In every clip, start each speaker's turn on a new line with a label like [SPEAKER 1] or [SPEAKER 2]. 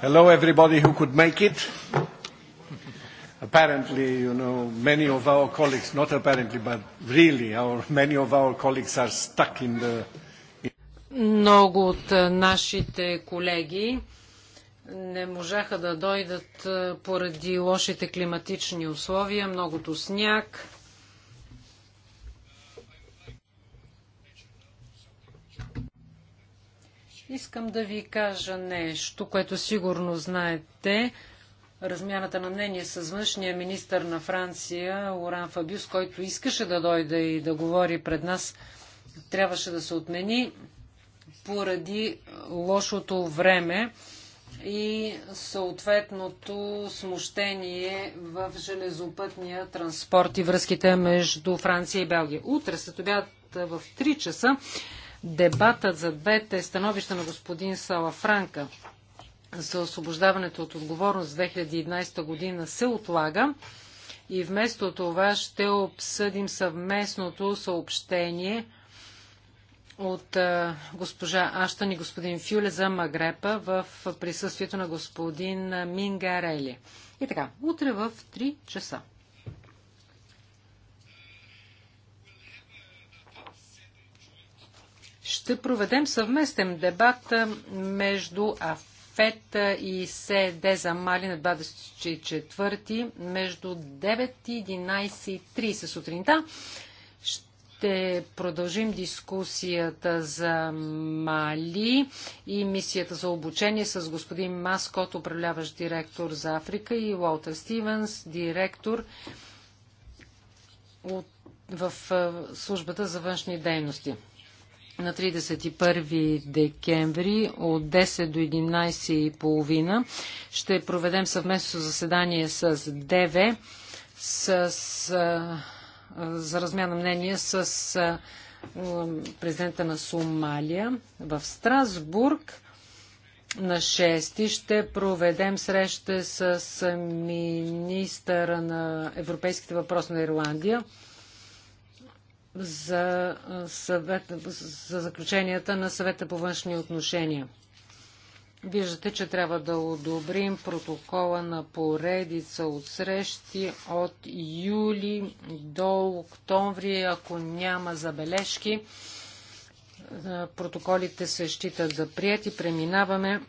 [SPEAKER 1] Hello, everybody who could make it. Apparently, you know,
[SPEAKER 2] many of our colleagues, not apparently, but really, our, many of our colleagues are stuck in
[SPEAKER 3] the... Много от нашите колеги не можаха да дойдат поради лошите климатични условия, многото сняг. Искам да ви кажа нещо, което сигурно знаете. Размяната на мнение с външния министр на Франция, Оран Фабюс, който искаше да дойде и да говори пред нас, трябваше да се отмени поради лошото време и съответното смущение в железопътния транспорт и връзките между Франция и Белгия. Утре след обяд в 3 часа дебатът за двете становища на господин Сала Франка за освобождаването от отговорност 2011 година се отлага и вместо това ще обсъдим съвместното съобщение от госпожа Аштан и господин Фюле за Магрепа в присъствието на господин Мингарели. И така, утре в 3 часа. ще проведем съвместен дебат между АФЕТ и СЕД за Мали на 24 между 9 и 11.30 сутринта. Ще продължим дискусията за Мали и мисията за обучение с господин Маскот, управляващ директор за Африка и Уолтер Стивенс, директор от, в службата за външни дейности на 31 декември от 10 до 11.30 ще проведем съвместно заседание с ДВ с, за размяна мнение с президента на Сомалия в Страсбург. На 6 ще проведем среща с министъра на европейските въпроси на Ирландия за, съвет, за заключенията на съвета по външни отношения. Виждате, че трябва да одобрим протокола на поредица от срещи от юли до октомври, ако няма забележки. Протоколите се считат за прияти. Преминаваме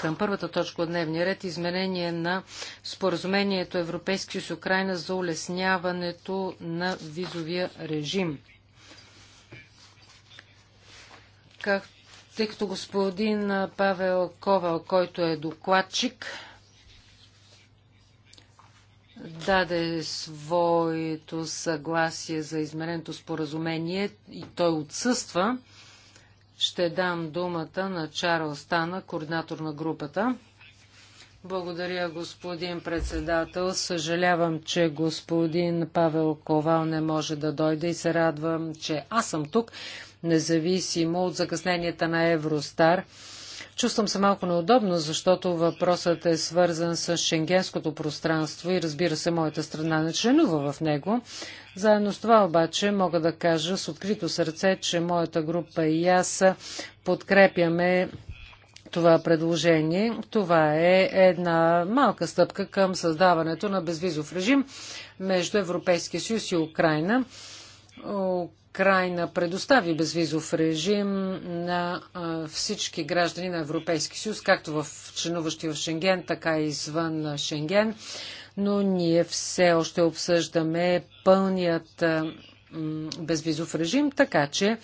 [SPEAKER 3] към първата точка от дневния ред изменение на споразумението Европейски с Украина за улесняването на визовия режим. Как, тъй като господин Павел Ковал, който е докладчик, даде своето съгласие за измененото споразумение и той отсъства, ще дам думата на Чарл Стана, координатор на групата. Благодаря, господин председател. Съжалявам, че господин Павел Ковал не може да дойде и се радвам, че аз съм тук, независимо от закъсненията на Евростар. Чувствам се малко неудобно, защото въпросът е свързан с шенгенското пространство и разбира се, моята страна не членува в него. Заедно с това обаче мога да кажа с открито сърце, че моята група и аз подкрепяме това предложение. Това е една малка стъпка към създаването на безвизов режим между Европейския съюз и Украина Крайна предостави безвизов режим на всички граждани на Европейски съюз, както в членуващи в Шенген, така и извън Шенген, но ние все още обсъждаме пълният безвизов режим, така че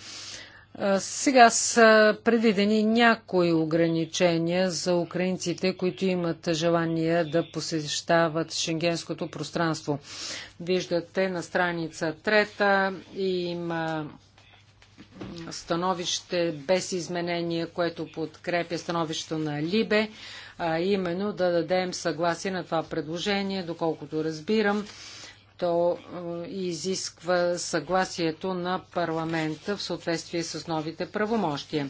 [SPEAKER 3] сега са предвидени някои ограничения за украинците, които имат желание да посещават шенгенското пространство. Виждате на страница трета има становище без изменение, което подкрепя становището на Либе, а именно да дадем съгласие на това предложение, доколкото разбирам то е, изисква съгласието на парламента в съответствие с новите правомощия.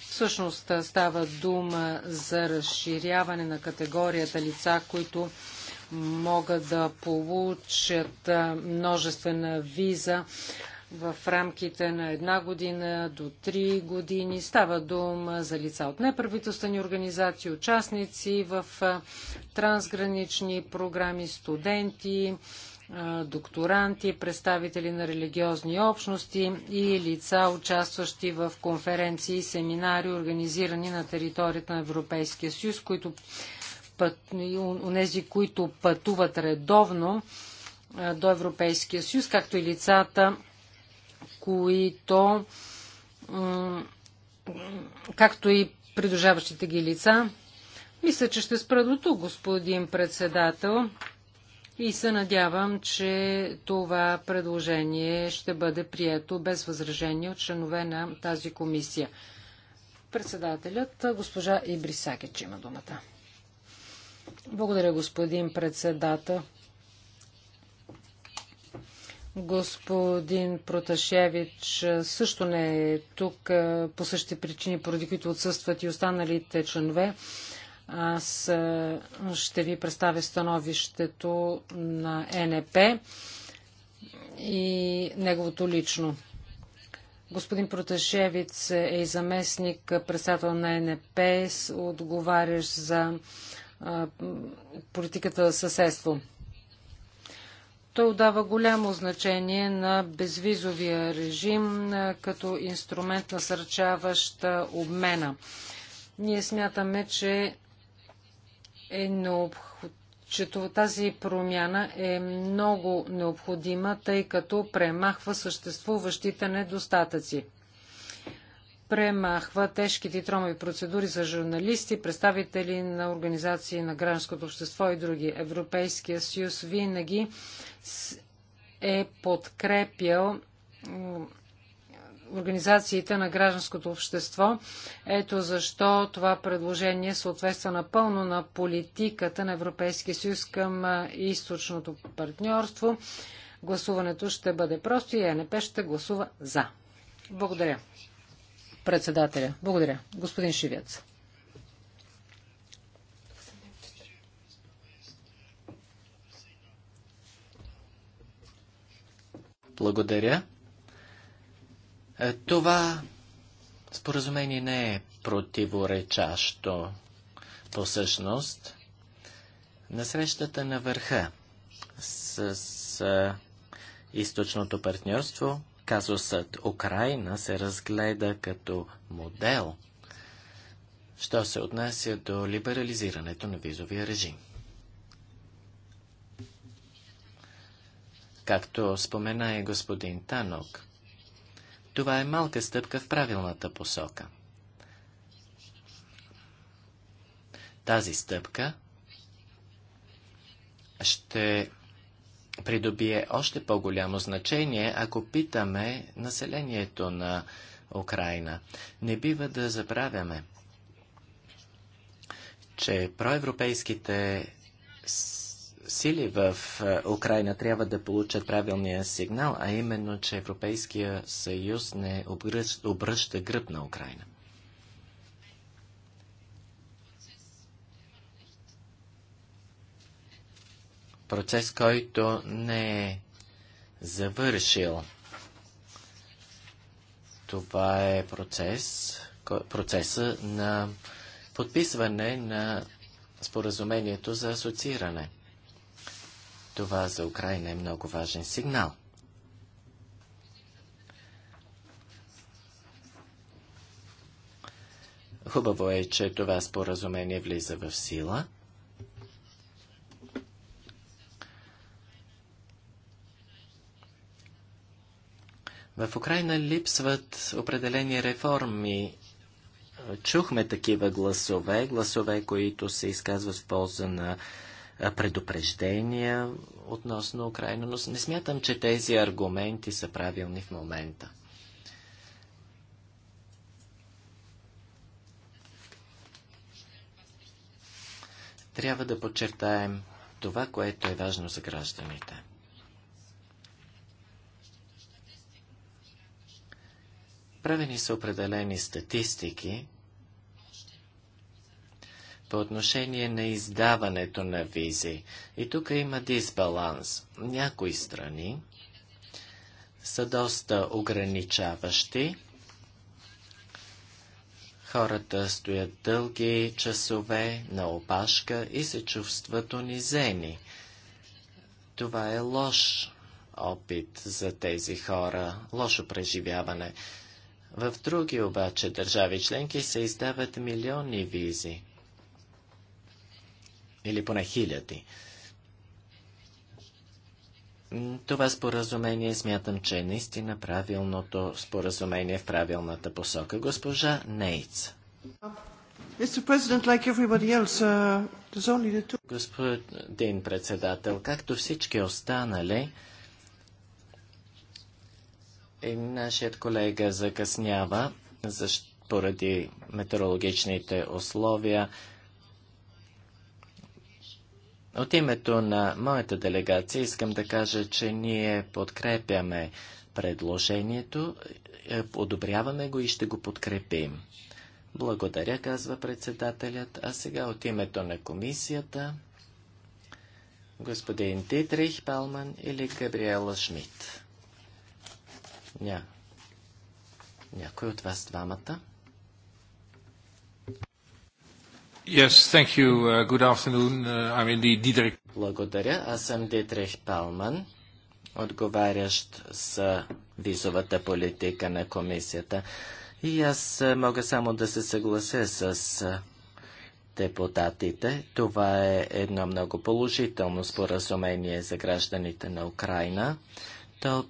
[SPEAKER 3] Всъщност е, става дума за разширяване на категорията лица, които могат да получат е, множествена виза в рамките на една година до три години. Става дума за лица от неправителствени организации, участници в трансгранични програми, студенти, докторанти, представители на религиозни общности и лица, участващи в конференции и семинари, организирани на територията на Европейския съюз, които път, унези, които пътуват редовно до Европейския съюз, както и лицата, които както и придружаващите ги лица. Мисля, че ще спра до тук, господин председател и се надявам, че това предложение ще бъде прието без възражение от членове на тази комисия. Председателят, госпожа Ибрисакич, има думата. Благодаря, господин председател. Господин Проташевич също не е тук по същите причини, поради които отсъстват и останалите членове. Аз е, ще ви представя становището на НП и неговото лично. Господин Протешевиц е и заместник председател на НП, отговарящ за е, политиката за съседство. Той отдава голямо значение на безвизовия режим е, като инструмент на обмена. Ние смятаме, че е необход... че тази промяна е много необходима, тъй като премахва съществуващите недостатъци. Премахва тежките тромови процедури за журналисти, представители на организации на гражданското общество и други. Европейския съюз винаги е подкрепял организациите на гражданското общество. Ето защо това предложение съответства напълно на политиката на Европейския съюз към източното партньорство. Гласуването ще бъде просто и ЕНП ще гласува за. Благодаря. Председателя. Благодаря. Господин Шивец.
[SPEAKER 1] Благодаря. Е, това споразумение не е противоречащо по същност. На срещата на върха с, с е, източното партньорство казусът Украина се разгледа като модел, що се отнася до либерализирането на визовия режим. Както спомена и господин Танок, това е малка стъпка в правилната посока. Тази стъпка ще придобие още по-голямо значение, ако питаме населението на Украина. Не бива да забравяме, че проевропейските сили в е, Украина трябва да получат правилния сигнал, а именно, че Европейския съюз не обръща, гръб на Украина. Процес, който не е завършил. Това е процес, процеса на подписване на споразумението за асоцииране. Това за Украина е много важен сигнал. Хубаво е, че това споразумение влиза в сила. В Украина липсват определени реформи. Чухме такива гласове, гласове, които се изказват в полза на предупреждения относно Украина, но не смятам, че тези аргументи са правилни в момента. Трябва да подчертаем това, което е важно за гражданите. Правени са определени статистики, по отношение на издаването на визи. И тук има дисбаланс. Някои страни са доста ограничаващи. Хората стоят дълги часове на опашка и се чувстват унизени. Това е лош опит за тези хора, лошо преживяване. В други обаче държави членки се издават милиони визи или поне хиляди. Това споразумение смятам, че е наистина правилното споразумение в правилната посока. Госпожа Нейц.
[SPEAKER 3] Uh,
[SPEAKER 1] Господин председател, както всички останали, и нашият колега закъснява защо, поради метеорологичните условия. От името на моята делегация искам да кажа, че ние подкрепяме предложението, е, одобряваме го и ще го подкрепим. Благодаря, казва председателят. А сега от името на комисията господин Дитрих Палман или Габриела Шмидт. Ня. Някой от вас двамата? Yes, thank you. Uh, good afternoon. Uh, I'm indeed Dietrich. Благодаря. Аз съм Дитрих Палман, отговарящ за визовата политика на комисията. И аз е, мога само да се съглася с е, депутатите. Това е едно много положително споразумение за гражданите на Украина. То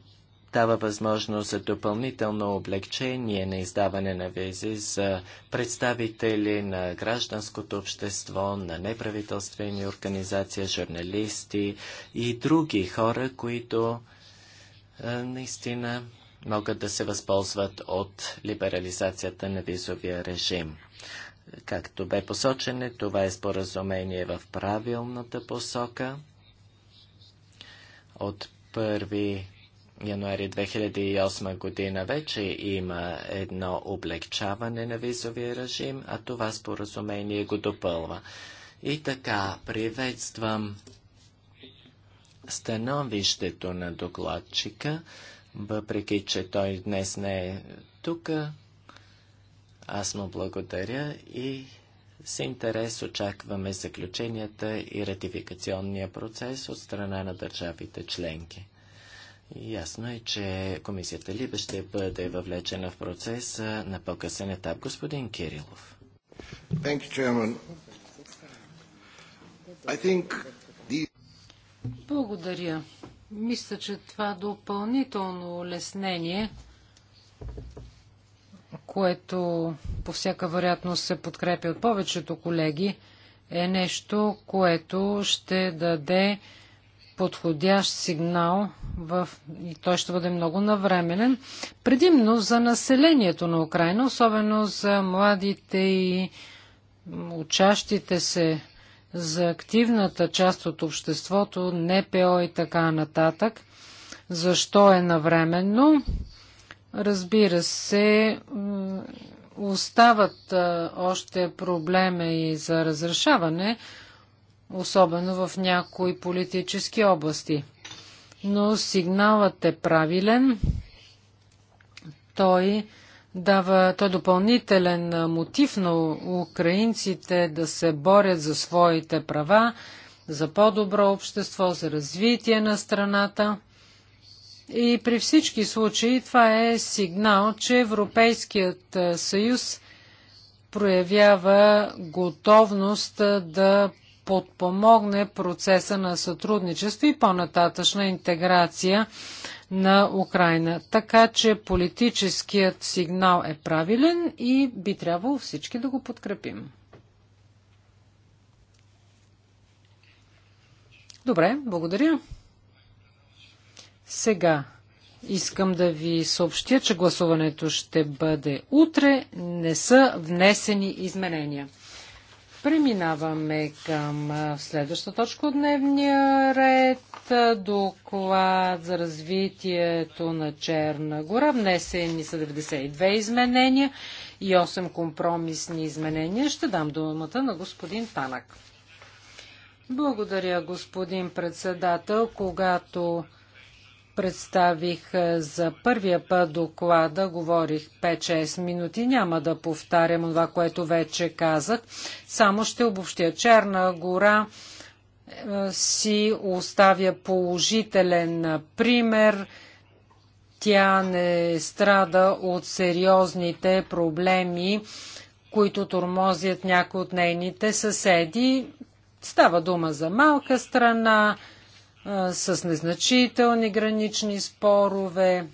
[SPEAKER 1] дава възможност за допълнително облегчение на издаване на визи за представители на гражданското общество, на неправителствени организации, журналисти и други хора, които наистина могат да се възползват от либерализацията на визовия режим. Както бе посочено, това е споразумение в правилната посока. От 1 януари 2008 година вече има едно облегчаване на визовия режим, а това споразумение го допълва. И така, приветствам становището на докладчика, въпреки че той днес не е тук. Аз му благодаря и с интерес очакваме заключенията и ратификационния процес от страна на държавите членки. Ясно е, че комисията Либе ще бъде въвлечена в процеса на по-късен етап. Господин Кирилов. You, the...
[SPEAKER 3] Благодаря. Мисля, че това допълнително улеснение, което по всяка вероятност се подкрепя от повечето колеги, е нещо, което ще даде подходящ сигнал в... и той ще бъде много навременен, предимно за населението на Украина, особено за младите и учащите се за активната част от обществото, НПО и така нататък. Защо е навременно? Разбира се, остават още проблеми и за разрешаване, особено в някои политически области. Но сигналът е правилен. Той дава той е допълнителен мотив на украинците да се борят за своите права, за по-добро общество, за развитие на страната. И при всички случаи това е сигнал, че Европейският съюз проявява готовност да подпомогне процеса на сътрудничество и по-нататъчна интеграция на Украина. Така че политическият сигнал е правилен и би трябвало всички да го подкрепим. Добре, благодаря. Сега искам да ви съобщя, че гласуването ще бъде утре. Не са внесени изменения. Преминаваме към следващата точка от дневния ред. Доклад за развитието на Черна гора. Внесени са 92 изменения и 8 компромисни изменения. Ще дам думата на господин Танак. Благодаря, господин председател. Когато представих е, за първия път доклада, говорих 5-6 минути, няма да повтарям това, което вече казах, само ще обобщя. Черна гора е, си оставя положителен пример. Тя не страда от сериозните проблеми, които тормозят някои от нейните съседи. Става дума за малка страна, с незначителни гранични спорове,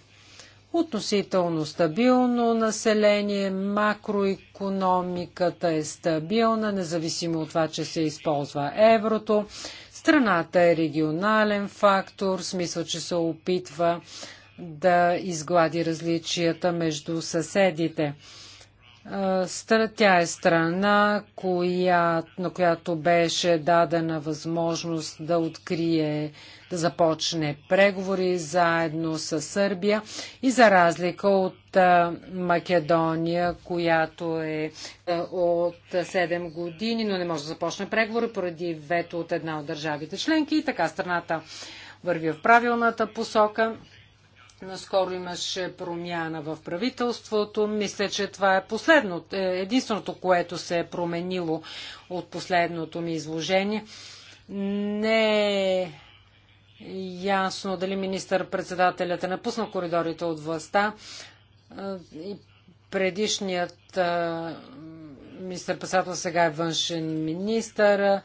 [SPEAKER 3] относително стабилно население, макроекономиката е стабилна, независимо от това, че се използва еврото. Страната е регионален фактор, в смисъл, че се опитва да изглади различията между съседите. Тя е страна, коя, на която беше дадена възможност да открие, да започне преговори заедно с Сърбия и за разлика от Македония, която е от 7 години, но не може да започне преговори поради вето от една от държавите членки и така страната върви в правилната посока. Наскоро имаше промяна в правителството. Мисля, че това е последно, е, единственото, което се е променило от последното ми изложение. Не е ясно дали министър-председателят е напуснал коридорите от властта. Е, и предишният е, министър-председател сега е външен министър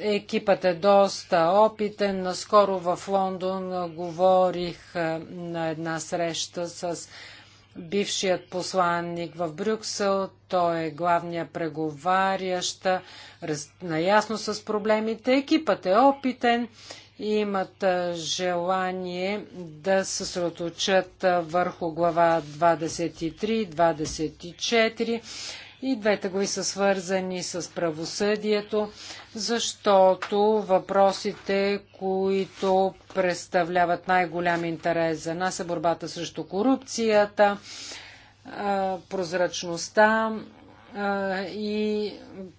[SPEAKER 3] Екипът е доста опитен. Наскоро в Лондон говорих е, на една среща с бившият посланник в Брюксел. Той е главният преговаряща, е, раз... наясно с проблемите. Екипът е опитен и имат е, желание да се съсредоточат върху глава 23, 24 и двете глави са свързани с правосъдието, защото въпросите, които представляват най-голям интерес за нас е борбата срещу корупцията, прозрачността и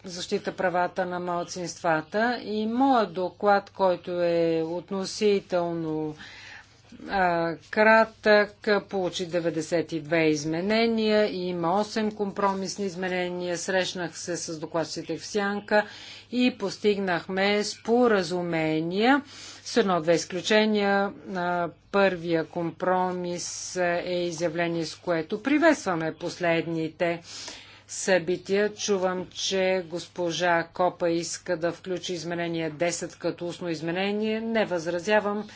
[SPEAKER 3] защита правата на малцинствата. И моят доклад, който е относително кратък, получи 92 изменения и има 8 компромисни изменения. Срещнах се с докладчите в Сянка и постигнахме споразумения. С едно-две изключения. първия компромис е изявление, с което приветстваме последните събития. Чувам, че госпожа Копа иска да включи изменение 10 като устно изменение. Не възразявам.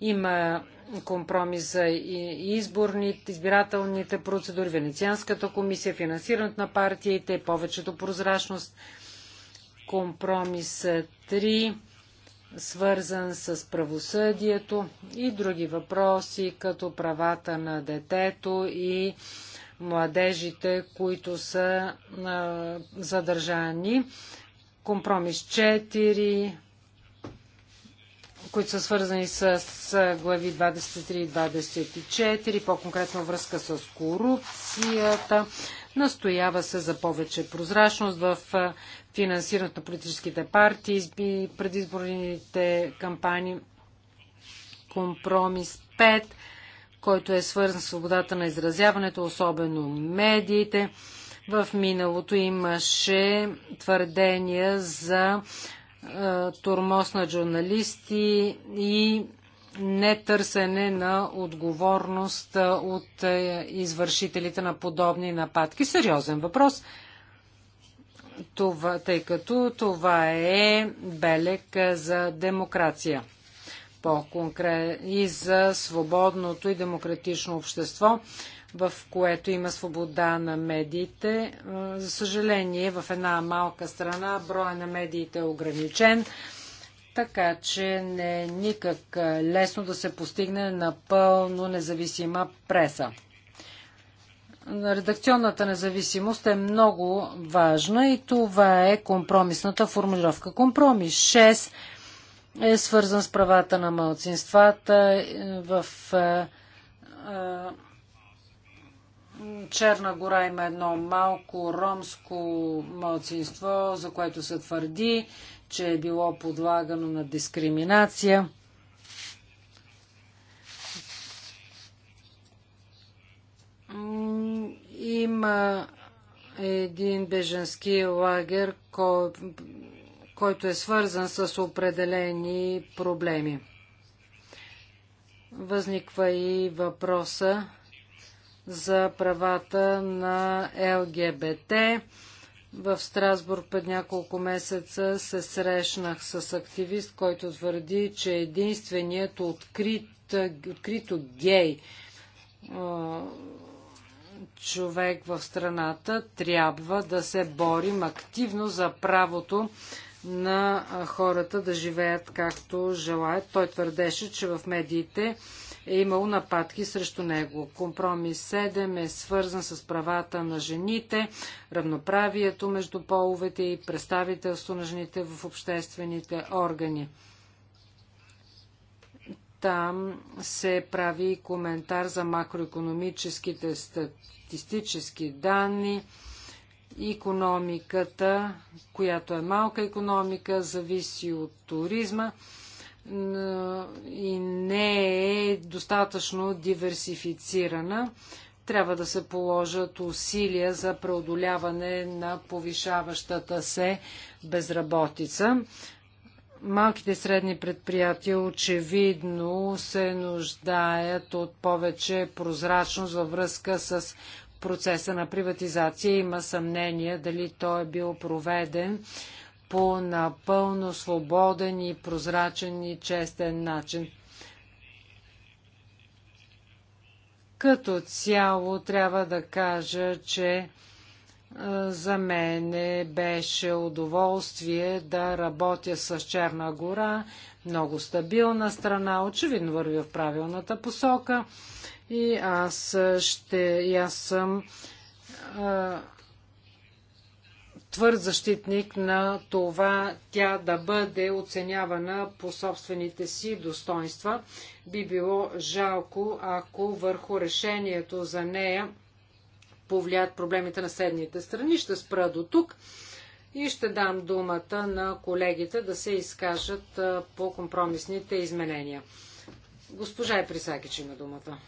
[SPEAKER 3] Има компромис за изборните, избирателните процедури, Венецианската комисия, финансирането на партиите, повечето прозрачност. Компромис 3 свързан с правосъдието и други въпроси, като правата на детето и младежите, които са задържани. Компромис 4 които са свързани с глави 23 и 24, по-конкретно връзка с корупцията. Настоява се за повече прозрачност в финансирането на политическите партии и предизборните кампании. Компромис 5, който е свързан с свободата на изразяването, особено медиите. В миналото имаше твърдения за е, тормоз на журналисти и нетърсене на отговорност е, от е, извършителите на подобни нападки. Сериозен въпрос, това, тъй като това е белек за демокрация по-конкретно и за свободното и демократично общество в което има свобода на медиите. Е, за съжаление, в една малка страна броя на медиите е ограничен, така че не е никак е, лесно да се постигне напълно независима преса. Редакционната независимост е много важна и това е компромисната формулировка. Компромис 6 е свързан с правата на малцинствата е, в Черна гора има едно малко ромско младсинство, за което се твърди, че е било подлагано на дискриминация. Има един беженски лагер, който е свързан с определени проблеми. Възниква и въпроса за правата на ЛГБТ. В Страсбург пред няколко месеца се срещнах с активист, който твърди, че единственият открит, открито гей човек в страната трябва да се борим активно за правото на хората да живеят както желаят. Той твърдеше, че в медиите е имало нападки срещу него. Компромис 7 е свързан с правата на жените, равноправието между половете и представителство на жените в обществените органи. Там се прави коментар за макроекономическите статистически данни. Економиката, която е малка економика, зависи от туризма и не е достатъчно диверсифицирана. Трябва да се положат усилия за преодоляване на повишаващата се безработица. Малките и средни предприятия очевидно се нуждаят от повече прозрачност във връзка с процеса на приватизация. Има съмнение дали той е бил проведен по напълно свободен и прозрачен и честен начин. Като цяло трябва да кажа, че е, за мен беше удоволствие да работя с Черна гора, много стабилна страна, очевидно върви в правилната посока и аз ще, и аз съм а, е, твърд защитник на това тя да бъде оценявана по собствените си достоинства. Би било жалко, ако върху решението за нея повлият проблемите на седните страни. Ще спра до тук и ще дам думата на колегите да се изкажат по компромисните изменения. Госпожа Еприсакич има думата.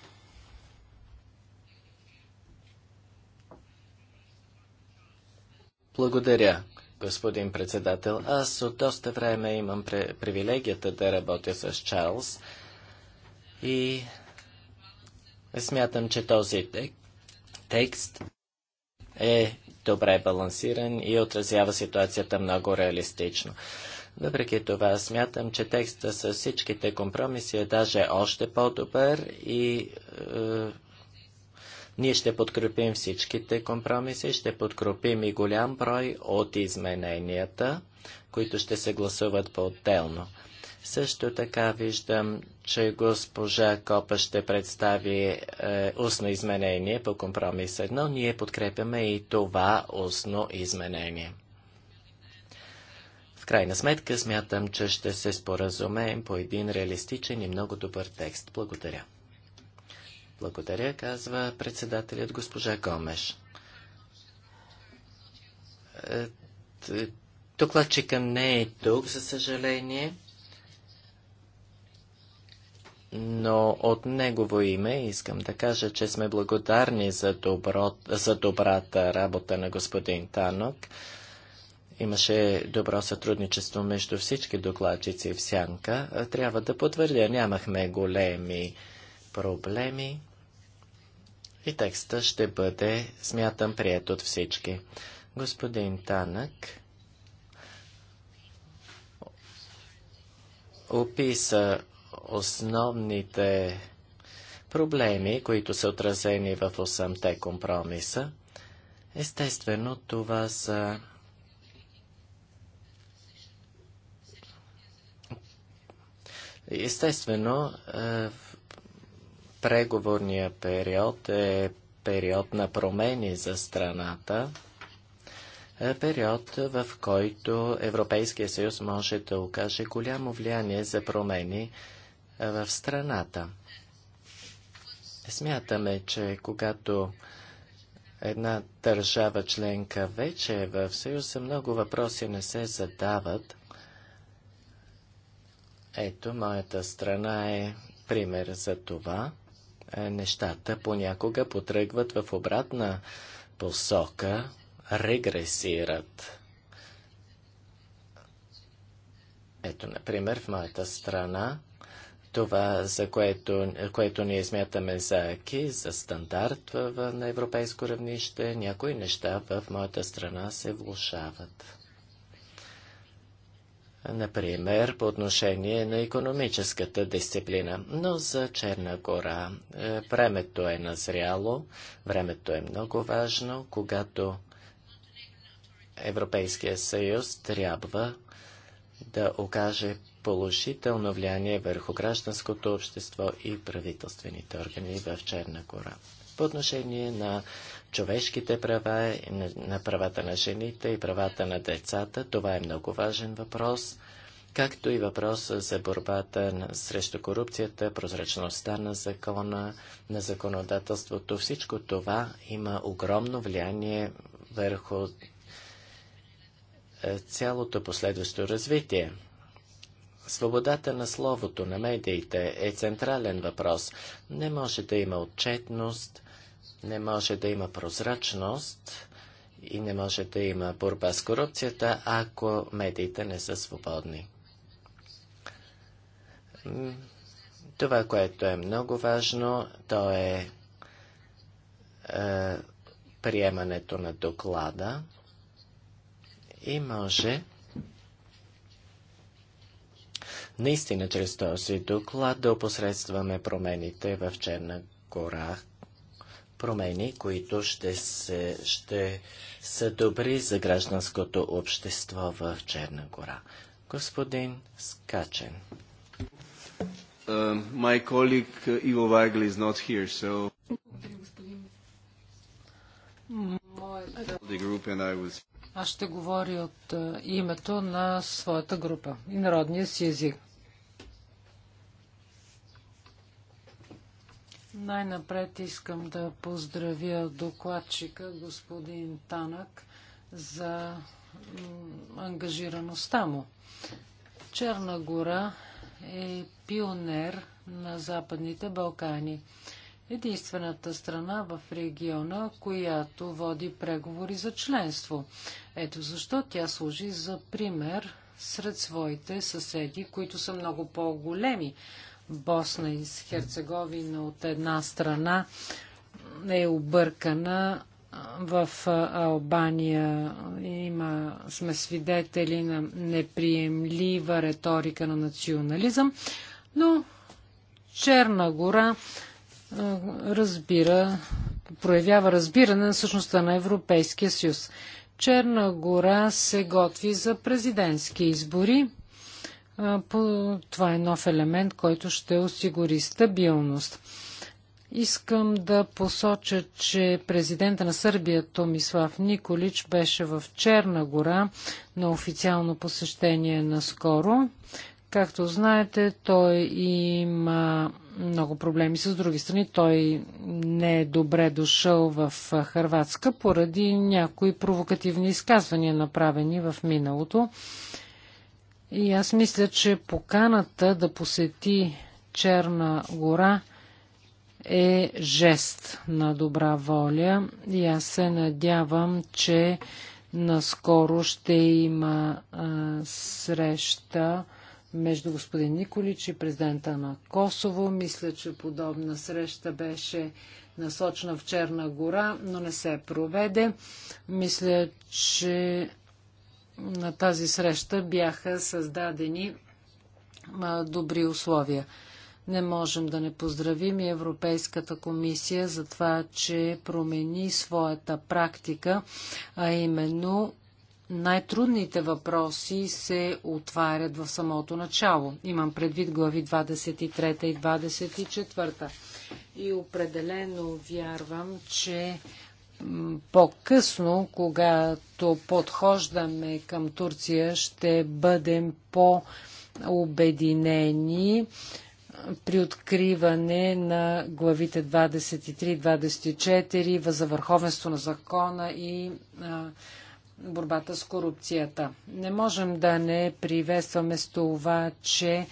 [SPEAKER 1] Благодаря, господин председател. Аз от доста време имам привилегията да работя с Чарлз и смятам, че този текст е добре балансиран и отразява ситуацията много реалистично. Въпреки това, смятам, че текста с всичките компромиси е даже още по-добър и е, ние ще подкрепим всичките компромиси, ще подкрепим и голям брой от измененията, които ще се гласуват по-отделно. Също така виждам, че госпожа Копа ще представи е, устно изменение по компромис 1. Ние подкрепяме и това устно изменение. В крайна сметка смятам, че ще се споразумеем по един реалистичен и много добър текст. Благодаря. Благодаря, казва председателят госпожа Гомеш. Е, Докладчика не е тук, за съжаление, но от негово име искам да кажа, че сме благодарни за, добро, за добрата работа на господин Танок. Имаше добро сътрудничество между всички докладчици в Сянка. Е, трябва да потвърдя, нямахме големи проблеми и текста ще бъде, смятам, прият от всички. Господин Танък описа основните проблеми, които са отразени в 8-те компромиса. Естествено, това са Естествено, е, преговорния период е период на промени за страната, е, период, в който Европейския съюз може да окаже голямо влияние за промени е, в страната. Смятаме, че когато една държава членка вече е в съюза, много въпроси не се задават. Ето, моята страна е пример за това. Е, нещата понякога потръгват в обратна посока, регресират. Ето, например, в моята страна, това, за което, което ние смятаме за АКИ, за стандарт в, на европейско равнище, някои неща в моята страна се влушават например, по отношение на економическата дисциплина. Но за Черна гора е, времето е назряло, времето е много важно, когато Европейския съюз трябва да окаже положително влияние върху гражданското общество и правителствените органи в Черна гора. По отношение на човешките права, на правата на жените и правата на децата. Това е много важен въпрос, както и въпроса за борбата срещу корупцията, прозрачността на закона, на законодателството. Всичко това има огромно влияние върху е, цялото последващо развитие. Свободата на словото, на медиите е централен въпрос. Не може да има отчетност, не може да има прозрачност и не може да има борба с корупцията, ако медиите не са свободни. Това, което е много важно, то е, е приемането на доклада и може наистина чрез този доклад да опосредстваме промените в Черна гора промени, които ще, се, ще са добри за гражданското общество в Черна гора. Господин Скачен. Мой колег Иво Вайгли is not here, so...
[SPEAKER 3] Аз ще говоря от uh, името на своята група и народния си език. Най-напред искам да поздравя докладчика господин Танък за ангажираността му. Черна гора е пионер на Западните Балкани. Единствената страна в региона, която води преговори за членство. Ето защо тя служи за пример сред своите съседи, които са много по-големи Босна и Херцеговина от една страна е объркана. В Албания има, сме свидетели на неприемлива риторика на национализъм, но Черна гора разбира, проявява разбиране на същността на Европейския съюз. Черна гора се готви за президентски избори това е нов елемент, който ще осигури стабилност. Искам да посоча, че президента на Сърбия Томислав Николич беше в Черна гора на официално посещение наскоро. Както знаете, той има много проблеми с други страни. Той не е добре дошъл в Харватска поради някои провокативни изказвания, направени в миналото. И аз мисля, че поканата да посети Черна гора е жест на добра воля и аз се надявам, че наскоро ще има а, среща между господин Николич и президента на Косово. Мисля, че подобна среща беше насочена в Черна гора, но не се проведе. Мисля, че на тази среща бяха създадени добри условия. Не можем да не поздравим и Европейската комисия за това, че промени своята практика, а именно най-трудните въпроси се отварят в самото начало. Имам предвид глави 23 и 24. И определено вярвам, че по-късно, когато подхождаме към Турция, ще бъдем по-обединени при откриване на главите 23-24 за върховенство на закона и борбата с корупцията. Не можем да не приветстваме с това, че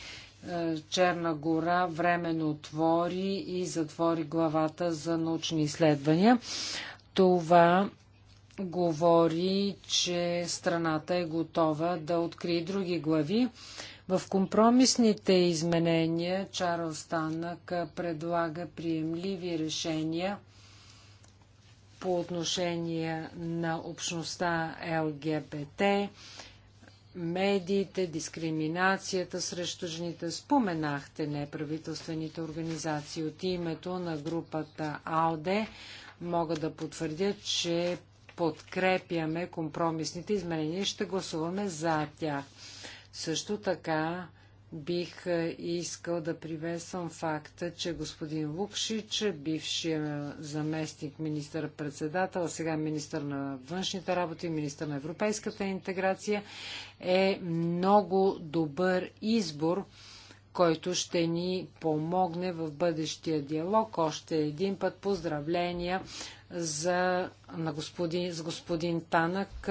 [SPEAKER 3] Черна гора временно отвори и затвори главата за научни изследвания. Това говори, че страната е готова да открие други глави. В компромисните изменения Чарл Станък предлага приемливи решения по отношение на общността ЛГБТ, медиите, дискриминацията срещу жените. Споменахте неправителствените организации от името на групата АОДЕ. Мога да потвърдя, че подкрепяме компромисните изменения и ще гласуваме за тях. Също така бих искал да приветствам факта, че господин Лукшич, бившия заместник министър-председател, а сега министър на външните работи, министър на европейската интеграция, е много добър избор който ще ни помогне в бъдещия диалог. Още един път поздравления за, на господин, с господин Танък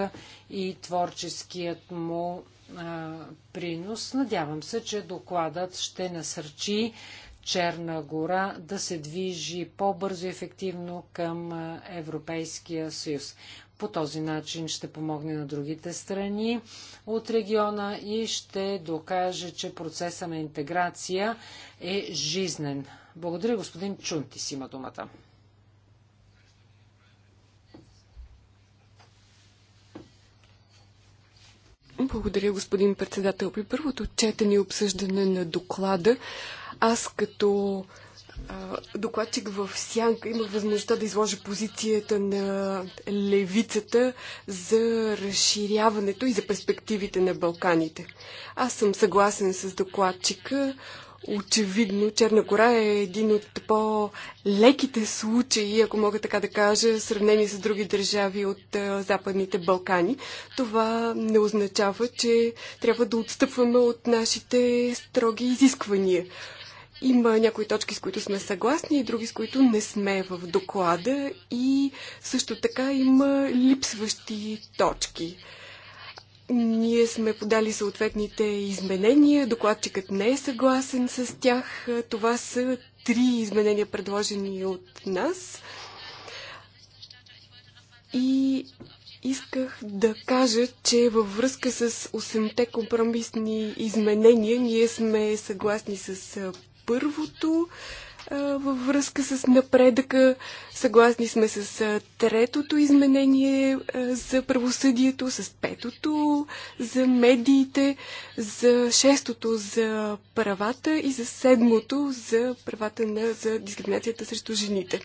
[SPEAKER 3] и творческият му а, принос. Надявам се, че докладът ще насърчи Черна гора да се движи по-бързо и ефективно към Европейския съюз. По този начин ще помогне на другите страни от региона и ще докаже, че процеса на интеграция е жизнен. Благодаря, господин Чунтис има думата. Благодаря,
[SPEAKER 2] господин председател. При първото четене и обсъждане на доклада, аз като докладчик в Сянка има възможността да изложи позицията на левицата за разширяването и за перспективите на Балканите. Аз съм съгласен с докладчика. Очевидно, Черна гора е един от по-леките случаи, ако мога така да кажа, в сравнение с други държави от Западните Балкани. Това не означава, че трябва да отстъпваме от нашите строги изисквания има някои точки, с които сме съгласни и други, с които не сме в доклада и също така има липсващи точки. Ние сме подали съответните изменения, докладчикът не е съгласен с тях. Това са три изменения, предложени от нас. И исках да кажа, че във връзка с 8-те компромисни изменения ние сме съгласни с първото във връзка с напредъка. Съгласни сме с третото изменение за правосъдието, с петото за медиите, за шестото за правата и за седмото за правата на, за дискриминацията срещу жените.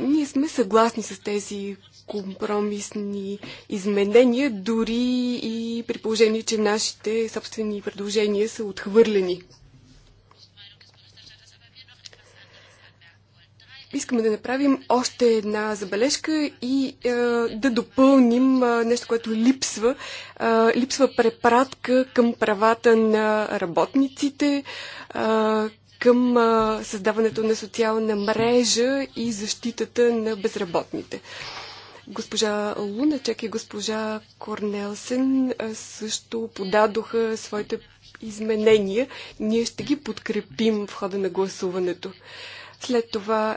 [SPEAKER 2] Ние сме съгласни с тези компромисни изменения, дори и при положение, че нашите собствени предложения са отхвърлени. Искаме да направим още една забележка и е, да допълним е, нещо, което липсва. Е, липсва препратка към правата на работниците, е, към е, създаването на социална мрежа и защитата на безработните. Госпожа Луначек и госпожа Корнелсен е, също подадоха своите изменения. Ние ще ги подкрепим в хода на гласуването. След това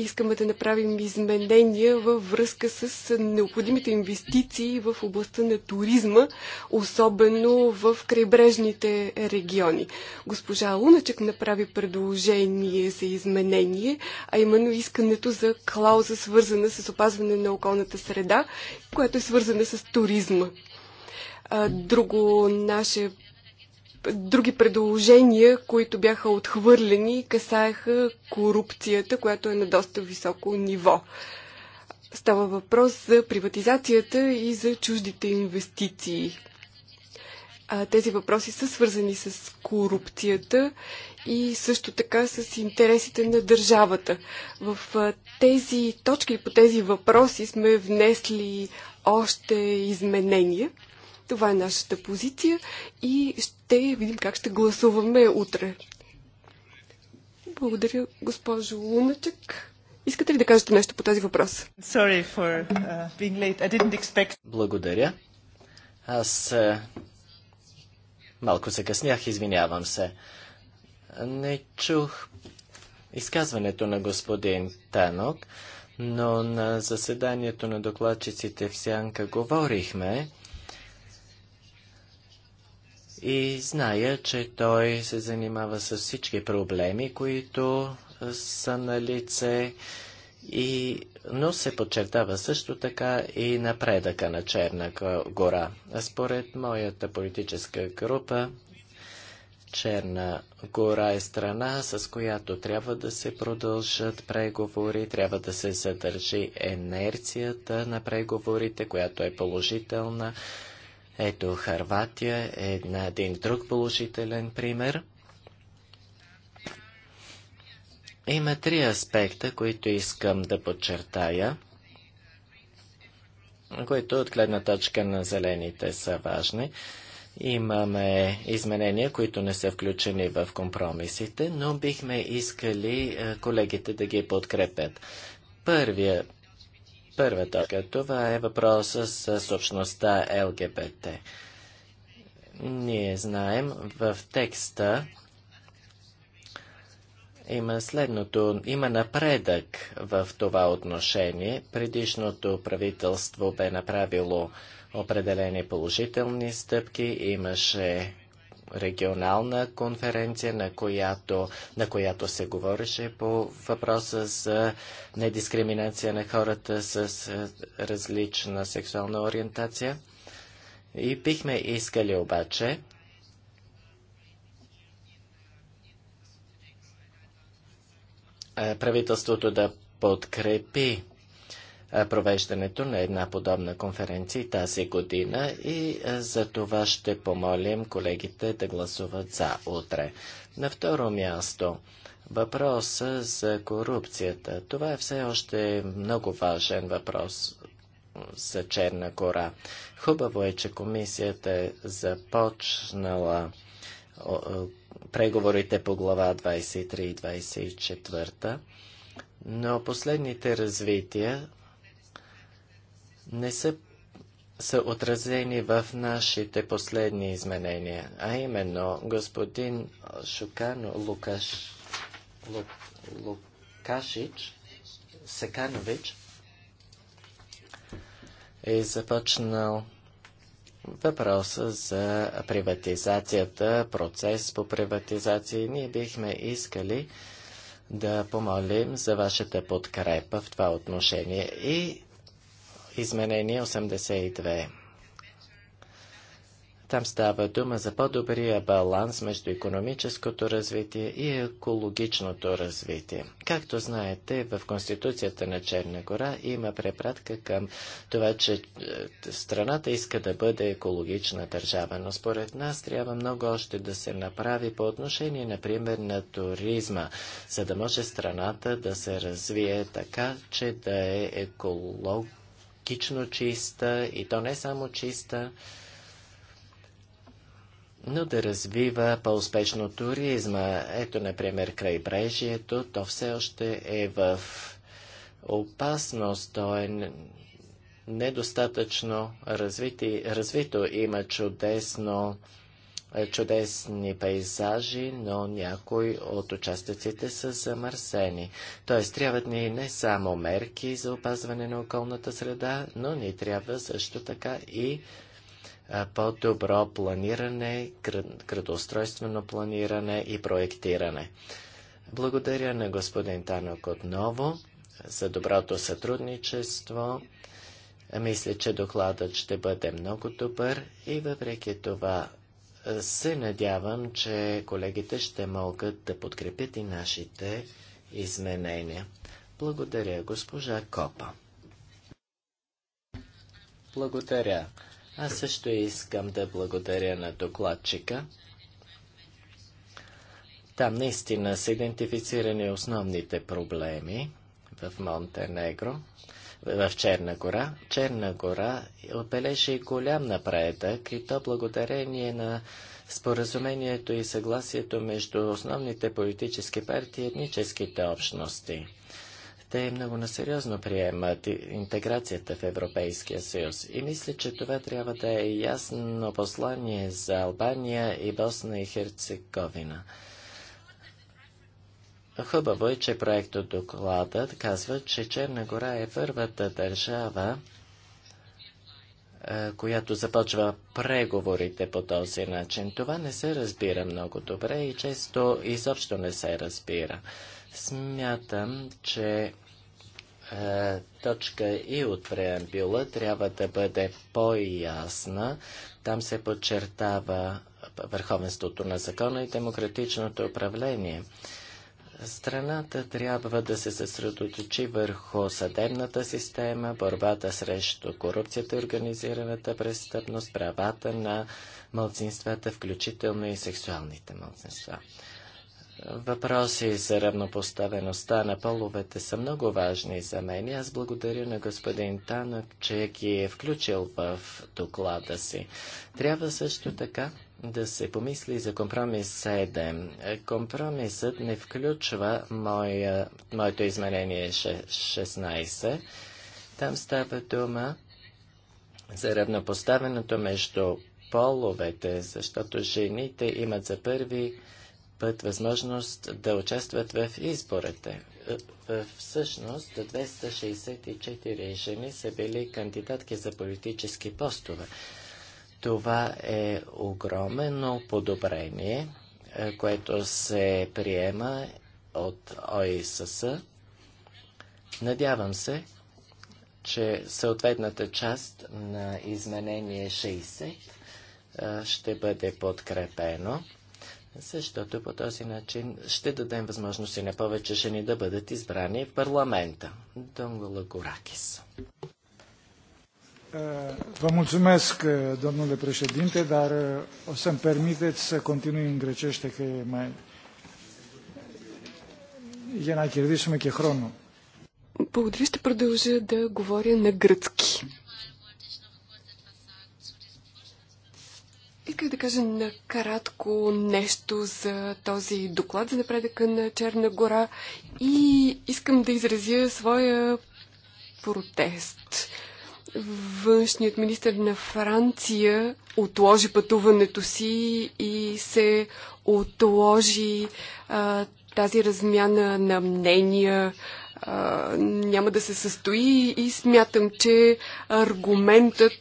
[SPEAKER 2] искаме да направим изменения във връзка с необходимите инвестиции в областта на туризма, особено в крайбрежните региони. Госпожа Луначек направи предложение за изменение, а именно искането за клауза, свързана с опазване на околната среда, която е свързана с туризма. Друго наше други предложения, които бяха отхвърлени, касаеха корупцията, която е на доста високо ниво. Става въпрос за приватизацията и за чуждите инвестиции. А, тези въпроси са свързани с корупцията и също така с интересите на държавата. В тези точки по тези въпроси сме внесли още изменения – това е нашата позиция и ще видим как ще гласуваме утре. Благодаря, госпожо Луначек. Искате ли да кажете нещо по този въпрос? Uh, expect...
[SPEAKER 1] Благодаря. Аз uh, малко се къснях, извинявам се. Не чух изказването на господин Танок, но на заседанието на докладчиците в Сянка говорихме и зная, че той се занимава с всички проблеми, които са на лице, и, но се подчертава също така и напредъка на Черна гора. Според моята политическа група, Черна гора е страна, с която трябва да се продължат преговори, трябва да се задържи енерцията на преговорите, която е положителна. Ето Харватия е на един друг положителен пример. Има три аспекта, които искам да подчертая, които от гледна точка на зелените са важни. Имаме изменения, които не са включени в компромисите, но бихме искали е, колегите да ги подкрепят. Първия, Първа точка. Това е въпроса с общността ЛГБТ. Ние знаем в текста има следното. Има напредък в това отношение. Предишното правителство бе направило определени положителни стъпки. Имаше регионална конференция, на която, на която се говореше по въпроса за недискриминация на хората с е, различна сексуална ориентация. И бихме искали обаче е, правителството да подкрепи провеждането на една подобна конференция тази година и за това ще помолим колегите да гласуват за утре. На второ място, въпрос за корупцията. Това е все още много важен въпрос за Черна гора. Хубаво е, че комисията е започнала преговорите по глава 23 и 24, но последните развития не са, са отразени в нашите последни изменения, а именно господин Шукано Лукаш, Лу, Лукашич Секанович е започнал въпроса за приватизацията, процес по приватизация. Ние бихме искали да помолим за вашата подкрепа в това отношение. И Изменение 82. Там става дума за по-добрия баланс между економическото развитие и екологичното развитие. Както знаете, в Конституцията на Черна гора има препратка към това, че е, страната иска да бъде екологична държава, но според нас трябва много още да се направи по отношение, например, на туризма, за да може страната да се развие така, че да е еколог психично чиста и то не само чиста, но да развива по-успешно туризма. Ето, например, крайбрежието, то все още е в опасност, то е недостатъчно развити, развито. Има чудесно е, чудесни пейзажи, но някои от участъците са замърсени. Тоест, трябват ни не само мерки за опазване на околната среда, но ни трябва също така и по-добро планиране, градоустройствено планиране и проектиране. Благодаря на господин Танок отново за доброто сътрудничество. Мисля, че докладът ще бъде много добър и въпреки това се надявам, че колегите ще могат да подкрепят и нашите изменения. Благодаря, госпожа Копа. Благодаря. Аз също искам да благодаря на докладчика. Там наистина са идентифицирани основните проблеми в Монтенегро в Черна гора. Черна гора отбележи голям напредък и то благодарение на споразумението и съгласието между основните политически партии и етническите общности. Те много насериозно приемат интеграцията в Европейския съюз и мисля, че това трябва да е ясно послание за Албания и Босна и Херцеговина. Хубаво е, че проектът докладът казва, че Черна гора е първата държава, е, която започва преговорите по този начин. Това не се разбира много добре и често изобщо не се разбира. Смятам, че е, точка и от преамбюла трябва да бъде по-ясна. Там се подчертава върховенството на закона и демократичното управление. Страната трябва да се съсредоточи върху съдебната система, борбата срещу корупцията и организираната престъпност, правата на мълцинствата, включително и сексуалните мълцинства. Въпроси за равнопоставеността на половете са много важни за мен. Аз благодаря на господин Танък, че ги е включил в доклада си. Трябва също така да се помисли за компромис 7. Компромисът не включва моя, моето измерение 16. Там става дума за равнопоставеното между половете, защото жените имат за първи път възможност да участват в изборите. Е, всъщност 264 жени са били кандидатки за политически постове. Това е огромно подобрение, е, което се приема от ОИСС. Надявам се, че съответната част на изменение 60 е, ще бъде подкрепено, защото по този начин ще дадем възможности на повече жени да бъдат избрани в парламента. Донгола Горакис. Eh, vă mulțumesc, eh, domnule președinte, dar eh, o să-mi permiteți să continui în grecește, că e mai... για να κερδίσουμε και χρόνο. Благодаря,
[SPEAKER 2] ще продължа да говоря на гръцки. Исках да кажа накратко нещо за този доклад за напредъка на Черна гора и искам да изразя своя протест външният министр на Франция отложи пътуването си и се отложи а, тази размяна на мнения а, няма да се състои и смятам, че аргументът,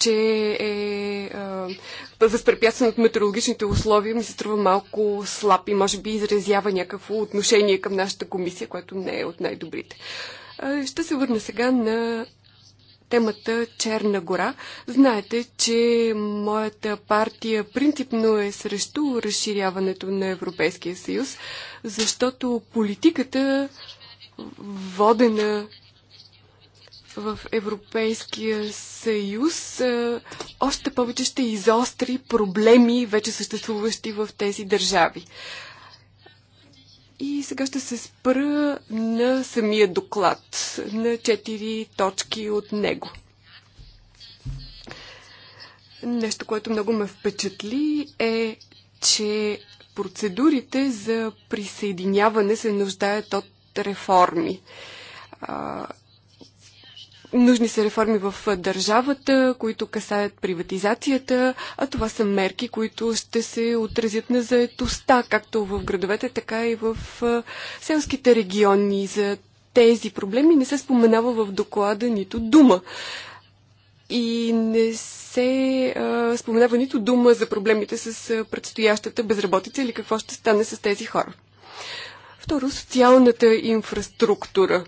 [SPEAKER 2] че е а, възпрепятстван от метеорологичните условия, ми се струва малко слаб и може би изразява някакво отношение към нашата комисия, което не е от най-добрите. Ще се върна сега на темата Черна гора. Знаете, че моята партия принципно е срещу разширяването на Европейския съюз, защото политиката, водена в Европейския съюз, още повече ще изостри проблеми, вече съществуващи в тези държави. И сега ще се спра на самия доклад, на четири точки от него. Нещо, което много ме впечатли е, че процедурите за присъединяване се нуждаят от реформи. Нужни са реформи в държавата, които касаят приватизацията, а това са мерки, които ще се отразят на заетостта, както в градовете, така и в селските региони. За тези проблеми не се споменава в доклада нито дума. И не се а, споменава нито дума за проблемите с предстоящата безработица или какво ще стане с тези хора. Второ, социалната инфраструктура.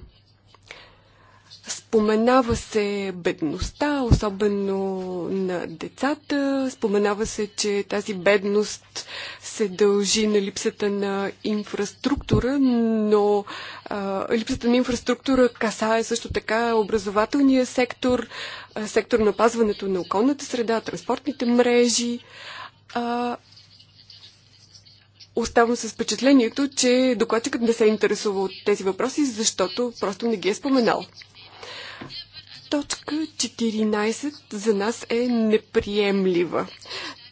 [SPEAKER 2] Споменава се бедността, особено на децата. Споменава се, че тази бедност се дължи на липсата на инфраструктура, но а, липсата на инфраструктура касае също така образователния сектор, а, сектор на пазването на околната среда, транспортните мрежи. А, оставам с впечатлението, че докладчикът не се интересува от тези въпроси, защото просто не ги е споменал. Точка 14 за нас е неприемлива.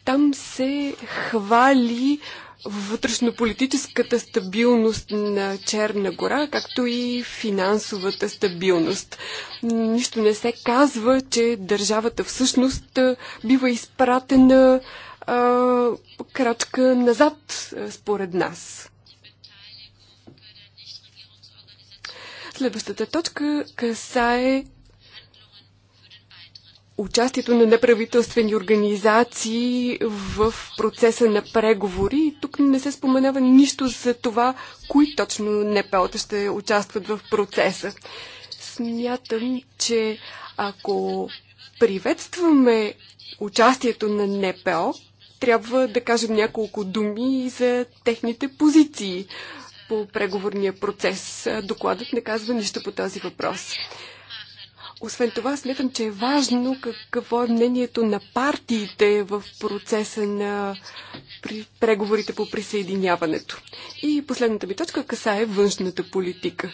[SPEAKER 2] Там се хвали вътрешнополитическата стабилност на Черна гора, както и финансовата стабилност. Нищо не се казва, че държавата всъщност бива изпратена а, крачка назад, според нас. Следващата точка касае участието на неправителствени организации в процеса на преговори. Тук не се споменава нищо за това, кои точно НПО-та ще участват в процеса. Смятам, че ако приветстваме участието на НПО, трябва да кажем няколко думи и за техните позиции по преговорния процес. Докладът не казва нищо по този въпрос. Освен това, смятам, че е важно какво е мнението на партиите в процеса на преговорите по присъединяването. И последната ми точка касае външната политика.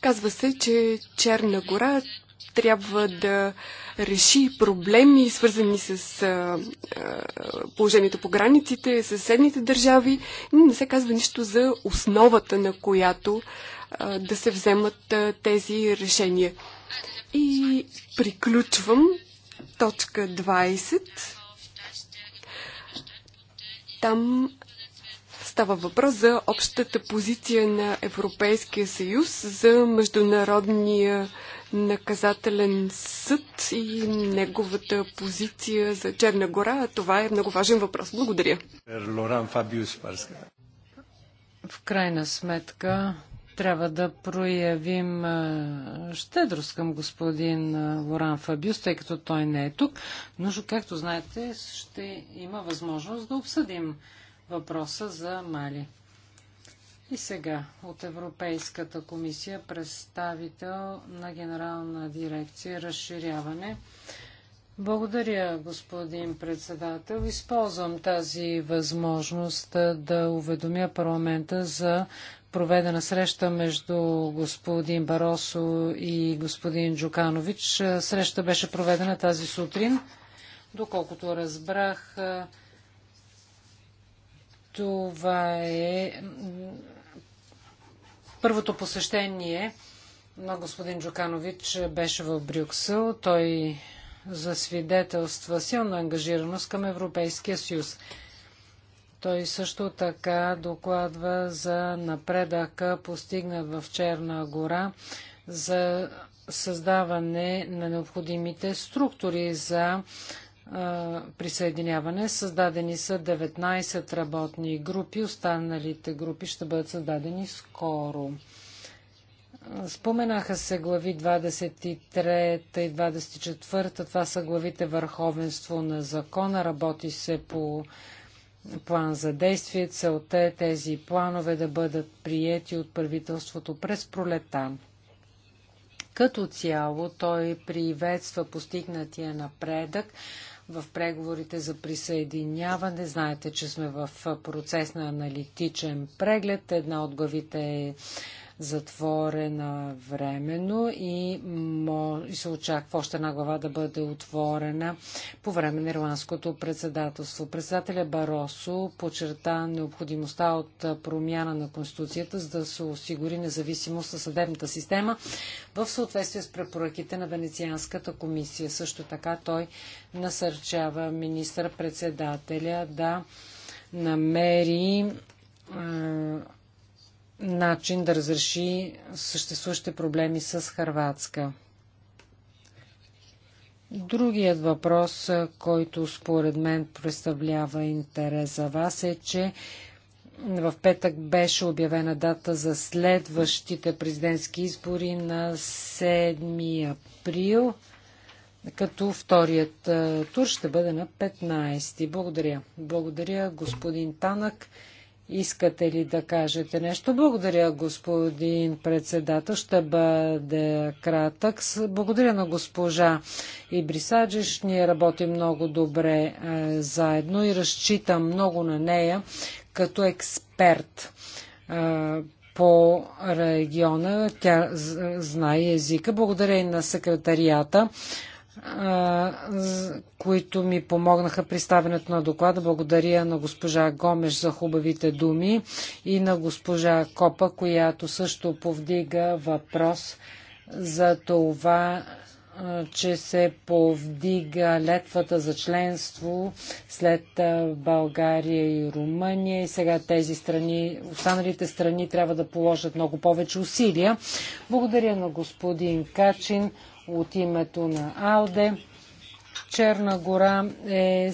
[SPEAKER 2] Казва се, че Черна гора трябва да реши проблеми, свързани с а, а, положението по границите, съседните държави. Не се казва нищо за основата, на която да се вземат тези решения. И приключвам точка 20. Там става въпрос за общата позиция на Европейския съюз за Международния наказателен съд и неговата позиция за Черна гора. Това е много важен въпрос. Благодаря.
[SPEAKER 3] В крайна сметка трябва да проявим щедрост към господин Лоран Фабюс, тъй като той не е тук, но както знаете ще има възможност да обсъдим въпроса за Мали. И сега от Европейската комисия представител на Генерална дирекция разширяване. Благодаря, господин председател. Използвам тази възможност да уведомя парламента за проведена среща между господин Баросо и господин Джуканович. Среща беше проведена тази сутрин. Доколкото разбрах, това е първото посещение на господин Джуканович беше в Брюксел. Той засвидетелства силна ангажираност към Европейския съюз. Той също така докладва за напредъка, постигнат в Черна гора, за създаване на необходимите структури за а, присъединяване. Създадени са 19 работни групи, останалите групи ще бъдат създадени скоро. Споменаха се глави 23 и 24. Това са главите върховенство на закона. Работи се по план за действие. Целта е тези планове да бъдат приети от правителството през пролета. Като цяло той приветства постигнатия напредък в преговорите за присъединяване. Знаете, че сме в процес на аналитичен преглед. Една от главите е затворена временно и се очаква още една глава да бъде отворена по време на ирландското председателство. Председателя Баросо подчерта необходимостта от промяна на Конституцията, за да се осигури независимост на съдебната система в съответствие с препоръките на Венецианската комисия. Също така той насърчава министър-председателя да намери начин да разреши съществуващите проблеми с Харватска. Другият въпрос, който според мен представлява интерес за вас е, че в петък беше обявена дата за следващите президентски избори на 7 април, като вторият е, тур ще бъде на 15. Благодаря. Благодаря, господин Танък. Искате ли да кажете нещо? Благодаря, господин председател. Ще бъде кратък. Благодаря на госпожа Ибрисаджиш. Ние работим много добре е, заедно и разчитам много на нея като експерт е, по региона. Тя знае езика. Благодаря и на секретарията които ми помогнаха при ставянето на доклада. Благодаря на госпожа Гомеш за хубавите думи и на госпожа Копа, която също повдига въпрос за това, че се повдига летвата за членство след България и Румъния и сега тези страни, останалите страни трябва да положат много повече усилия. Благодаря на господин Качин от името на АЛДЕ. Черна гора е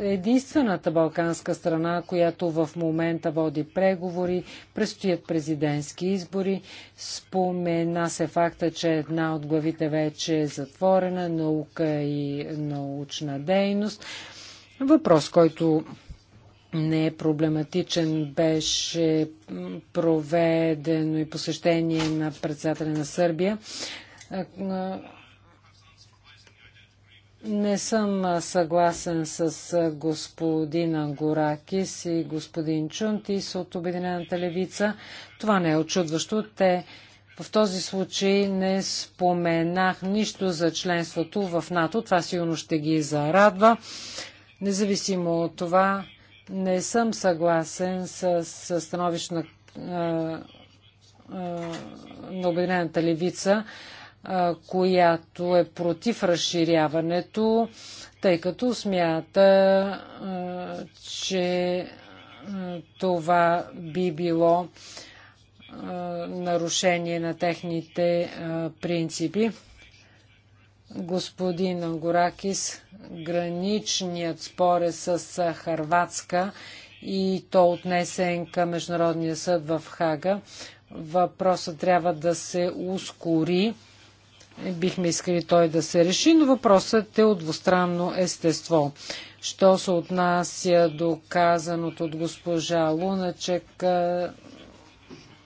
[SPEAKER 3] единствената балканска страна, която в момента води преговори, предстоят президентски избори. Спомена се факта, че една от главите вече е затворена, наука и научна дейност. Въпрос, който не е проблематичен, беше проведено и посещение на председателя на Сърбия е, не съм съгласен с господин Горакис и господин Чунтис от Обединената левица. Това не е очудващо. Те в този случай не споменах нищо за членството в НАТО. Това сигурно ще ги зарадва. Независимо от това, не съм съгласен с, с становищ на, на Обединената левица която е против разширяването, тъй като смята, че това би било нарушение на техните принципи. Господин Ангоракис, граничният спор е с Харватска и то отнесен към Международния съд в Хага. Въпросът трябва да се ускори бихме искали той да се реши, но въпросът е от двустранно естество. Що се отнася до казаното от госпожа Луначек,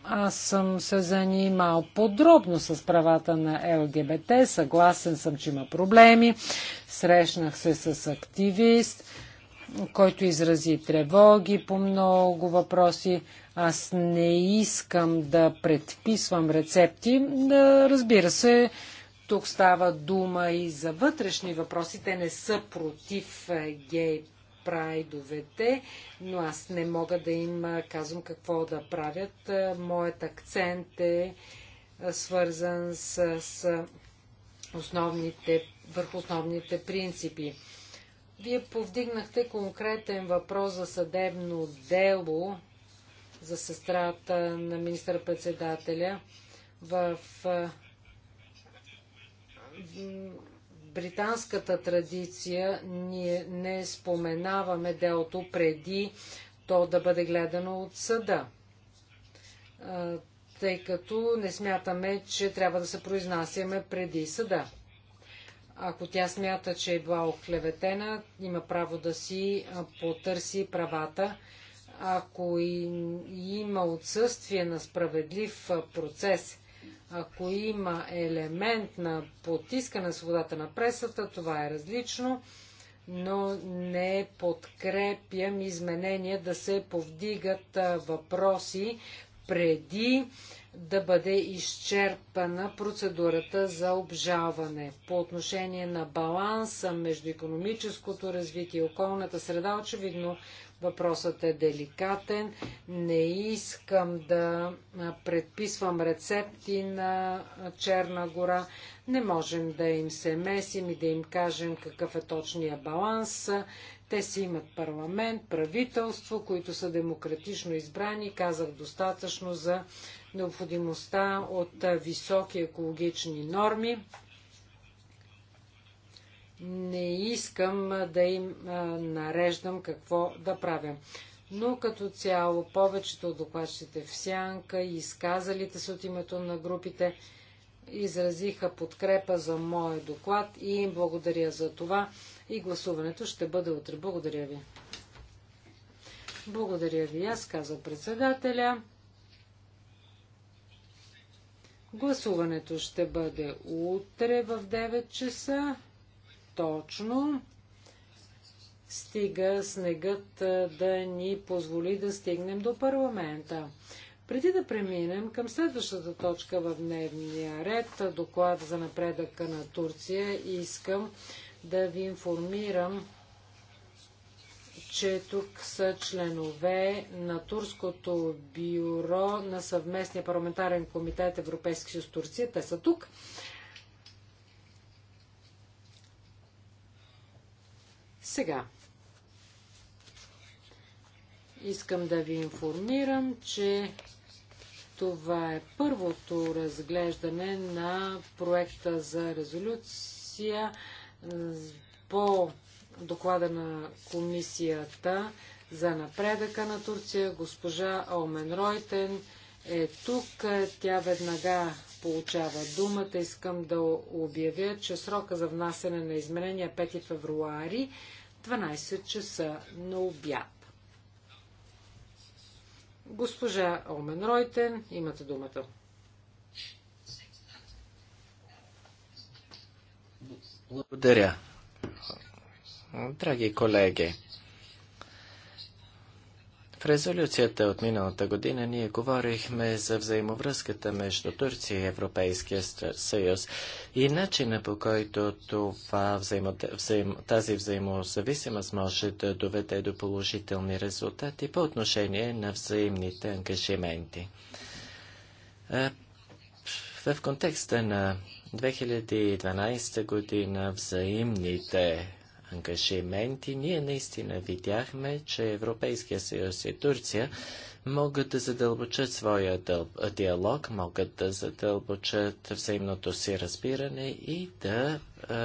[SPEAKER 3] аз съм се занимал подробно с правата на ЛГБТ. Съгласен съм, че има проблеми. Срещнах се с активист, който изрази тревоги по много въпроси. Аз не искам да предписвам рецепти. Да, разбира се, тук става дума и за вътрешни въпроси. Те не са против е, гей прайдовете, но аз не мога да им е, казвам какво да правят. Е, моят акцент е свързан с, основните, върху основните принципи. Вие повдигнахте конкретен въпрос за съдебно дело за сестрата на министър-председателя в британската традиция ние не споменаваме делото преди то да бъде гледано от съда, тъй като не смятаме, че трябва да се произнасяме преди съда. Ако тя смята, че е била оклеветена, има право да си потърси правата. Ако и има отсъствие на справедлив процес ако има елемент на потискане на свободата на пресата, това е различно, но не подкрепям изменения да се повдигат въпроси преди да бъде изчерпана процедурата за обжалване. По отношение на баланса между економическото развитие и околната среда, очевидно Въпросът е деликатен. Не искам да предписвам рецепти на Черна гора. Не можем да им се месим и да им кажем какъв е точния баланс. Те си имат парламент, правителство, които са демократично избрани. Казах достатъчно за необходимостта от високи екологични норми не искам да им нареждам какво да правя. Но като цяло повечето от докладчите в сянка и изказалите се от името на групите изразиха подкрепа за моя доклад и им благодаря за това и гласуването ще бъде утре. Благодаря ви. Благодаря ви, аз каза председателя. Гласуването ще бъде утре в 9 часа точно, стига снегът да ни позволи да стигнем до парламента. Преди да преминем към следващата точка в дневния ред, доклад за напредъка на Турция, искам да ви информирам, че тук са членове на Турското бюро на съвместния парламентарен комитет Европейски съюз Турция. Те са тук. Сега. Искам да ви информирам, че това е първото разглеждане на проекта за резолюция по доклада на комисията за напредъка на Турция. Госпожа Омен Ройтен е тук. Тя веднага получава думата. Искам да обявя, че срока за внасене на изменения 5 е февруари 12 часа на обяд. Госпожа Омен Ройтен, имате думата.
[SPEAKER 1] Благодаря. Драги колеги, в резолюцията от миналата година ние говорихме за взаимовръзката между Турция и Европейския съюз и начина по който това взаимо, взаим, тази взаимозависимост може да доведе до положителни резултати по отношение на взаимните ангажименти. В контекста на 2012 година взаимните ангажименти, ние наистина видяхме, че Европейския съюз и Турция могат да задълбочат своя диалог, могат да задълбочат взаимното си разбиране и да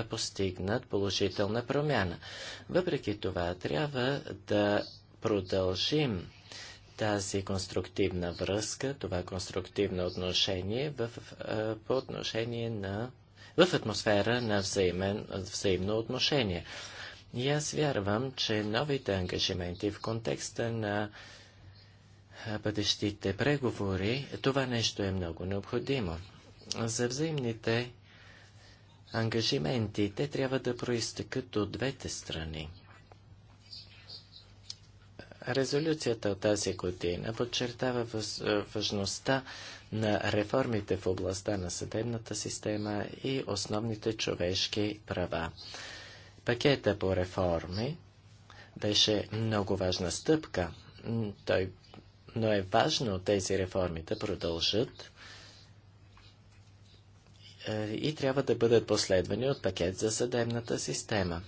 [SPEAKER 1] постигнат положителна промяна. Въпреки това, трябва да продължим тази конструктивна връзка, това конструктивно отношение в, по отношение на в атмосфера на взаимен, взаимно отношение. И аз вярвам, че новите ангажименти в контекста на бъдещите преговори, това нещо е много необходимо. За взаимните ангажименти, те трябва да проистъкат от двете страни. Резолюцията от тази година подчертава важността на реформите в областта на съдебната система и основните човешки права. Пакета по реформи беше много важна стъпка. Той, но е важно тези реформи да продължат е, и трябва да бъдат последвани от пакет за съдебната система.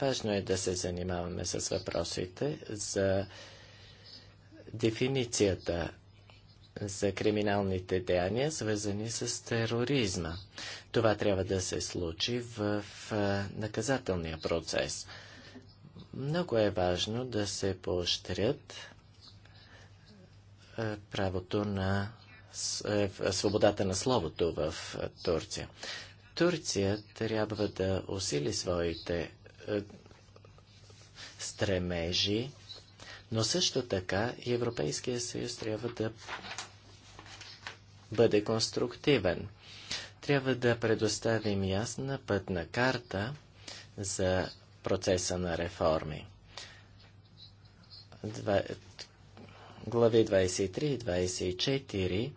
[SPEAKER 1] Важно е да се занимаваме с въпросите за дефиницията за криминалните деяния, свързани с тероризма. Това трябва да се случи в наказателния процес. Много е важно да се поощрят правото на свободата на словото в Турция. Турция трябва да усили своите стремежи, но също така и Европейския съюз трябва да бъде конструктивен. Трябва да предоставим ясна пътна карта за процеса на реформи. Глави 23 и 24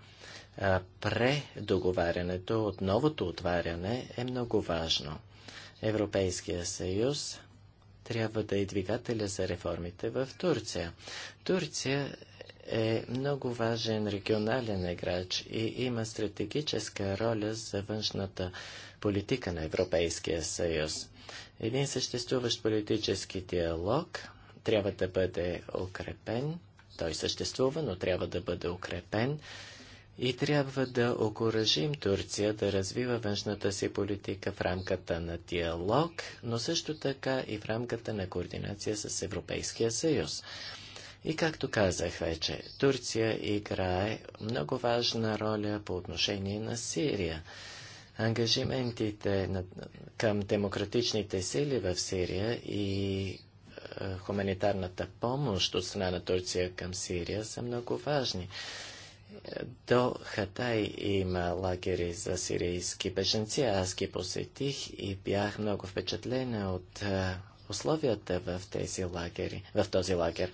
[SPEAKER 1] предоговарянето от новото отваряне е много важно. Европейския съюз трябва да е двигателя за реформите в Турция. Турция е много важен регионален играч и има стратегическа роля за външната политика на Европейския съюз. Един съществуващ политически диалог трябва да бъде укрепен. Той съществува, но трябва да бъде укрепен. И трябва да окоръжим Турция да развива външната си политика в рамката на диалог, но също така и в рамката на координация с Европейския съюз. И както казах вече, Турция играе много важна роля по отношение на Сирия. Ангажиментите на, към демократичните сили в Сирия и е, хуманитарната помощ от страна на Турция към Сирия са много важни. До Хатай има лагери за сирийски беженци. Аз ги посетих и бях много впечатлена от е, условията в тези лагери, в този лагер.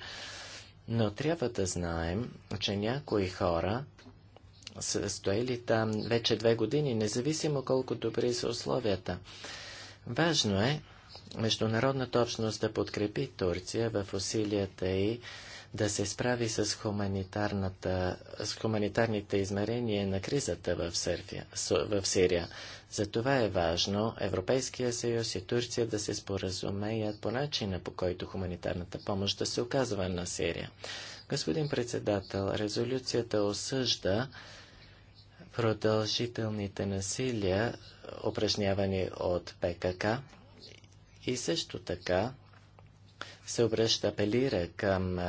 [SPEAKER 1] Но трябва да знаем, че някои хора са стоили там вече две години, независимо колко добри са условията. Важно е международната общност да подкрепи Турция в усилията и да се справи с, хуманитарната, с хуманитарните измерения на кризата в, Сърфия, в Сирия. Затова е важно Европейския съюз и Турция да се споразумеят по начина, по който хуманитарната помощ да се оказва на Сирия. Господин председател, резолюцията осъжда продължителните насилия, упражнявани от ПКК и също така се обръща, апелира към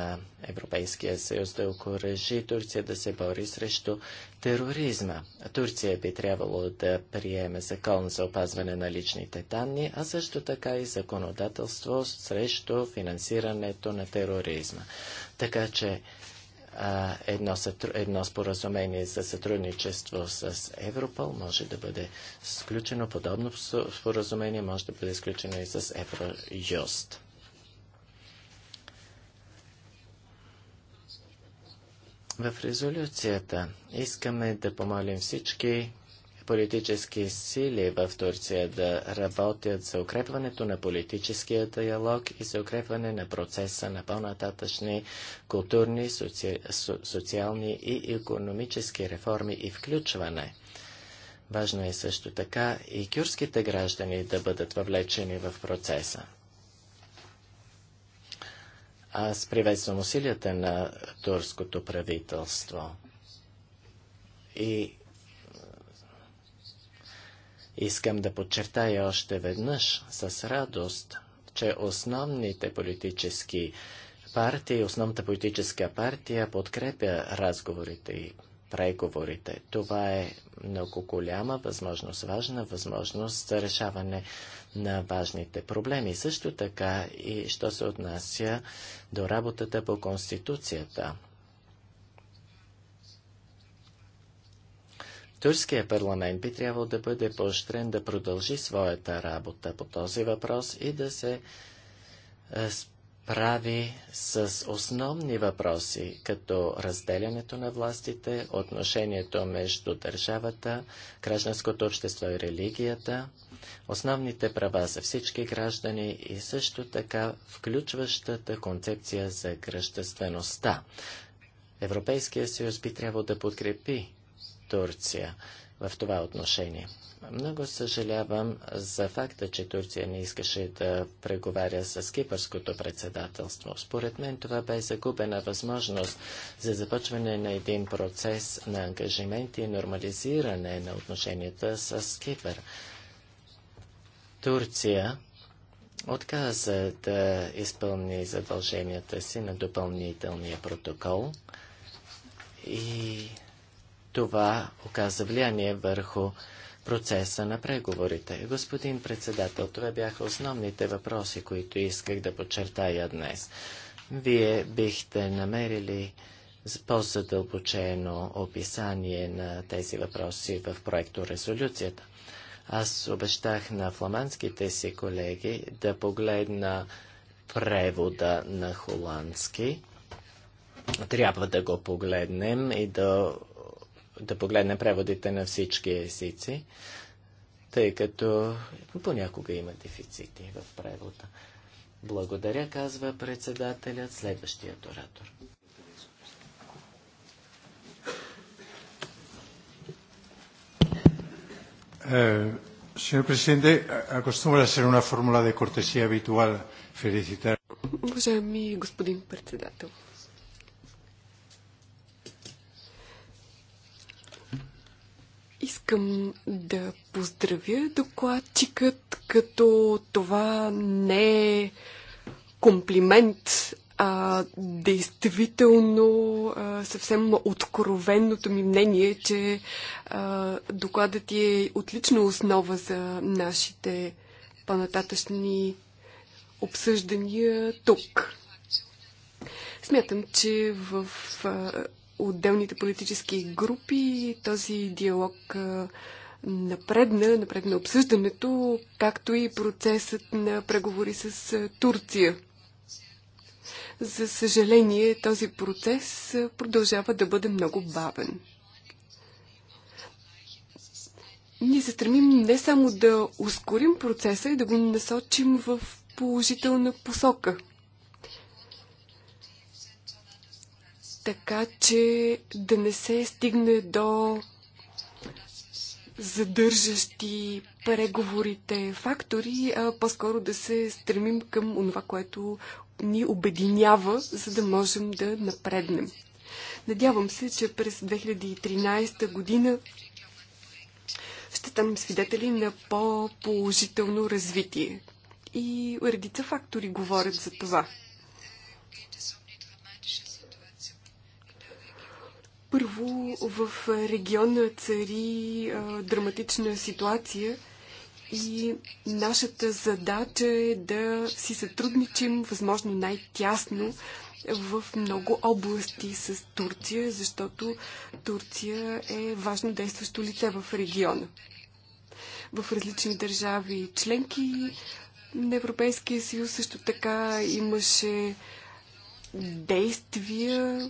[SPEAKER 1] Европейския съюз да окоръжи Турция да се бори срещу тероризма. Турция би трябвало да приеме закон за опазване на личните данни, а също така и законодателство срещу финансирането на тероризма. Така че а, едно, едно споразумение за сътрудничество с Европол може да бъде сключено. Подобно споразумение може да бъде сключено и с Евроюст. В резолюцията искаме да помолим всички политически сили в Турция да работят за укрепването на политическия диалог и за укрепване на процеса на по-нататъчни културни, соци... социални и економически реформи и включване. Важно е също така и кюрските граждани да бъдат въвлечени в процеса. Аз приветствам усилията на турското правителство и искам да подчертая още веднъж с радост, че основните политически партии, основната политическа партия подкрепя разговорите и преговорите. Това е много голяма възможност, важна възможност за решаване на важните проблеми. Също така и що се отнася до работата по Конституцията. Турския парламент би трябвало да бъде поощрен да продължи своята работа по този въпрос и да се прави с основни въпроси, като разделянето на властите, отношението между държавата, гражданското общество и религията, основните права за всички граждани и също така включващата концепция за гръществеността. Европейския съюз би трябвало да подкрепи Турция в това отношение. Много съжалявам за факта, че Турция не искаше да преговаря с кипърското председателство. Според мен това бе загубена възможност за започване на един процес на ангажимент и нормализиране на отношенията с Кипър. Турция отказа да изпълни задълженията си на допълнителния протокол и това оказа влияние върху процеса на преговорите. Господин председател, това бяха основните въпроси, които исках да подчертая днес. Вие бихте намерили по-задълбочено описание на тези въпроси в проекто резолюцията. Аз обещах на фламандските си колеги да погледна превода на холандски. Трябва да го погледнем и да да погледне преводите на всички езици, тъй като понякога има дефицити в превода. Благодаря, казва председателят, следващият оратор.
[SPEAKER 3] Е,
[SPEAKER 2] Уважаеми господин председател, Искам да поздравя докладчикът, като това не е комплимент, а действително а, съвсем откровеното ми мнение, че а, докладът е отлична основа за нашите по-нататъчни обсъждания тук. Смятам, че в а, отделните политически групи. Този диалог напредна, напредна обсъждането, както и процесът на преговори с Турция. За съжаление, този процес продължава да бъде много бавен. Ние се стремим не само да ускорим процеса и да го насочим в положителна посока – така че да не се стигне до задържащи преговорите фактори, а по-скоро да се стремим към това, което ни обединява, за да можем да напреднем. Надявам се, че през 2013 година ще станем свидетели на по-положително развитие. И редица фактори говорят за това. Първо, в региона цари а, драматична ситуация и нашата задача е да си сътрудничим възможно най-тясно в много области с Турция, защото Турция е важно действащо лице в региона. В различни държави членки на Европейския съюз също така имаше действия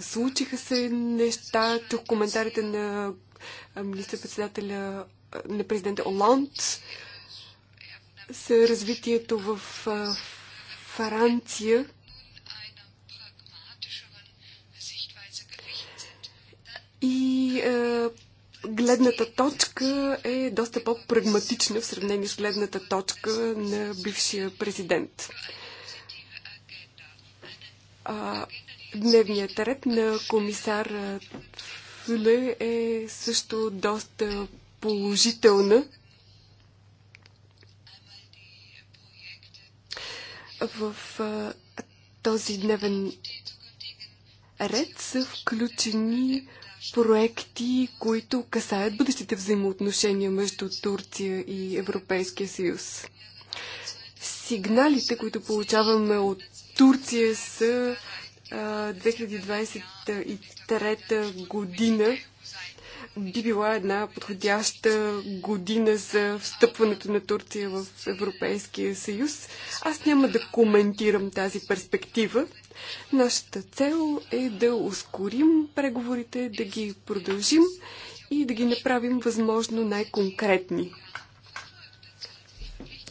[SPEAKER 2] Случиха се неща, чух коментарите на министър-председателя на президента Оланд с развитието в Франция. И е, гледната точка е доста по-прагматична в сравнение с гледната точка на бившия президент. А, Дневният ред на комисар Фюле е също доста положителна. В този дневен ред са включени проекти, които касаят бъдещите взаимоотношения между Турция и Европейския съюз. Сигналите, които получаваме от Турция са 2023 година би била една подходяща година за встъпването на Турция в Европейския съюз. Аз няма да коментирам тази перспектива. Нашата цел е да ускорим преговорите, да ги продължим и да ги направим възможно най-конкретни.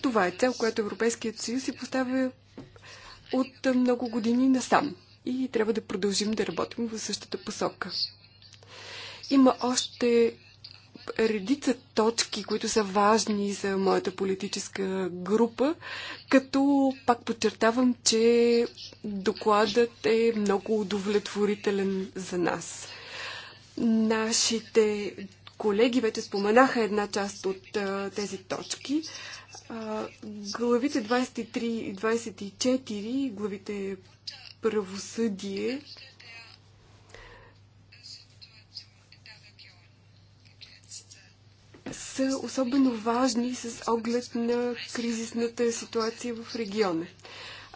[SPEAKER 2] Това е цел, която Европейският съюз си поставя от много години насам и трябва да продължим да работим в същата посока. Има още редица точки, които са важни за моята политическа група, като пак подчертавам, че докладът е много удовлетворителен за нас. Нашите колеги вече споменаха една част от а, тези точки. А, главите 23 и 24, главите правосъдие са особено важни с оглед на кризисната ситуация в региона.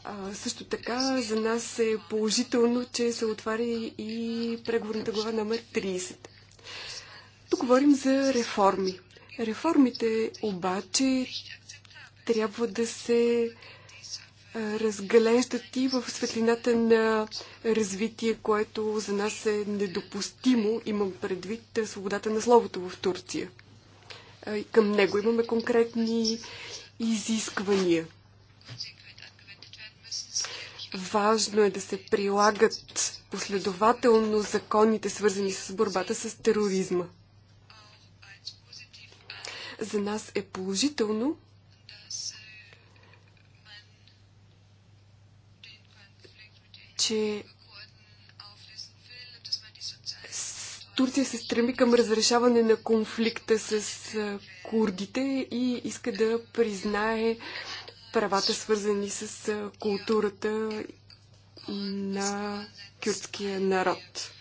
[SPEAKER 2] А, също така за нас е положително, че се отваря и преговорната глава номер 30. Тук говорим за реформи. Реформите обаче трябва да се разглеждат и в светлината на развитие, което за нас е недопустимо. Имам предвид свободата на словото в Турция. Към него имаме конкретни изисквания. Важно е да се прилагат последователно законите, свързани с борбата с тероризма. За нас е положително, че Турция се стреми към разрешаване на конфликта с курдите и иска да признае правата, свързани с културата на кюртския народ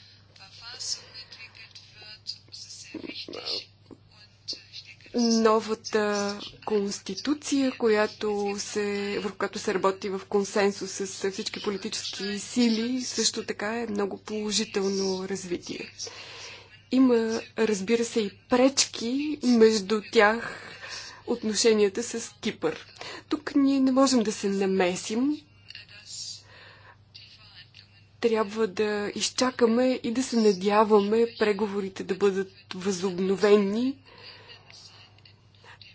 [SPEAKER 2] новата конституция, която се, върху която се работи в консенсус с всички политически сили, също така е много положително развитие. Има, разбира се, и пречки между тях отношенията с Кипър. Тук ние не можем да се намесим. Трябва да изчакаме и да се надяваме преговорите да бъдат възобновени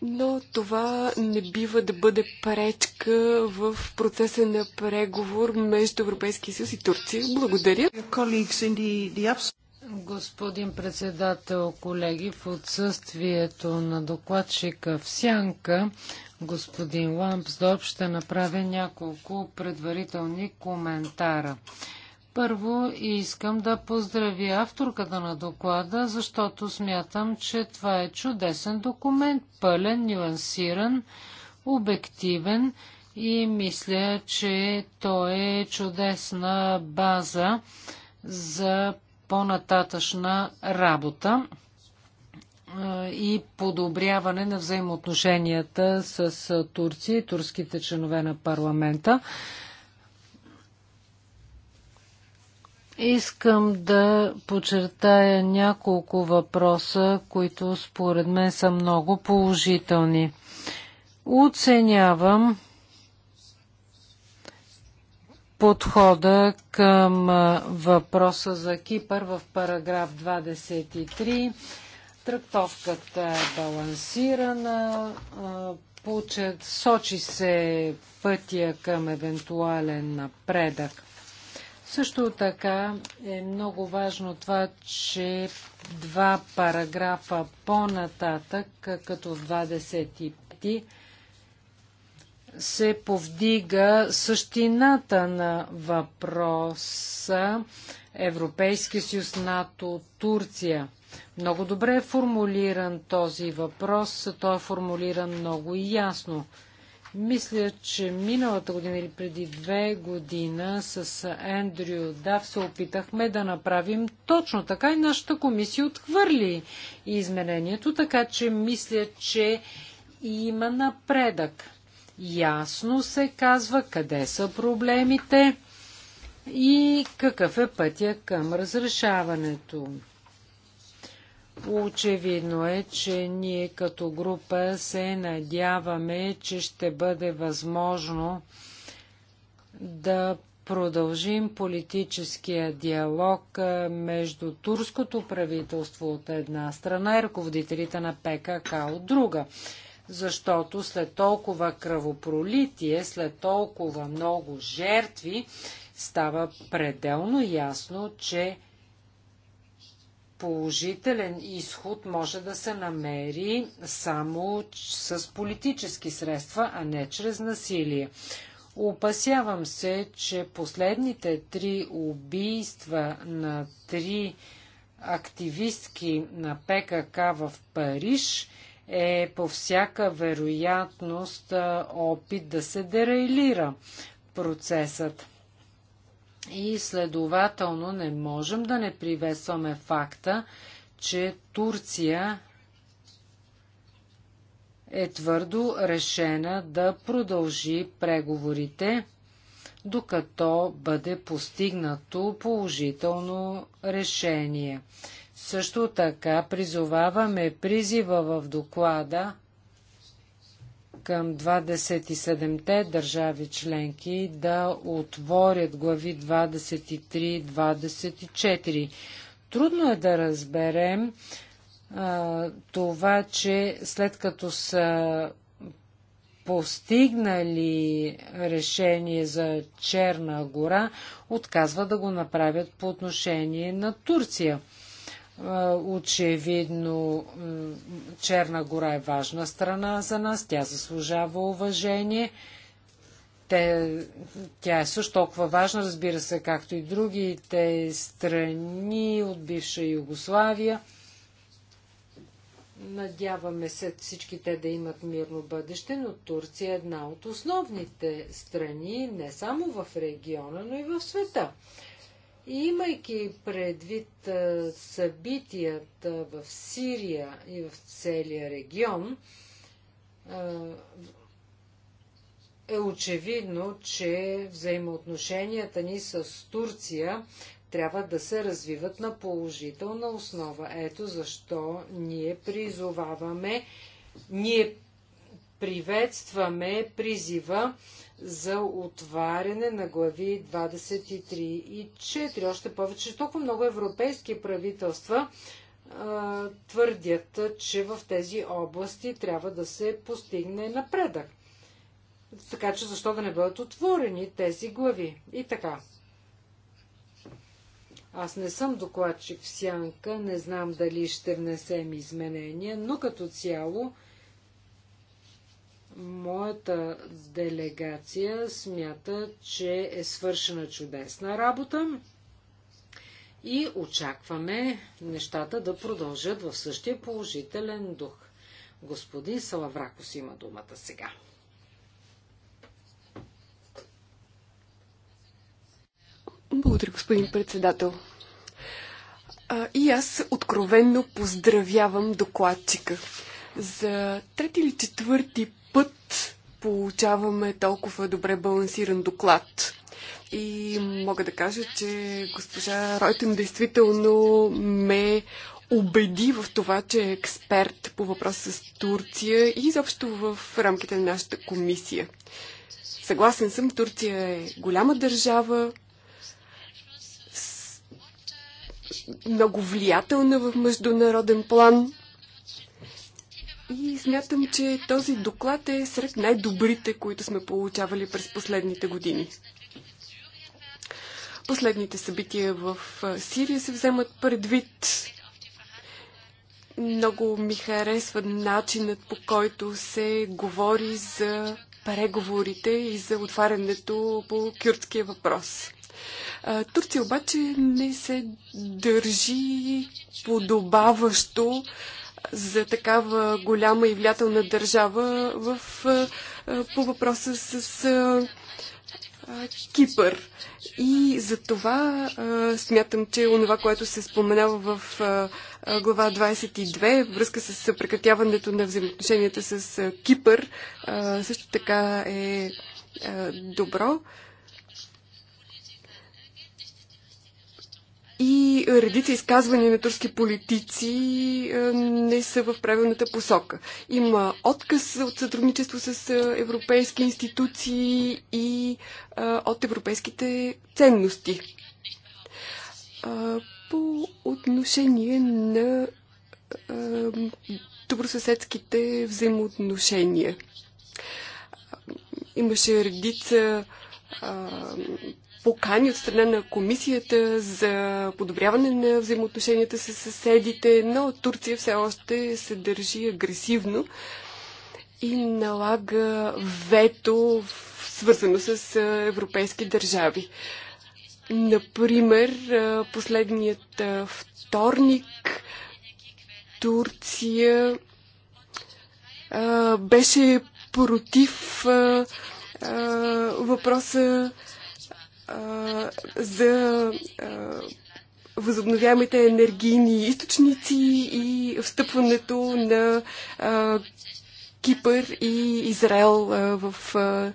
[SPEAKER 2] но това не бива да бъде пречка в процеса на преговор между
[SPEAKER 3] Европейския съюз и Турция. Благодаря. Господин председател, колеги, в отсъствието на докладчика в Сянка, господин Лампсдорп ще направя няколко предварителни коментара. Първо искам да поздравя авторката на доклада, защото смятам, че това е чудесен документ, пълен, нюансиран, обективен и мисля, че той е чудесна база за по-нататъчна работа и подобряване на взаимоотношенията с Турция и турските членове на парламента. Искам да подчертая няколко въпроса, които според мен са много положителни. Оценявам подхода към въпроса за Кипър в параграф 23. Трактовката е балансирана, сочи се пътя към евентуален напредък. Също така е много важно това, че два параграфа по-нататък, като в 25 се повдига същината на въпроса Европейски съюз, НАТО, Турция. Много добре е формулиран този въпрос. Той е формулиран много и ясно. Мисля, че миналата година или преди две година с Ендрю Дав се опитахме да направим точно така и нашата комисия отхвърли изменението, така че мисля, че има напредък. Ясно се казва къде са проблемите и какъв е пътя към разрешаването. Очевидно е, че ние като група се надяваме, че ще бъде възможно да продължим политическия диалог между турското правителство от една страна и ръководителите на ПКК от друга. Защото след толкова кръвопролитие, след толкова много жертви, става пределно ясно, че положителен изход може да се намери само с политически средства, а не чрез насилие. Опасявам се, че последните три убийства на три активистки на ПКК в Париж е по всяка вероятност опит да се дерайлира процесът. И следователно не можем да не приветстваме факта, че Турция е твърдо решена да продължи преговорите, докато бъде постигнато положително решение. Също така призоваваме призива в доклада към 27-те държави членки да отворят глави 23-24. Трудно е да разберем а, това, че след като са постигнали решение за Черна гора, отказва да го направят по отношение на Турция. Очевидно Черна гора е важна страна за нас, тя заслужава уважение. Те, тя е също толкова важна, разбира се, както и другите страни от бивша Югославия. Надяваме се всички те да имат мирно бъдеще, но Турция е една от основните страни не само в региона, но и в света. Имайки предвид събитията в Сирия и в целия регион, е очевидно, че взаимоотношенията ни с Турция трябва да се развиват на положителна основа. Ето защо ние призоваваме, ние приветстваме призива за отваряне на глави 23 и 4. Още повече, толкова много европейски правителства твърдят, че в тези области трябва да се постигне напредък. Така че защо да не бъдат отворени тези глави? И така. Аз не съм докладчик в сянка, не знам дали ще внесем изменения, но като цяло Моята делегация смята, че е свършена чудесна работа и очакваме нещата да продължат в същия положителен дух. Господин Салавракос има думата сега.
[SPEAKER 2] Благодаря, господин председател. А, и аз откровенно поздравявам докладчика. За трети или четвърти път получаваме толкова добре балансиран доклад. И мога да кажа, че госпожа Ройтен действително ме убеди в това, че е експерт по въпроса с Турция и изобщо в рамките на нашата комисия. Съгласен съм, Турция е голяма държава, много влиятелна в международен план. И смятам, че този доклад е сред най-добрите, които сме получавали през последните години. Последните събития в Сирия се вземат предвид. Много ми харесва начинът по който се говори за преговорите и за отварянето по кюртския въпрос. Турция обаче не се държи подобаващо за такава голяма и влиятелна държава в, по въпроса с, с Кипър. И за това а, смятам, че онова, което се споменава в а, глава 22, връзка с прекратяването на взаимоотношенията с а, Кипър, а, също така е а, добро. и редица изказвания на турски политици е, не са в правилната посока. Има отказ от сътрудничество с е, европейски институции и е, от европейските ценности. По отношение на добросъседските взаимоотношения. Имаше редица покани от страна на комисията за подобряване на взаимоотношенията с съседите, но Турция все още се държи агресивно и налага вето, свързано с европейски държави. Например, последният вторник Турция беше против въпроса а, за а, възобновяемите енергийни източници и встъпването на а, Кипър и Израел а, в а,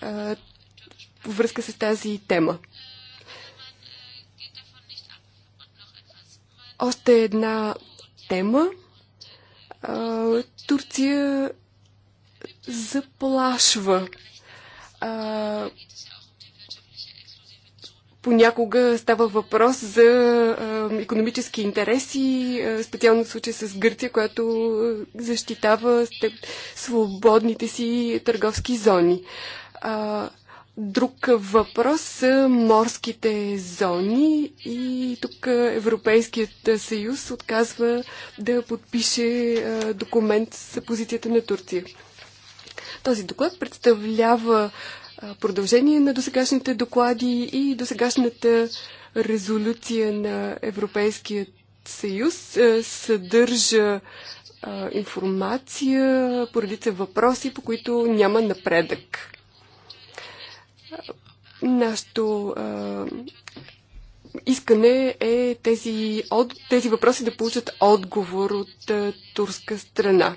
[SPEAKER 2] а, връзка с тази тема. Още една тема. А, Турция заплашва а, Понякога става въпрос за економически интереси, специално в случай с Гърция, която защитава свободните си търговски зони. Друг въпрос са морските зони и тук Европейският съюз отказва да подпише документ с позицията на Турция. Този доклад представлява продължение на досегашните доклади и досегашната резолюция на Европейския съюз съдържа информация, поредица въпроси, по които няма напредък. Нашето искане е тези, от, тези въпроси да получат отговор от а, турска страна. А,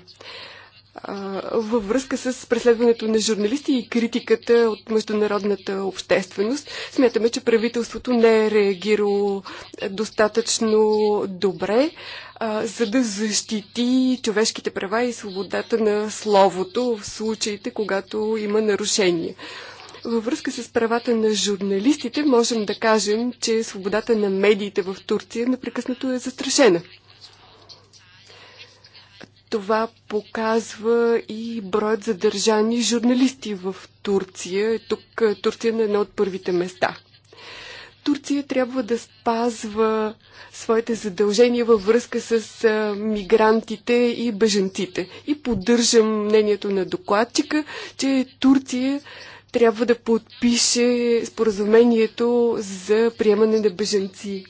[SPEAKER 2] във връзка с преследването на журналисти и критиката от международната общественост. Смятаме, че правителството не е реагирало достатъчно добре, а, за да защити човешките права и свободата на словото в случаите, когато има нарушения. Във връзка с правата на журналистите можем да кажем, че свободата на медиите в Турция непрекъснато е застрашена. Това показва и броят задържани журналисти в Турция. Тук е, Турция на е едно от първите места. Турция трябва да спазва своите задължения във връзка с е, мигрантите и бежанците. И поддържам мнението на докладчика, че Турция трябва да подпише споразумението за приемане на бежанци.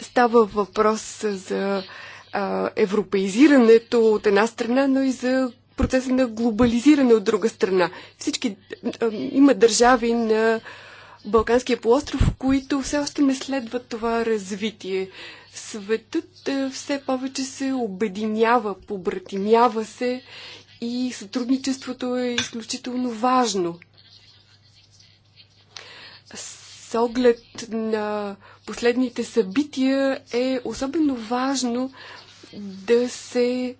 [SPEAKER 2] Става въпрос за европеизирането от една страна, но и за процеса на глобализиране от друга страна. Всички а, има държави на Балканския полуостров, които все още не следват това развитие. Светът а, все повече се обединява, побратимява се и сътрудничеството е изключително важно. С оглед на последните събития е особено важно да се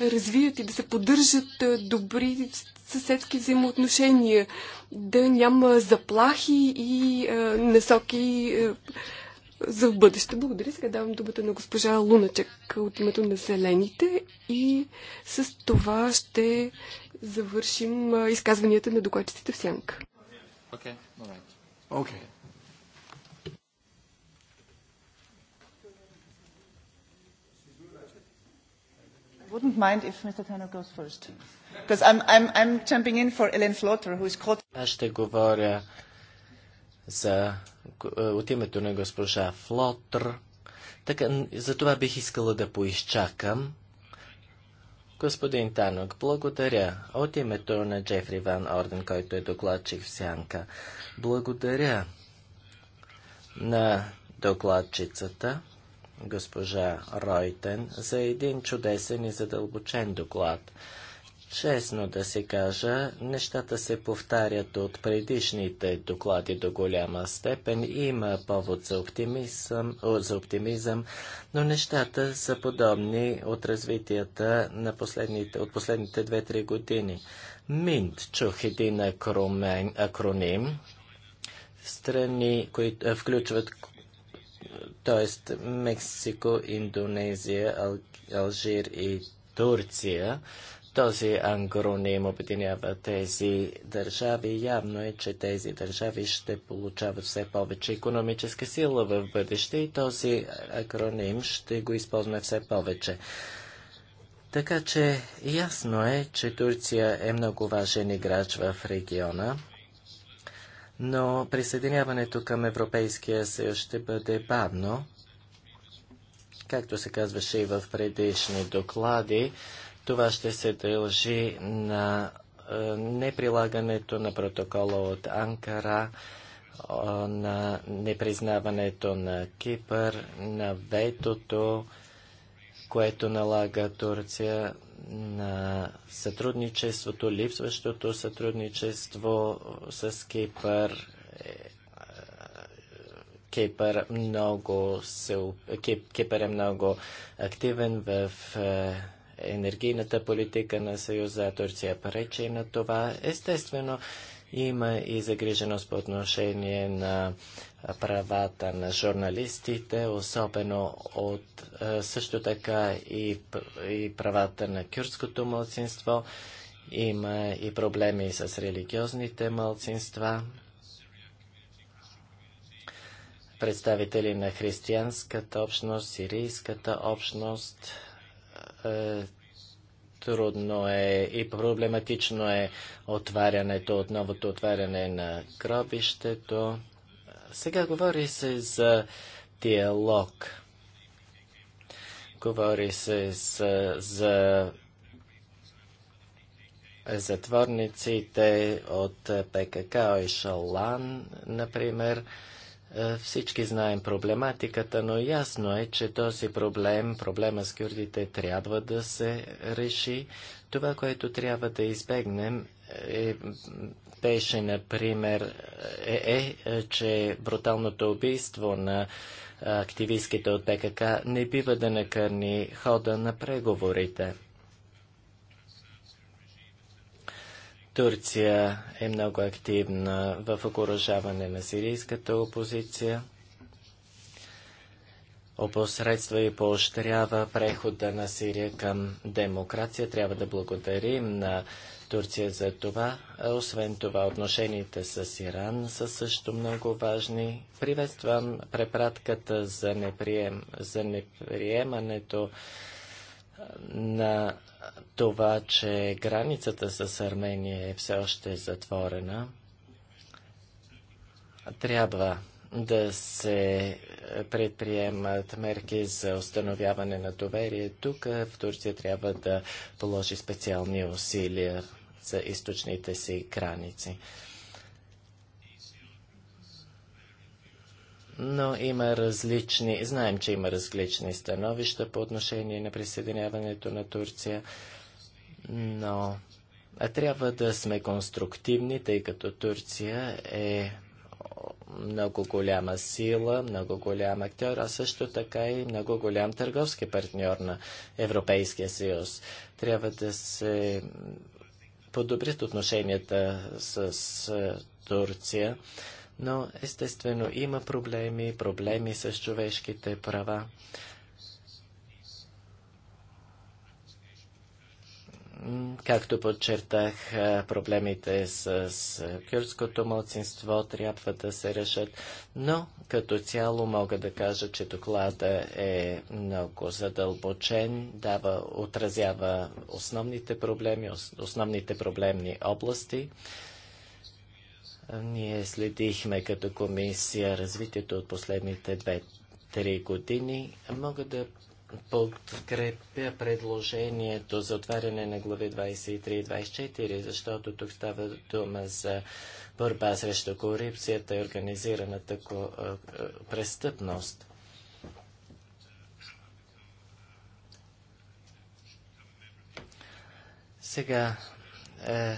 [SPEAKER 2] развият и да се поддържат добри съседски взаимоотношения, да няма заплахи и а, насоки а, за в бъдеще. Благодаря. Сега давам думата на госпожа Луначек от името на Зелените и с това ще завършим изказванията на докладчиците в сянка.
[SPEAKER 1] Okay. okay.
[SPEAKER 3] wouldn't mind if Mr. Tanner goes first. Because I'm,
[SPEAKER 1] I'm, I'm jumping in for Ellen Flotter, who is caught... Аз ще говоря за, е, от името на госпожа Флотър. Така, за това бих искала да поизчакам. Господин Танок, благодаря. От името на Джефри Ван Орден, който е докладчик в Сянка, благодаря на докладчицата госпожа Ройтен за един чудесен и задълбочен доклад. Честно да се кажа, нещата се повтарят от предишните доклади до голяма степен. Има повод за оптимизъм, за оптимизъм но нещата са подобни от развитията на последните, от последните 2-3 години. Минт чух един акромен, акроним, страни, които включват т.е. Мексико, Индонезия, Ал... Алжир и Турция. Този ангроним обединява тези държави. Явно е, че тези държави ще получават все повече економическа сила в бъдеще и този акроним ще го използваме все повече. Така че ясно е, че Турция е много важен играч в региона но присъединяването към Европейския съюз ще бъде бавно. Както се казваше и в предишни доклади, това ще се дължи на е, неприлагането на протокола от Анкара, е, на непризнаването на Кипър, на ветото, което налага Турция на сътрудничеството, липсващото сътрудничество с Кипър. Е, е, Кипър, много се, Кип, Кипър е много активен в е, енергийната политика на Съюза. Турция пречи на това. Естествено, има и загриженост по отношение на правата на журналистите, особено от е, също така и, и правата на кюрското мълцинство. Има и проблеми с религиозните мълцинства. Представители на християнската общност, сирийската общност. Е, трудно е и проблематично е отварянето, отновото новото отваряне на гробището. Сега говори се за диалог. Говори се за, за затворниците от ПКК и Шалан, например. Е, всички знаем проблематиката, но ясно е, че този проблем, проблема с кюрдите, трябва да се реши. Това, което трябва да избегнем е беше, например, е, е, е че бруталното убийство на активистките от ПКК не бива да накърни хода на преговорите. Турция е много активна в окоръжаване на сирийската опозиция, опосредства и поощрява прехода на Сирия към демокрация. Трябва да благодарим на Турция за това. Освен това, отношенията с Иран са също много важни. Приветствам препратката за, неприем, за неприемането на това, че границата с Армения е все още затворена. Трябва да се предприемат мерки за установяване на доверие. Тук в Турция трябва да положи специални усилия за източните си граници. Но има различни, знаем, че има различни становища по отношение на присъединяването на Турция, но трябва да сме конструктивни, тъй като Турция е много голяма сила, много голям актьор, а също така и много голям търговски партньор на Европейския съюз. Трябва да се подобрят отношенията с, с е, Турция, но естествено има проблеми, проблеми с човешките права. Както подчертах, проблемите с кюрдското младсинство трябва да се решат, но като цяло мога да кажа, че доклада е много задълбочен, дава, отразява основните проблеми, основните проблемни области. Ние следихме като комисия развитието от последните две-три години. Мога да подкрепя предложението за отваряне на глави 23 и 24, защото тук става дума за борба срещу корупцията и организираната престъпност. Сега е,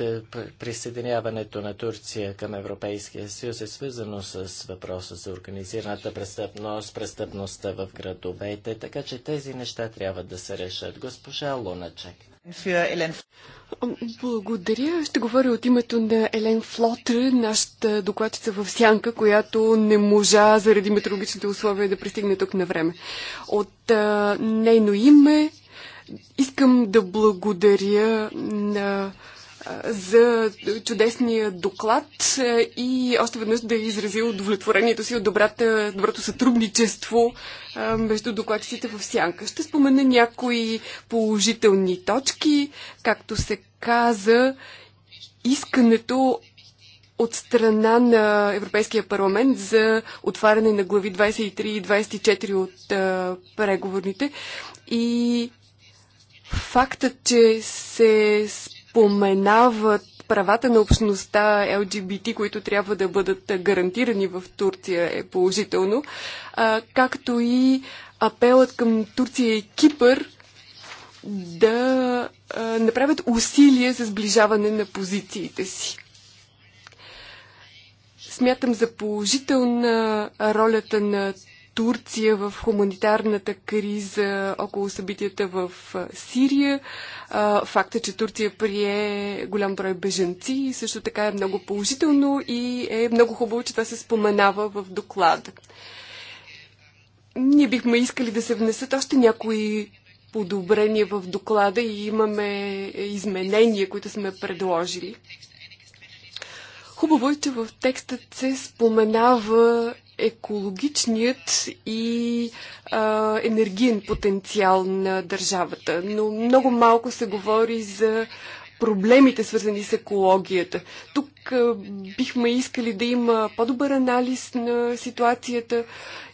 [SPEAKER 1] е, присъединяването на Турция към Европейския съюз е свързано с въпроса за организираната престъпност, престъпността в градовете, така че тези неща трябва да се решат. Госпожа Луначек.
[SPEAKER 2] Благодаря. Ще говоря от името на Елен Флотър, нашата докладчица в Сянка, която не можа заради метеорологичните условия да пристигне тук на време. От а, нейно име искам да благодаря на за чудесния доклад е, и още веднъж да изрази удовлетворението си от добрата, доброто сътрудничество е, между докладчиците в Сянка. Ще спомена някои положителни точки, както се каза, искането от страна на Европейския парламент за отваряне на глави 23 и 24 от е, преговорните и фактът, че се споменават правата на общността LGBT, които трябва да бъдат гарантирани в Турция е положително, а, както и апелът към Турция и Кипър да а, направят усилия за сближаване на позициите си. Смятам за положителна ролята на Турция в хуманитарната криза около събитията в Сирия. Факта, е, че Турция прие голям брой беженци, също така е много положително и е много хубаво, че това се споменава в доклада. Ние бихме искали да се внесат още някои подобрения в доклада и имаме изменения, които сме предложили. Хубаво е, че в текстът се споменава екологичният и а, енергиен потенциал на държавата. Но много малко се говори за проблемите, свързани с екологията. Тук а, бихме искали да има по-добър анализ на ситуацията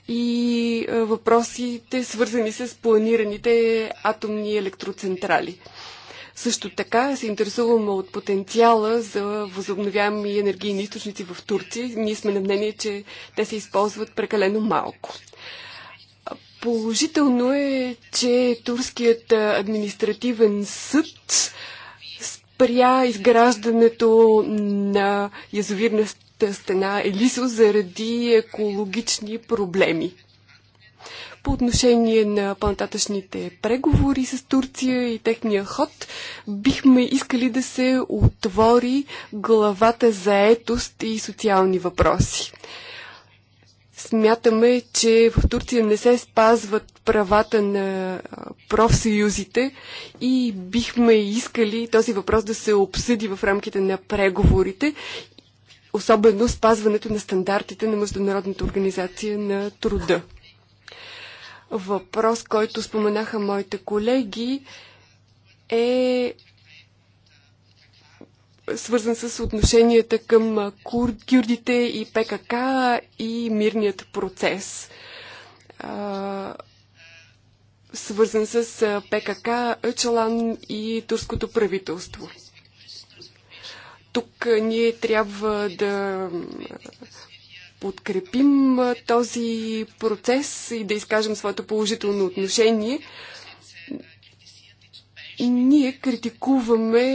[SPEAKER 2] и а, въпросите, свързани с планираните атомни електроцентрали. Също така се интересуваме от потенциала за възобновяеми енергийни източници в Турция. Ние сме на мнение, че те се използват прекалено малко. Положително е, че Турският административен съд спря изграждането на язовирна стена Елисо заради екологични проблеми по отношение на по-нататъчните преговори с Турция и техния ход. Бихме искали да се отвори главата за етост и социални въпроси. Смятаме, че в Турция не се спазват правата на профсъюзите и бихме искали този въпрос да се обсъди в рамките на преговорите особено спазването на стандартите на Международната организация на труда въпрос, който споменаха моите колеги, е свързан с отношенията към кюрдите и ПКК и мирният процес. свързан с ПКК, Чалан и турското правителство. Тук ние трябва да подкрепим този процес и да изкажем своето положително отношение. Ние критикуваме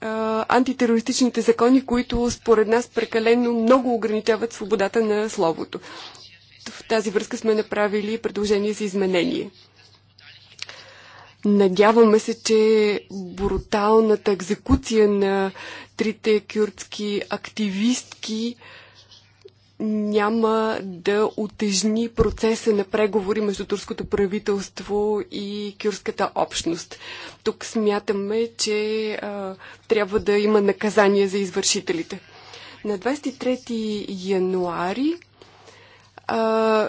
[SPEAKER 2] а, антитерористичните закони, които според нас прекалено много ограничават свободата на словото. В тази връзка сме направили предложение за изменение. Надяваме се, че бруталната екзекуция на трите кюртски активистки а, няма да отежни процеса на преговори между турското правителство и кюрската общност. Тук смятаме, че а, трябва да има наказание за извършителите. На 23 януари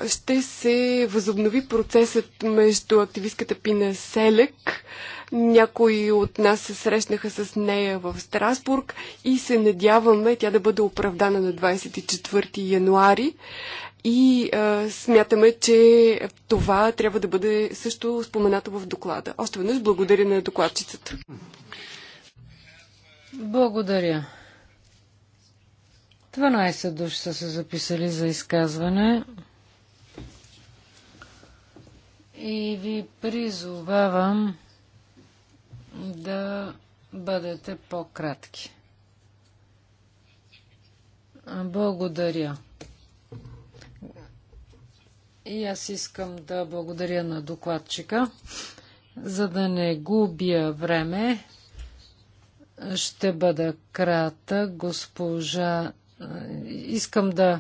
[SPEAKER 2] ще се възобнови процесът между активистката Пина Селек. Някои от нас се срещнаха с нея в Страсбург и се надяваме тя да бъде оправдана на 24 януари. И а, смятаме, че това трябва да бъде също споменато в доклада. Още веднъж благодаря на докладчицата.
[SPEAKER 3] Благодаря. 12 души са се записали за изказване. И ви призовавам да бъдете по-кратки. Благодаря. И аз искам да благодаря на докладчика. За да не губя време, ще бъда крата. Госпожа искам да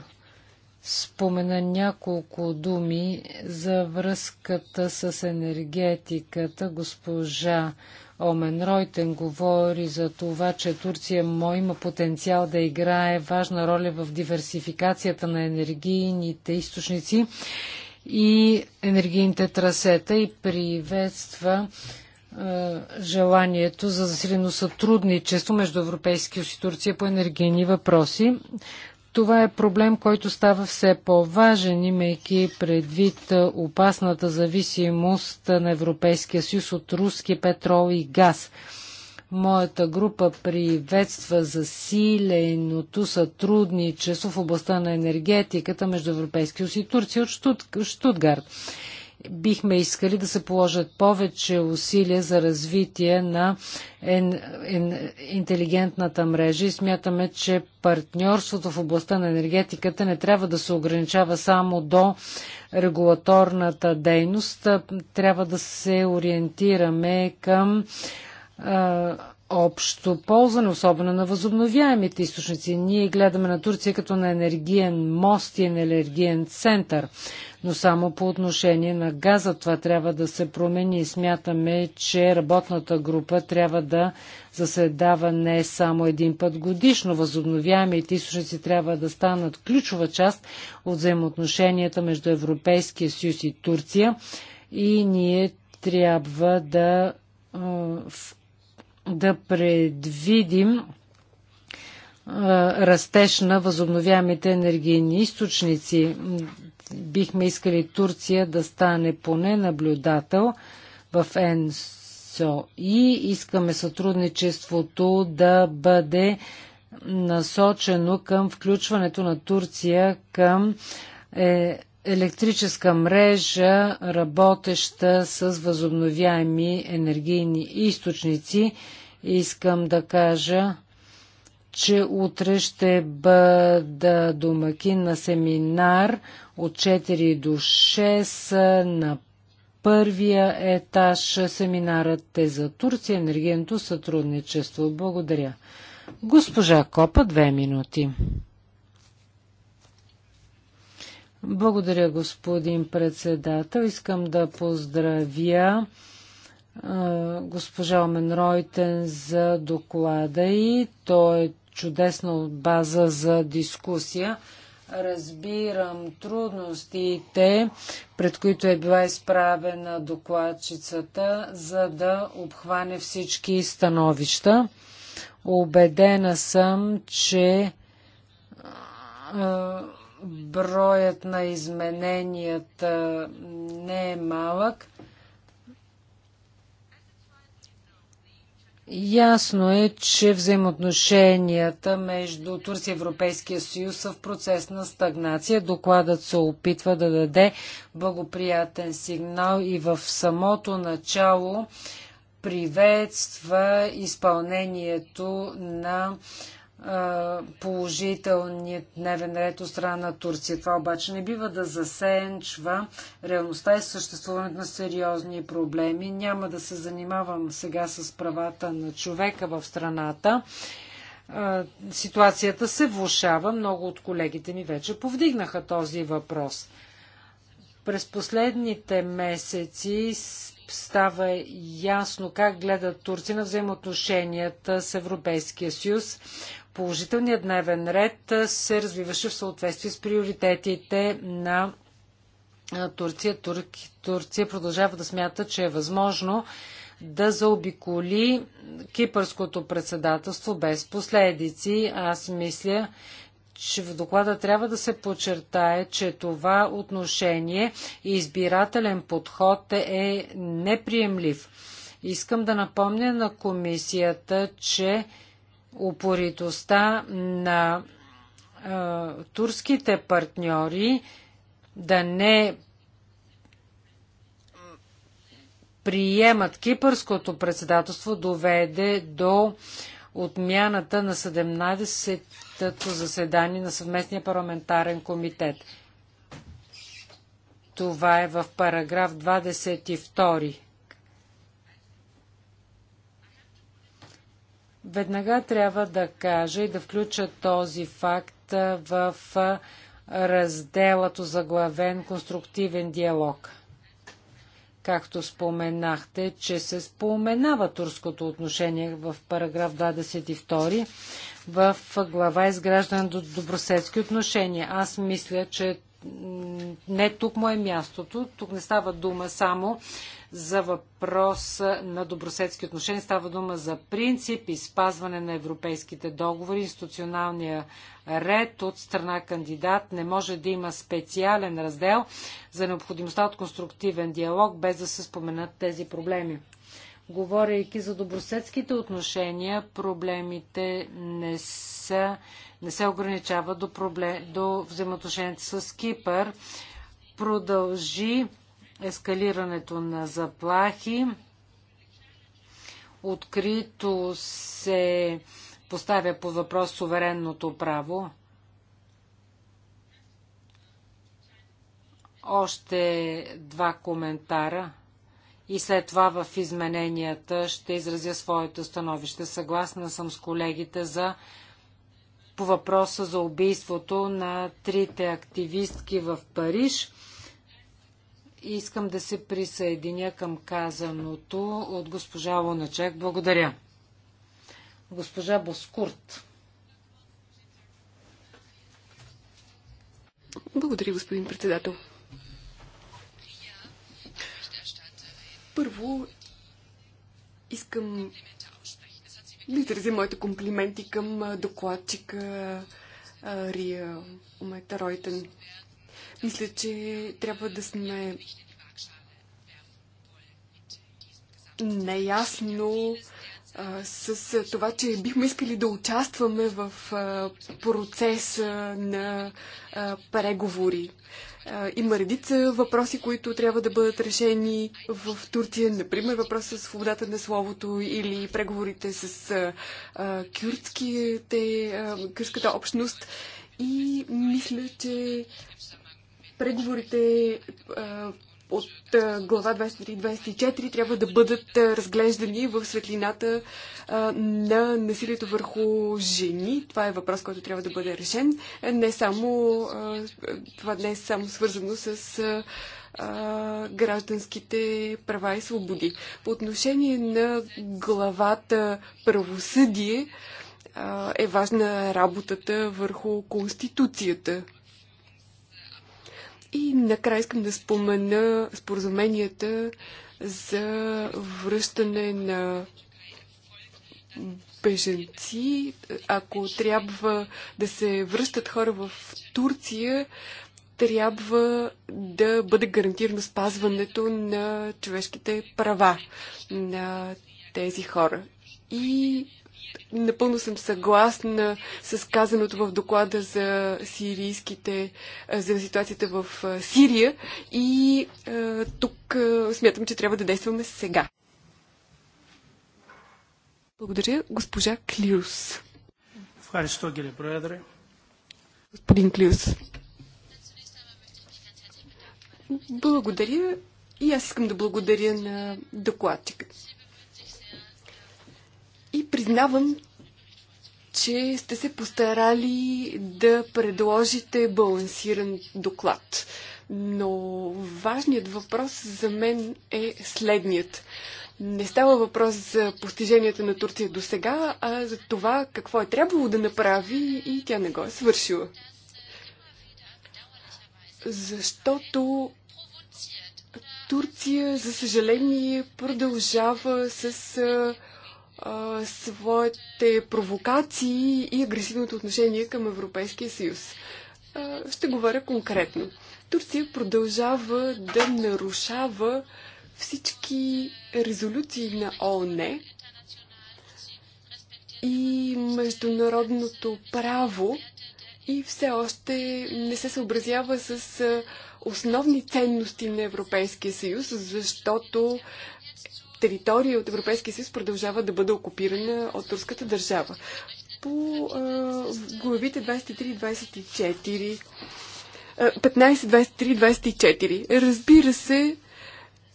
[SPEAKER 3] спомена няколко думи за връзката с енергетиката. Госпожа Омен Ройтен говори за това, че Турция му има потенциал да играе важна роля в диверсификацията на енергийните източници и енергийните трасета и приветства е, желанието за засилено сътрудничество между Европейския и Турция по енергийни въпроси. Това е проблем, който става все по-важен, имайки предвид е, опасната зависимост на Европейския съюз от руски петрол и газ. Моята група приветства засиленото сътрудничество в областта на енергетиката между Европейския съюз и Турция от Штут... Штутгарт бихме искали да се положат повече усилия за развитие на ен, ен, интелигентната мрежа и смятаме, че партньорството в областта на енергетиката не трябва да се ограничава само до регулаторната дейност. Трябва да се ориентираме към а, общо ползване, особено на възобновяемите източници. Ние гледаме на Турция като на енергиен мост и енергиен център, но само по отношение на газа това трябва да се промени. Смятаме, че работната група трябва да заседава не само един път годишно. Възобновяемите източници трябва да станат ключова част от взаимоотношенията между Европейския съюз и Турция и ние трябва да да предвидим растеж на възобновяемите енергийни източници. Бихме искали Турция да стане поне наблюдател в ЕНСО и искаме сътрудничеството да бъде насочено към включването на Турция към е, електрическа мрежа, работеща с възобновяеми енергийни източници. Искам да кажа, че утре ще бъда домакин на семинар от 4 до 6 на първия етаж. Семинарът е за Турция, енергийното сътрудничество. Благодаря. Госпожа Копа, две минути. Благодаря, господин председател. Искам да поздравя госпожа Омен Ройтен за доклада и той е чудесна база за дискусия. Разбирам трудностите, пред които е била изправена докладчицата, за да обхване всички становища. Обедена съм, че броят на измененията не е малък. Ясно е, че взаимоотношенията между Турция и Европейския съюз са в процес на стагнация. Докладът се опитва да даде благоприятен сигнал и в самото начало приветства изпълнението на положителният дневен ред от страна на Турция. Това обаче не бива да засенчва реалността и съществуването на сериозни проблеми. Няма да се занимавам сега с правата на човека в страната. Ситуацията се влушава. Много от колегите ми вече повдигнаха този въпрос. През последните месеци става ясно как гледа Турция на взаимоотношенията с Европейския съюз положителният дневен ред се развиваше в съответствие с приоритетите на Турция. Турк... Турция продължава да смята, че е възможно да заобиколи кипърското председателство без последици. Аз мисля, че в доклада трябва да се подчертае, че това отношение и избирателен подход е неприемлив. Искам да напомня на комисията, че упоритостта на а, турските партньори да не приемат кипърското председателство доведе до отмяната на 17-тото заседание на съвместния парламентарен комитет. Това е в параграф 22. Веднага трябва да кажа и да включа този факт в разделато заглавен конструктивен диалог. Както споменахте, че се споменава турското отношение в параграф 22 в глава изграждане до добросетски отношения. Аз мисля, че не тук му е мястото. Тук не става дума само за въпрос на добросетски отношения. Става дума за принцип и спазване на европейските договори. Институционалния ред от страна кандидат не може да има специален раздел за необходимостта от конструктивен диалог, без да се споменат тези проблеми. Говорейки за добросетските отношения, проблемите не, са, не се ограничават до, проблем, до взаимоотношенията с Кипър. Продължи ескалирането на заплахи. Открито се поставя по въпрос суверенното право. Още два коментара и след това в измененията ще изразя своето становище. Съгласна съм с колегите за по въпроса за убийството на трите активистки в Париж. Искам да се присъединя към казаното от госпожа Луначек. Благодаря. Госпожа Боскурт.
[SPEAKER 2] Благодаря, господин председател. Първо, искам да изразя моите комплименти към докладчика Рия Омета мисля, че трябва да сме наясно а, с това, че бихме искали да участваме в а, процеса на а, преговори. А, има редица въпроси, които трябва да бъдат решени в Турция. Например, въпроса с свободата на словото или преговорите с а, кюртските, а, кюртската общност. И мисля, че преговорите от глава 23-24 трябва да бъдат разглеждани в светлината на насилието върху жени. Това е въпрос, който трябва да бъде решен. Не само, това не е само свързано с гражданските права и свободи. По отношение на главата правосъдие е важна работата върху Конституцията и накрая искам да спомена споразуменията за връщане на беженци. Ако трябва да се връщат хора в Турция, трябва да бъде гарантирано спазването на човешките права на тези хора. И Напълно съм съгласна с казаното в доклада за сирийските, за ситуацията в Сирия и тук смятам, че трябва да действаме сега. Благодаря, госпожа Клиус. Господин Клиус. Благодаря и аз искам да благодаря на докладчиката. И признавам, че сте се постарали да предложите балансиран доклад. Но важният въпрос за мен е следният. Не става въпрос за постиженията на Турция до сега, а за това какво е трябвало да направи и тя не го е свършила. Защото Турция, за съжаление, продължава с своите провокации и агресивното отношение към Европейския съюз. ще говоря конкретно. Турция продължава да нарушава всички резолюции на ООН и международното право и все още не се съобразява с основни ценности на Европейския съюз, защото територия от Европейския съюз продължава да бъде окупирана от турската държава. По а, главите 23 24 15, 23, 24. Разбира се,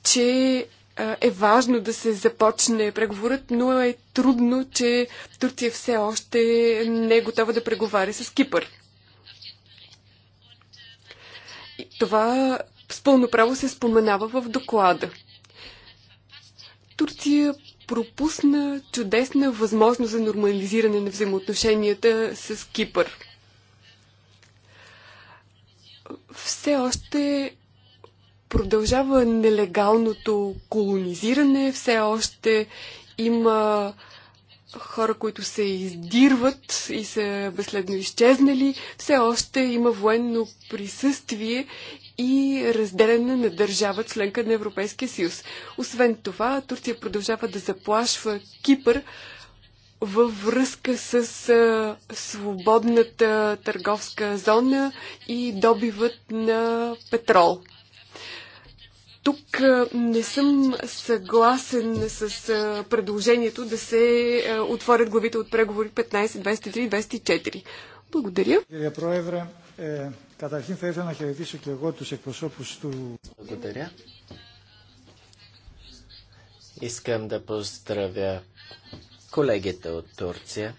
[SPEAKER 2] че е важно да се започне преговорът, но е трудно, че Турция все още не е готова да преговаря с Кипър. И това с пълно право се споменава в доклада. Турция пропусна чудесна възможност за нормализиране на взаимоотношенията с Кипър. Все още продължава нелегалното колонизиране, все още има хора, които се издирват и са безследно изчезнали, все още има военно присъствие и разделяне на държава членка на Европейския съюз. Освен това, Турция продължава да заплашва Кипър във връзка с а, свободната търговска зона и добивът на петрол. Тук а, не съм съгласен с а, предложението да се а, отворят главите от преговори 15, 23, 24. Благодаря,
[SPEAKER 1] Καταρχήν θα ήθελα να χαιρετήσω και εγώ τους εκπροσώπους του... Благодаря. Искам да поздравя колегите от Турция.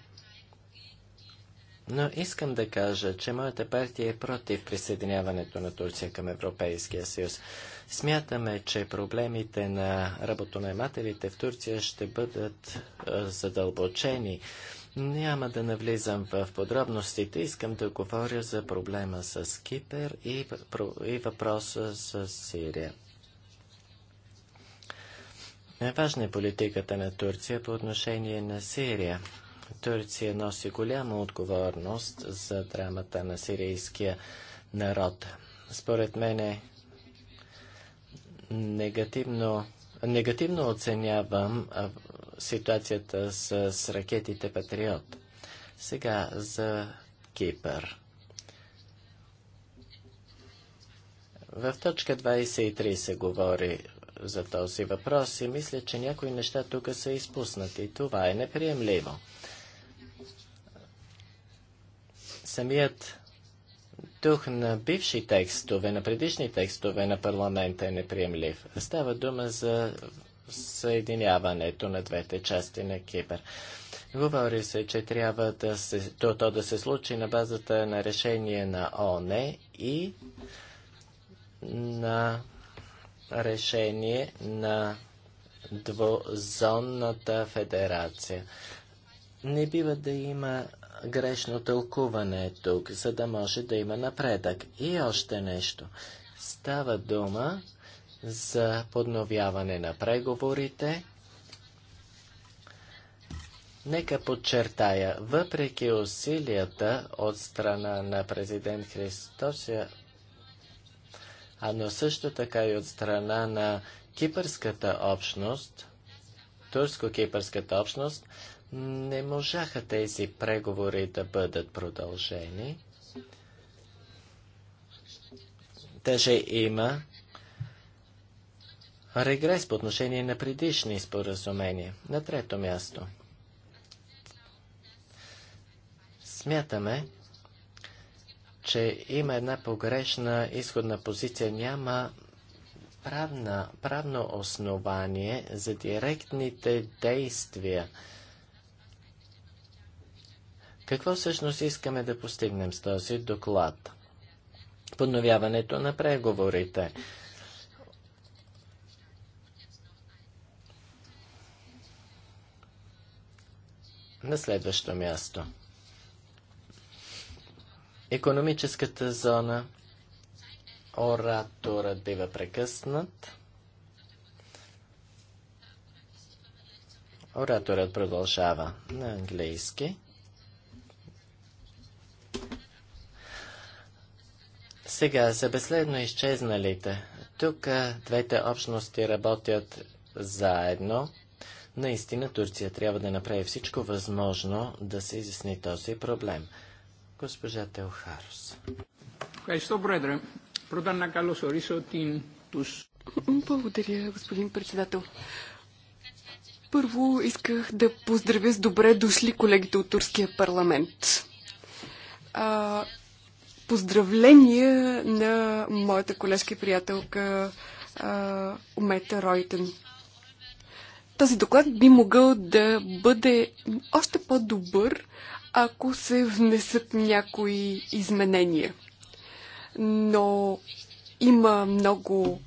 [SPEAKER 1] Но искам да кажа, че моята партия е против присъединяването на Турция към Европейския съюз. Смятаме, че проблемите на работонаймателите в Турция ще бъдат задълбочени. Няма да навлизам в подробностите. Искам да говоря за проблема с Кипер и, и въпроса с Сирия. Важна е политиката на Турция по отношение на Сирия. Турция носи голяма отговорност за драмата на сирийския народ. Според мен е негативно, негативно оценявам ситуацията с, с ракетите Патриот. Сега за Кипър. В точка 23 се говори за този въпрос и мисля, че някои неща тук са изпуснати. Това е неприемливо. Самият дух на бивши текстове, на предишни текстове на парламента е неприемлив. Става дума за съединяването на двете части на Кипър. Говори се, че трябва да се, то, то да се случи на базата на решение на ОНЕ и на решение на двузонната федерация. Не бива да има грешно тълкуване тук, за да може да има напредък. И още нещо. Става дума за подновяване на преговорите. Нека подчертая, въпреки усилията от страна на президент Христос, а но също така и от страна на кипърската общност, турско-кипърската общност, не можаха тези преговори да бъдат продължени. Даже има регрес по отношение на предишни споразумения. На трето място. Смятаме, че има една погрешна изходна позиция. Няма правна, правно основание за директните действия. Какво всъщност искаме да постигнем с този доклад? Подновяването на преговорите. На следващо място. Економическата зона. Ораторът бива прекъснат. Ораторът продължава на английски. Сега за безследно изчезналите. Тук двете общности работят заедно. Наистина Турция трябва да направи всичко възможно да се изясни този проблем. Госпожа Телхарус.
[SPEAKER 2] Благодаря, господин председател. Първо исках да поздравя с добре дошли колегите от Турския парламент. А, поздравления на моята колежка и приятелка а, Умета Ройтен този доклад би могъл да бъде още по-добър, ако се внесат някои изменения. Но има много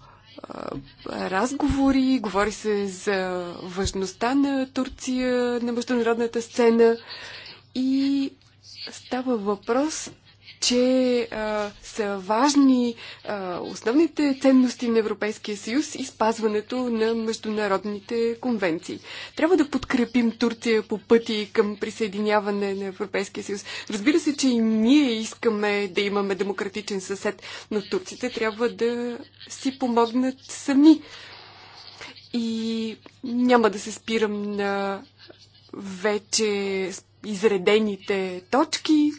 [SPEAKER 2] разговори, говори се за важността на Турция на международната сцена и става въпрос че а, са важни а, основните ценности на Европейския съюз и спазването на международните конвенции. Трябва да подкрепим Турция по пъти към присъединяване на Европейския съюз. Разбира се, че и ние искаме да имаме демократичен съсед, но турците трябва да си помогнат сами. И няма да се спирам на вече изредените точки,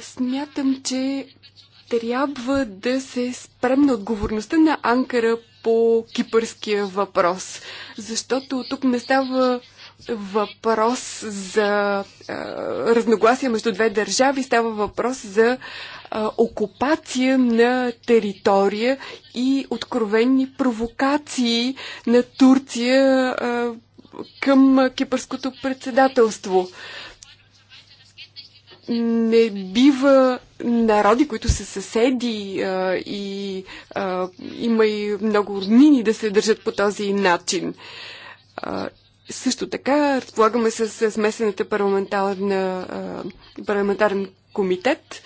[SPEAKER 2] Смятам, че трябва да се спрем на отговорността на Анкара по кипърския въпрос. Защото тук не става въпрос за а, разногласия между две държави, става въпрос за а, окупация на територия и откровени провокации на Турция а, към кипърското председателство. А, не бива народи, които са съседи а, и а, има и много роднини да се държат по този начин. А, също така разполагаме с смесената парламентарна, а, парламентарен комитет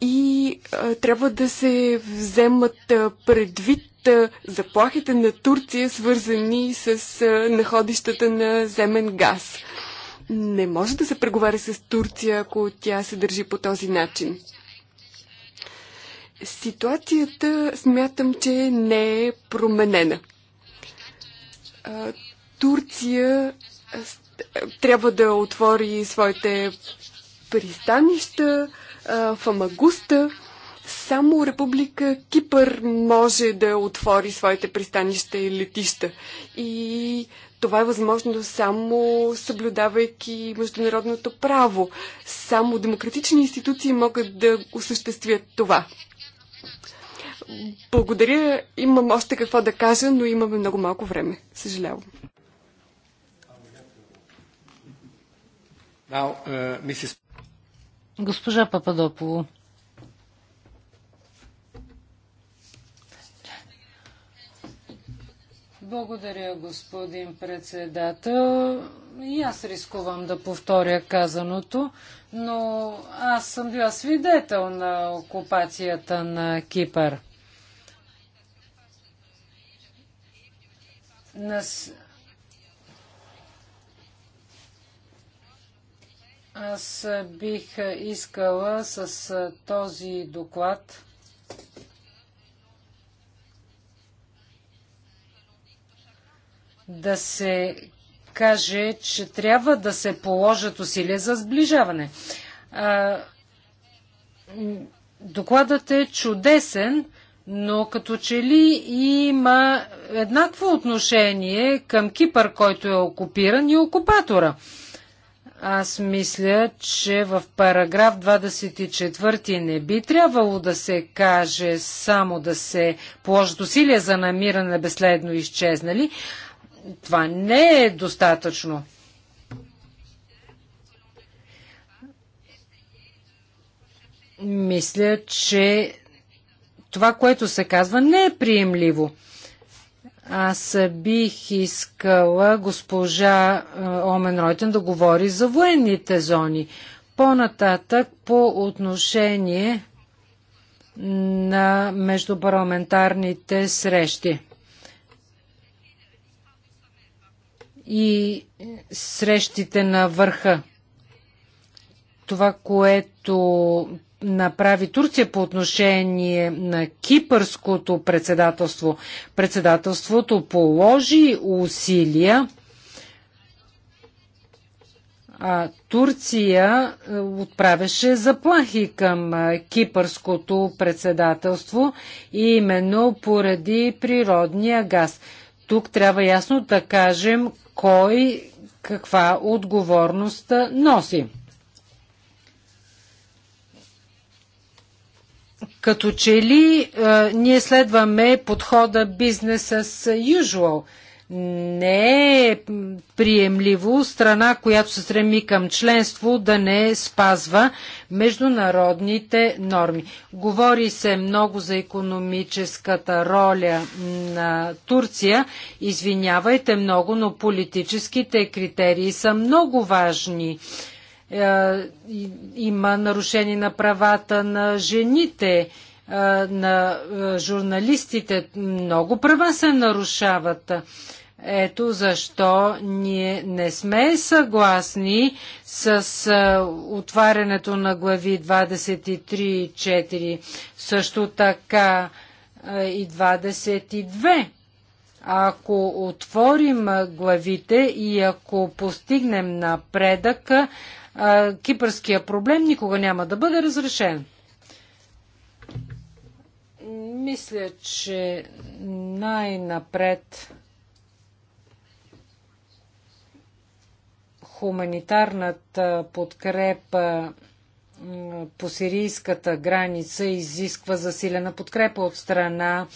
[SPEAKER 2] и а, трябва да се вземат а, предвид а, заплахите на Турция, свързани с а, находищата на земен газ. Не може да се преговаря с Турция, ако тя се държи по този начин. Ситуацията смятам, че не е променена. Турция трябва да отвори своите пристанища в Амагуста. Само Република Кипър може да отвори своите пристанища и летища. И това е възможно само съблюдавайки международното право. Само демократични институции могат да осъществят това. Благодаря. Имам още какво да кажа, но имаме много малко време. Съжалявам. Uh,
[SPEAKER 3] Госпожа Пападополо. Благодаря, господин председател. И аз рискувам да повторя казаното, но аз съм била свидетел на окупацията на Кипър. Нас... Аз бих искала с този доклад да се каже, че трябва да се положат усилия за сближаване. А, докладът е чудесен, но като че ли има еднакво отношение към Кипър, който е окупиран и окупатора. Аз мисля, че в параграф 24 не би трябвало да се каже само да се положат усилия за намиране на безследно изчезнали, това не е достатъчно. Мисля, че това, което се казва, не е приемливо. Аз бих искала госпожа е, Омен Ройтен да говори за военните зони. По-нататък по отношение на междупарламентарните срещи. и срещите на върха. Това, което направи Турция по отношение на кипърското председателство. Председателството положи усилия а Турция е, отправяше заплахи към е, кипърското председателство именно поради природния газ. Тук трябва ясно да кажем кой каква отговорност носи. Като че ли е, ние следваме подхода бизнес as usual – не е приемливо страна, която се стреми към членство, да не спазва международните норми. Говори се много за економическата роля на Турция. Извинявайте много, но политическите критерии са много важни е, има нарушение на правата на жените, на журналистите. Много права се нарушават. Ето защо ние не сме съгласни с отварянето на глави 23 и 4, също така и 22. Ако отворим главите и ако постигнем напредък, кипърския проблем никога няма да бъде разрешен. Мисля, че най-напред хуманитарната подкрепа по сирийската граница изисква засилена подкрепа от страна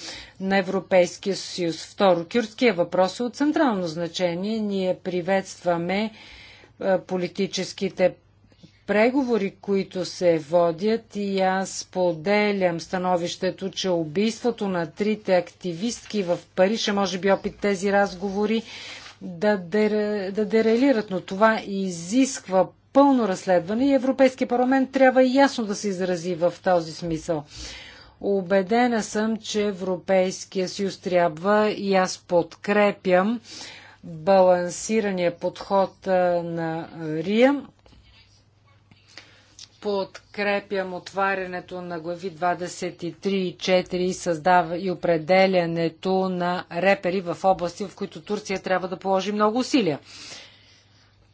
[SPEAKER 3] на Европейския съюз. Второ, кюрдския въпрос е от централно значение. Ние приветстваме е, политическите преговори, които се водят и аз поделям становището, че убийството на трите активистки в Париж е може би опит тези разговори да, дер... да дерелират, но това изисква пълно разследване и Европейския парламент трябва ясно да се изрази в този смисъл. Обедена съм, че Европейския съюз трябва и аз подкрепям балансирания подход на Рия подкрепям отварянето на глави 23 и 4 и създава и определянето на репери в области, в които Турция трябва да положи много усилия.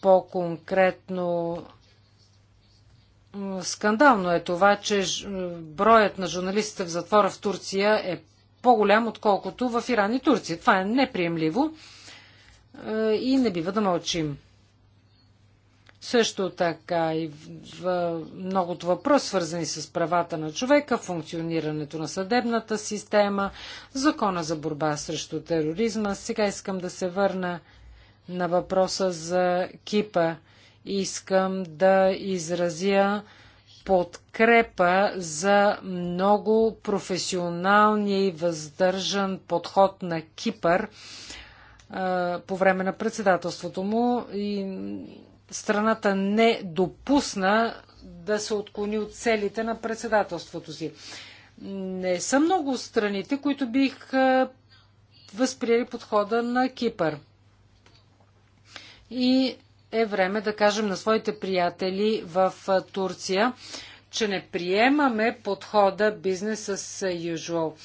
[SPEAKER 3] По-конкретно скандално е това, че броят на журналистите в затвора в Турция е по-голям, отколкото в Иран и Турция. Това е неприемливо е, и не бива да мълчим. Също така и в многото въпрос, свързани с правата на човека, функционирането на съдебната система, закона за борба срещу тероризма. Сега искам да се върна на въпроса за Кипа. Искам да изразя подкрепа за много професионалния и въздържан подход на Кипър по време на председателството му и страната не допусна да се отклони от целите на председателството си. Не са много страните, които бих възприели подхода на Кипър. И е време да кажем на своите приятели в Турция, че не приемаме подхода бизнес as usual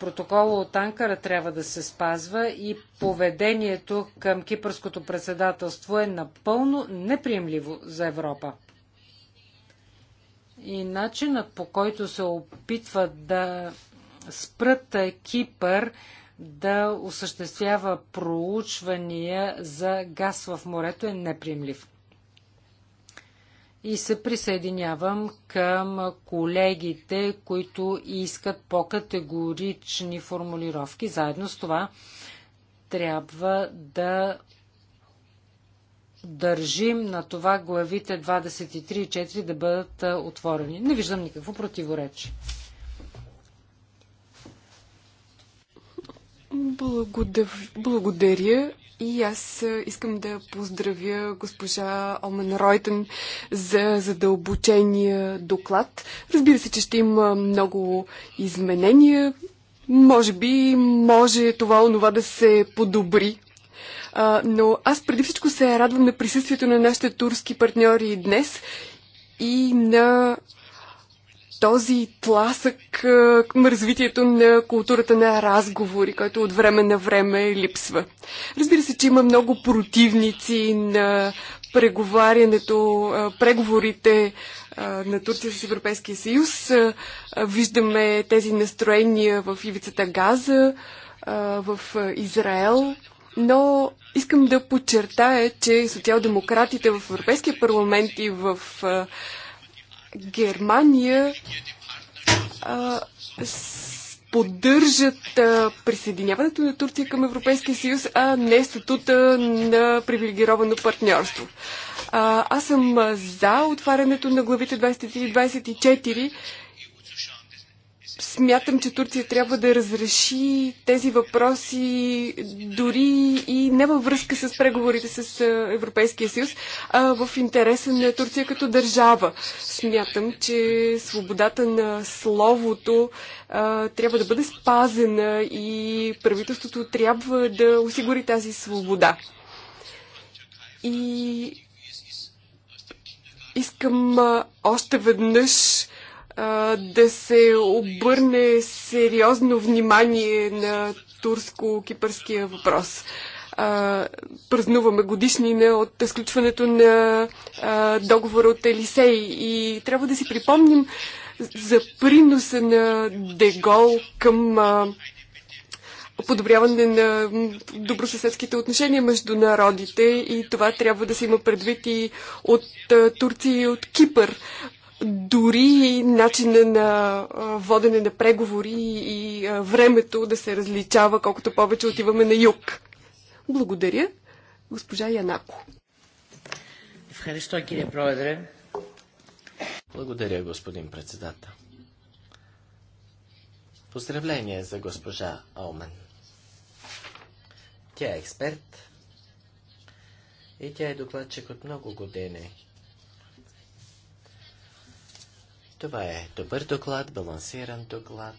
[SPEAKER 3] протокола от Анкара трябва да се спазва и поведението към кипърското председателство е напълно неприемливо за Европа. И начинът по който се опитват да спрат Кипър да осъществява проучвания за газ в морето е неприемлив и се присъединявам към колегите, които искат по-категорични формулировки. Заедно с това трябва да държим на това главите 23 и 4 да бъдат отворени. Не виждам никакво противоречие.
[SPEAKER 2] Благодаря. И аз искам да поздравя госпожа Омен Ройтен за задълбочения доклад. Разбира се, че ще има много изменения. Може би, може това онова да се подобри. А, но аз преди всичко се радвам на присъствието на нашите турски партньори днес и на този тласък към развитието на културата на разговори, който от време на време липсва. Разбира се, че има много противници на преговарянето, преговорите на Турция с Европейския съюз. Виждаме тези настроения в ивицата Газа, в Израел, но искам да подчертая, че социал-демократите в Европейския парламент и в Германия а, поддържат а, присъединяването на Турция към Европейския съюз, а не статута на привилегировано партньорство. А, аз съм за отварянето на главите 23 и 24 Смятам, че Турция трябва да разреши тези въпроси дори и не във връзка с преговорите с Европейския съюз, а в интереса на Турция като държава. Смятам, че свободата на словото а, трябва да бъде спазена и правителството трябва да осигури тази свобода. И искам а, още веднъж да се обърне сериозно внимание на турско-кипърския въпрос. А, празнуваме годишнина от сключването на а, договора от Елисей и трябва да си припомним за приноса на Дегол към а, подобряване на добросъседските отношения между народите и това трябва да се има предвид и от Турция и от Кипър дори начина на водене на преговори и времето да се различава, колкото повече отиваме на юг. Благодаря. Госпожа Янако.
[SPEAKER 1] Благодаря, господин председател. Поздравление за госпожа Олмен. Тя е експерт и тя е докладчик от много години Това е добър доклад, балансиран доклад.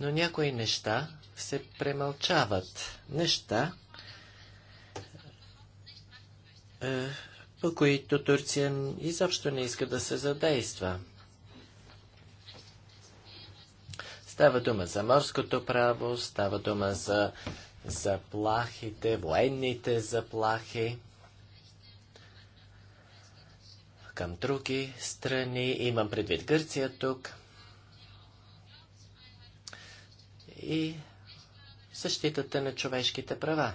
[SPEAKER 1] Но някои неща се премълчават. Неща, е, по които Турция изобщо не иска да се задейства. Става дума за морското право, става дума за заплахите, военните заплахи. към други страни. Имам предвид Гърция тук. И защитата на човешките права.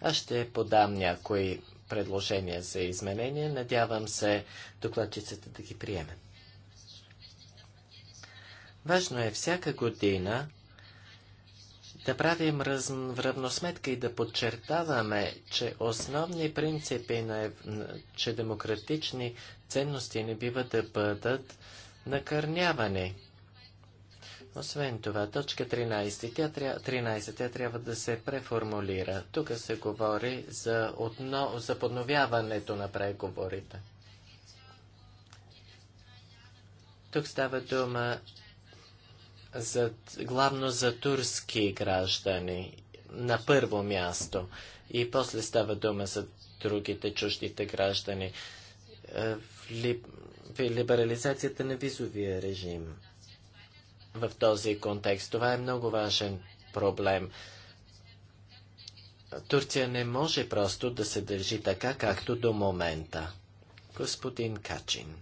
[SPEAKER 1] Аз ще подам някои предложения за изменения. Надявам се докладчицата да ги приеме. Важно е всяка година да правим равносметка и да подчертаваме, че основни принципи, на, че демократични ценности не бива да бъдат накърнявани. Освен това, точка 13 тя, 13, тя трябва да се преформулира. Тук се говори за, отно, за подновяването на преговорите. Тук става дума за, главно за турски граждани на първо място и после става дума за другите чуждите граждани. Е, Ли, либерализацията на визовия режим в този контекст. Това е много важен проблем. Турция не може просто да се държи така, както до момента. Господин Качин.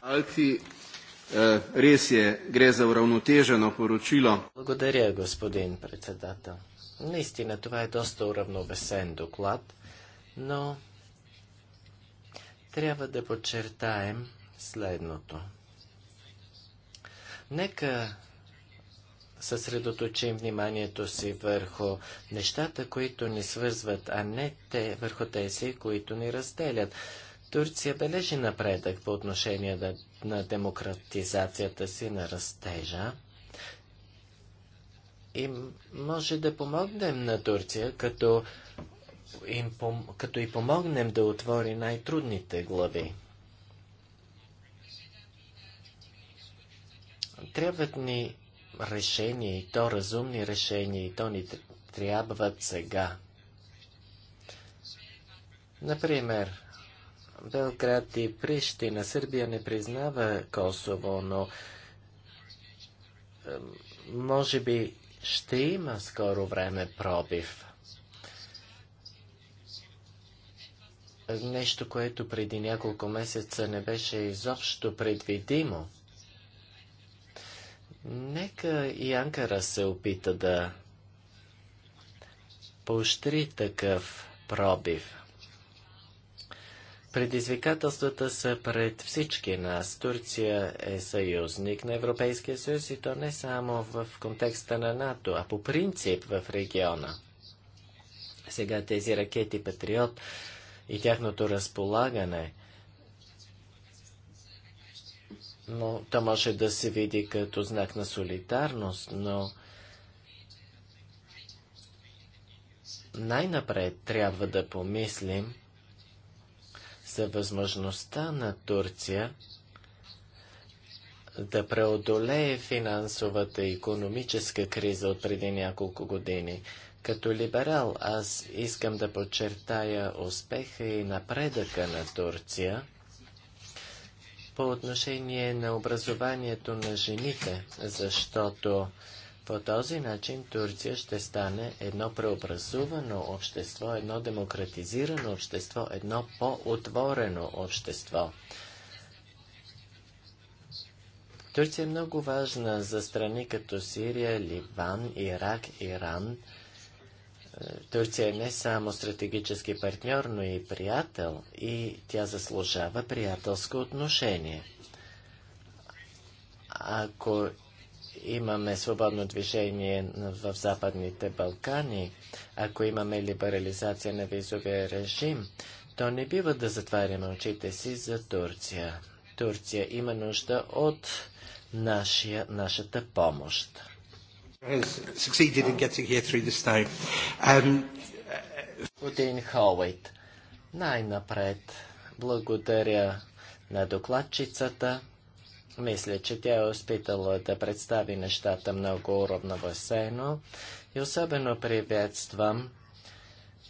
[SPEAKER 1] Alti, eh, res je, gre za uravnoteženo poročilo. Благодаря, господин председател. Наистина, това е доста уравновесен доклад, но трябва да подчертаем следното. Нека съсредоточим вниманието си върху нещата, които ни свързват, а не те, върху тези, които ни разделят. Турция бележи напредък по отношение на, демократизацията си, на растежа. И може да помогнем на Турция, като, им, пом, като и помогнем да отвори най-трудните глави. Трябват ни решения и то разумни решения и то ни трябват сега. Например, Белград и Прищина. Сърбия не признава Косово, но може би ще има скоро време пробив. Нещо, което преди няколко месеца не беше изобщо предвидимо. Нека и Анкара се опита да поощри такъв пробив. Предизвикателствата са пред всички нас. Турция е съюзник на Европейския съюз и то не само в контекста на НАТО, а по принцип в региона. Сега тези ракети Патриот и тяхното разполагане, но то може да се види като знак на солидарност, но най-напред трябва да помислим за възможността на Турция да преодолее финансовата и економическа криза от преди няколко години. Като либерал аз искам да подчертая успеха и напредъка на Турция по отношение на образованието на жените, защото по този начин Турция ще стане едно преобразувано общество, едно демократизирано общество, едно по-отворено общество. Турция е много важна за страни като Сирия, Ливан, Ирак, Иран. Турция е не само стратегически партньор, но и приятел и тя заслужава приятелско отношение. Ако имаме свободно движение в Западните Балкани, ако имаме либерализация на визовия режим, то не бива да затваряме очите си за Турция. Турция има нужда от нашия, нашата помощ. Um, Господин Холвейт, най-напред благодаря на докладчицата мисля, че тя е успитала да представи нещата много уравновесено и особено приветствам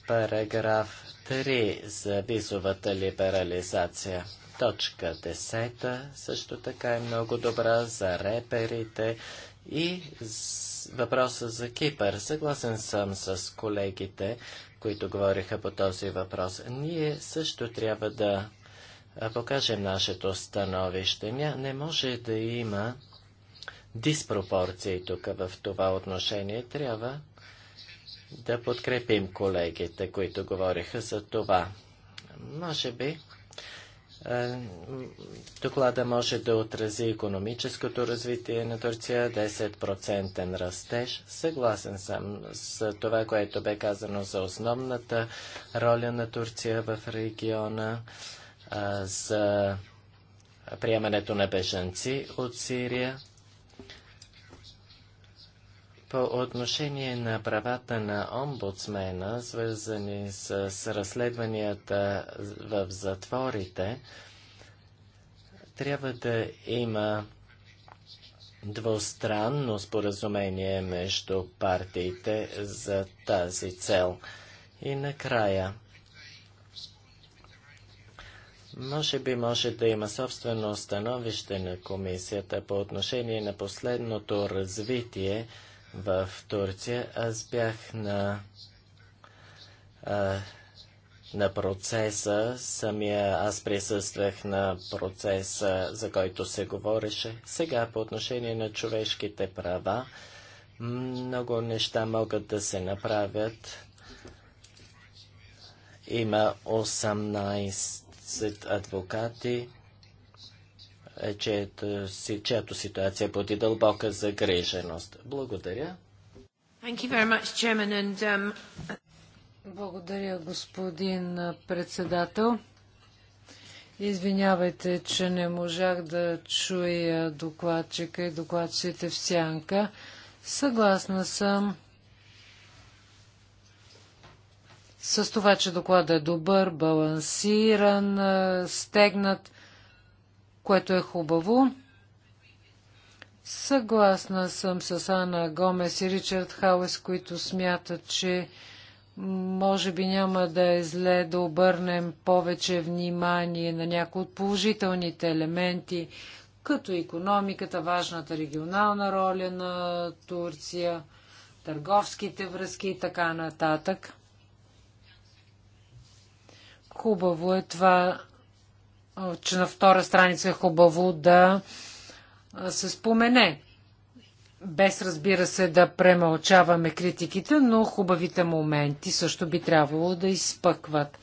[SPEAKER 1] параграф 3 за визовата либерализация. Точка 10 също така е много добра за реперите и въпроса за Кипър. Съгласен съм с колегите, които говориха по този въпрос. Ние също трябва да покажем нашето становище. Не може да има диспропорции тук в това отношение. Трябва да подкрепим колегите, които говориха за това. Може би е, доклада може да отрази економическото развитие на Турция, 10% растеж. Съгласен съм с това, което бе казано за основната роля на Турция в региона за приемането на бежанци от Сирия. По отношение на правата на омбудсмена, свързани с разследванията в затворите, трябва да има двустранно споразумение между партиите за тази цел. И накрая, може би може да има собствено становище на комисията по отношение на последното развитие в Турция. Аз бях на, а, на процеса, самия аз присъствах на процеса, за който се говореше. Сега по отношение на човешките права, много неща могат да се направят. Има 18 сред адвокати, е, чието, чиято ситуация буди дълбока загриженост. Благодаря.
[SPEAKER 3] Um, Благодаря, господин председател. Извинявайте, че не можах да чуя докладчика и докладчите в сянка. Съгласна съм с това, че докладът е добър, балансиран, е, стегнат, което е хубаво. Съгласна съм с Ана Гомес и Ричард Хауес, които смятат, че може би няма да е зле да обърнем повече внимание на някои от положителните елементи, като економиката, важната регионална роля на Турция, търговските връзки и така нататък. Хубаво е това, че на втора страница е хубаво да се спомене. Без, разбира се, да премълчаваме критиките, но хубавите моменти също би трябвало да изпъкват.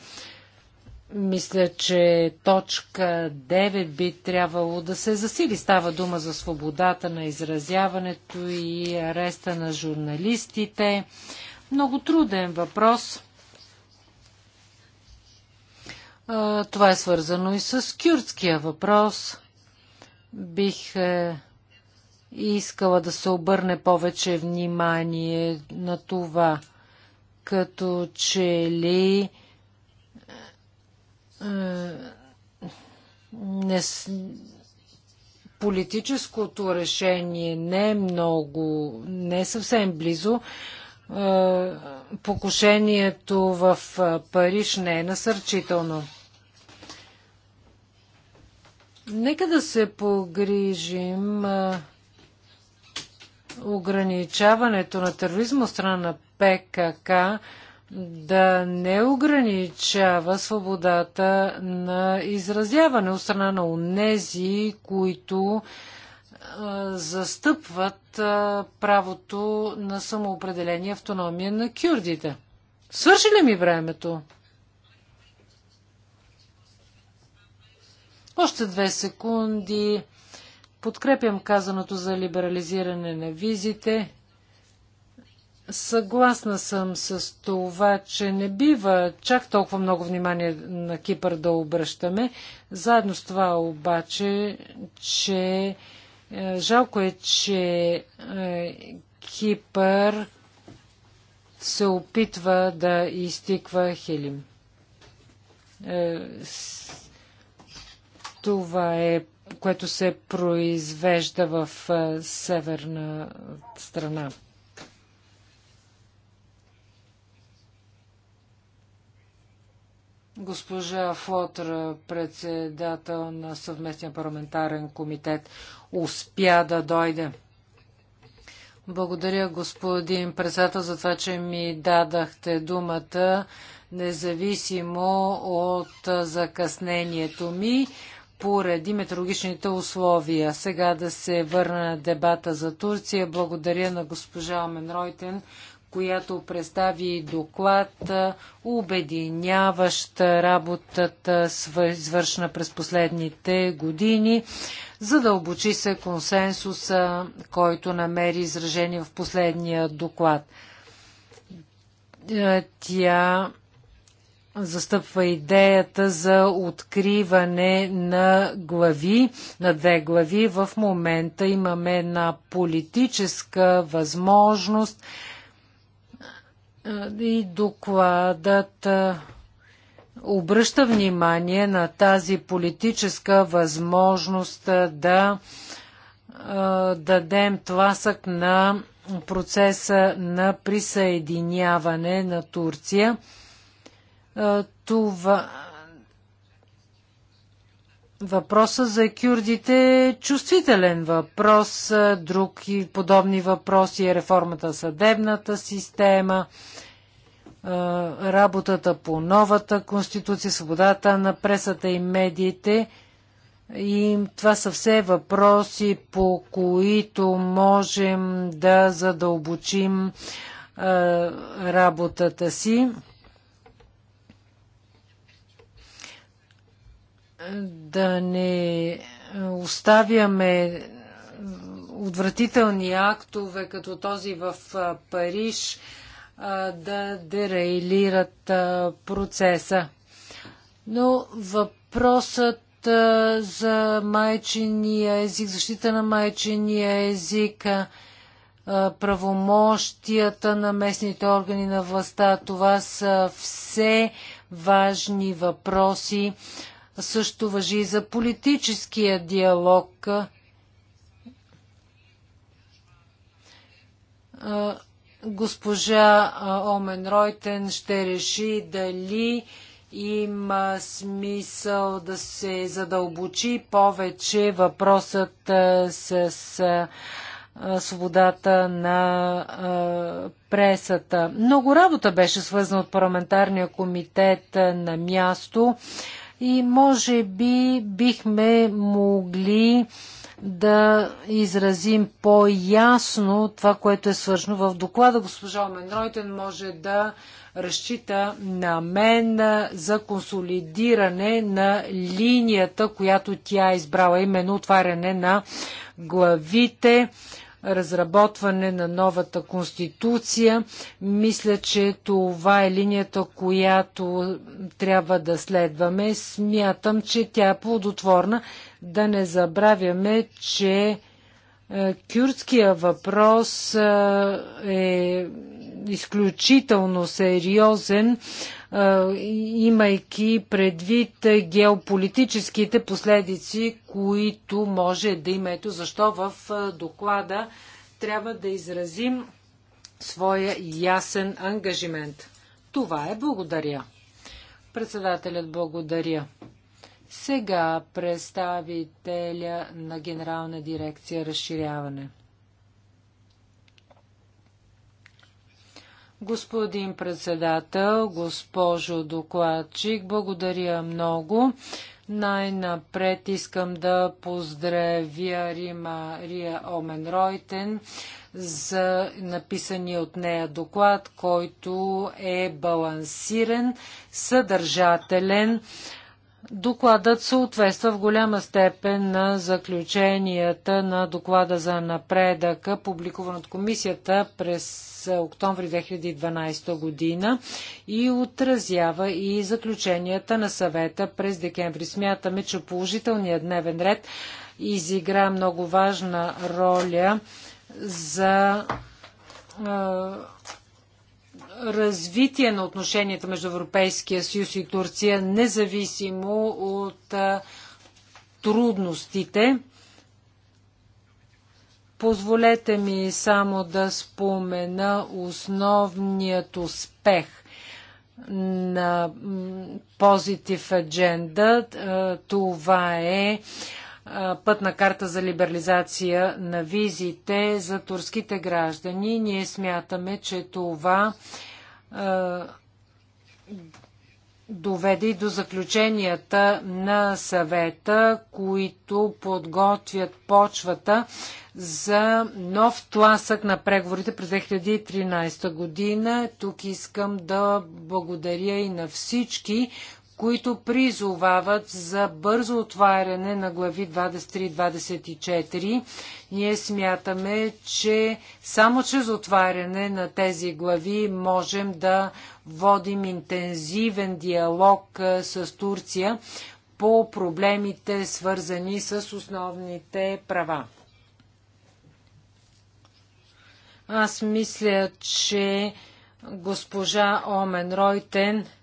[SPEAKER 3] Мисля, че точка 9 би трябвало да се засили. Става дума за свободата на изразяването и ареста на журналистите. Много труден въпрос. Това е свързано и с кюртския въпрос. Бих е, искала да се обърне повече внимание на това, като че ли е, не, политическото решение не е много, не е съвсем близо. Е, покушението в Париж не е насърчително. Нека да се погрижим ограничаването на тероризма от страна на ПКК да не ограничава свободата на изразяване от страна на унези, които застъпват правото на самоопределение автономия на кюрдите. Свърши ли ми времето? Още две секунди. Подкрепям казаното за либерализиране на визите. Съгласна съм с това, че не бива чак толкова много внимание на Кипър да обръщаме. Заедно с това обаче, че е, жалко е, че е, Кипър се опитва да изтиква Хелим. Е, това е, което се произвежда в северна страна. Госпожа Флотра, председател на съвместния парламентарен комитет, успя да дойде. Благодаря, господин председател, за това, че ми дадахте думата, независимо от закъснението ми поради метеорологичните условия. Сега да се върна на дебата за Турция. Благодаря на госпожа Омен Ройтен, която представи доклад, обединяващ работата, извършена през последните години. Задълбочи да се консенсуса, който намери изражение в последния доклад. Е, тя застъпва идеята за откриване на глави, на две глави. В момента имаме една политическа възможност и докладът обръща внимание на тази политическа възможност да дадем тласък на процеса на присъединяване на Турция. Това Въпроса за кюрдите е чувствителен въпрос. Друг и подобни въпроси е реформата на съдебната система, работата по новата конституция, свободата на пресата и медиите. И това са все въпроси, по които можем да задълбочим работата си. да не оставяме отвратителни актове, като този в Париж, да дерейлират процеса. Но въпросът за майчиния език, защита на майчиния език, правомощията на местните органи на властта, това са все важни въпроси, също въжи и за политическия диалог. Госпожа Омен Ройтен ще реши дали има смисъл да се задълбочи повече въпросът с свободата на пресата. Много работа беше свързана от парламентарния комитет на място и може би бихме могли да изразим по-ясно това, което е свършено в доклада. Госпожа Омен Ройтен може да разчита на мен за консолидиране на линията, която тя е избрала, именно отваряне на главите разработване на новата конституция. Мисля, че това е линията, която трябва да следваме. Смятам, че тя е плодотворна. Да не забравяме, че е, Кюртския въпрос е, е изключително сериозен имайки предвид геополитическите последици, които може да има. Ето защо в доклада трябва да изразим своя ясен ангажимент. Това е благодаря. Председателят благодаря. Сега представителя на Генерална дирекция разширяване. Господин председател, госпожо докладчик, благодаря много. Най-напред искам да поздравя Рима Рия Омен Ройтен за написания от нея доклад, който е балансиран, съдържателен Докладът съответства в голяма степен на заключенията на доклада за напредъка, публикуван от комисията през октомври 2012 година и отразява и заключенията на съвета през декември. Смятаме, че положителният дневен ред изигра много важна роля за развитие на отношенията между Европейския съюз и Турция, независимо от трудностите. Позволете ми само да спомена основният успех на Positive Agenda. Това е пътна карта за либерализация на визите за турските граждани. Ние смятаме, че това доведе и до заключенията на съвета, които подготвят почвата за нов тласък на преговорите през 2013 година. Тук искам да благодаря и на всички, които призовават за бързо отваряне на глави 23-24. Ние смятаме, че само чрез отваряне на тези глави можем да водим интензивен диалог с Турция по проблемите, свързани с основните права. Аз мисля, че госпожа Омен Ройтен –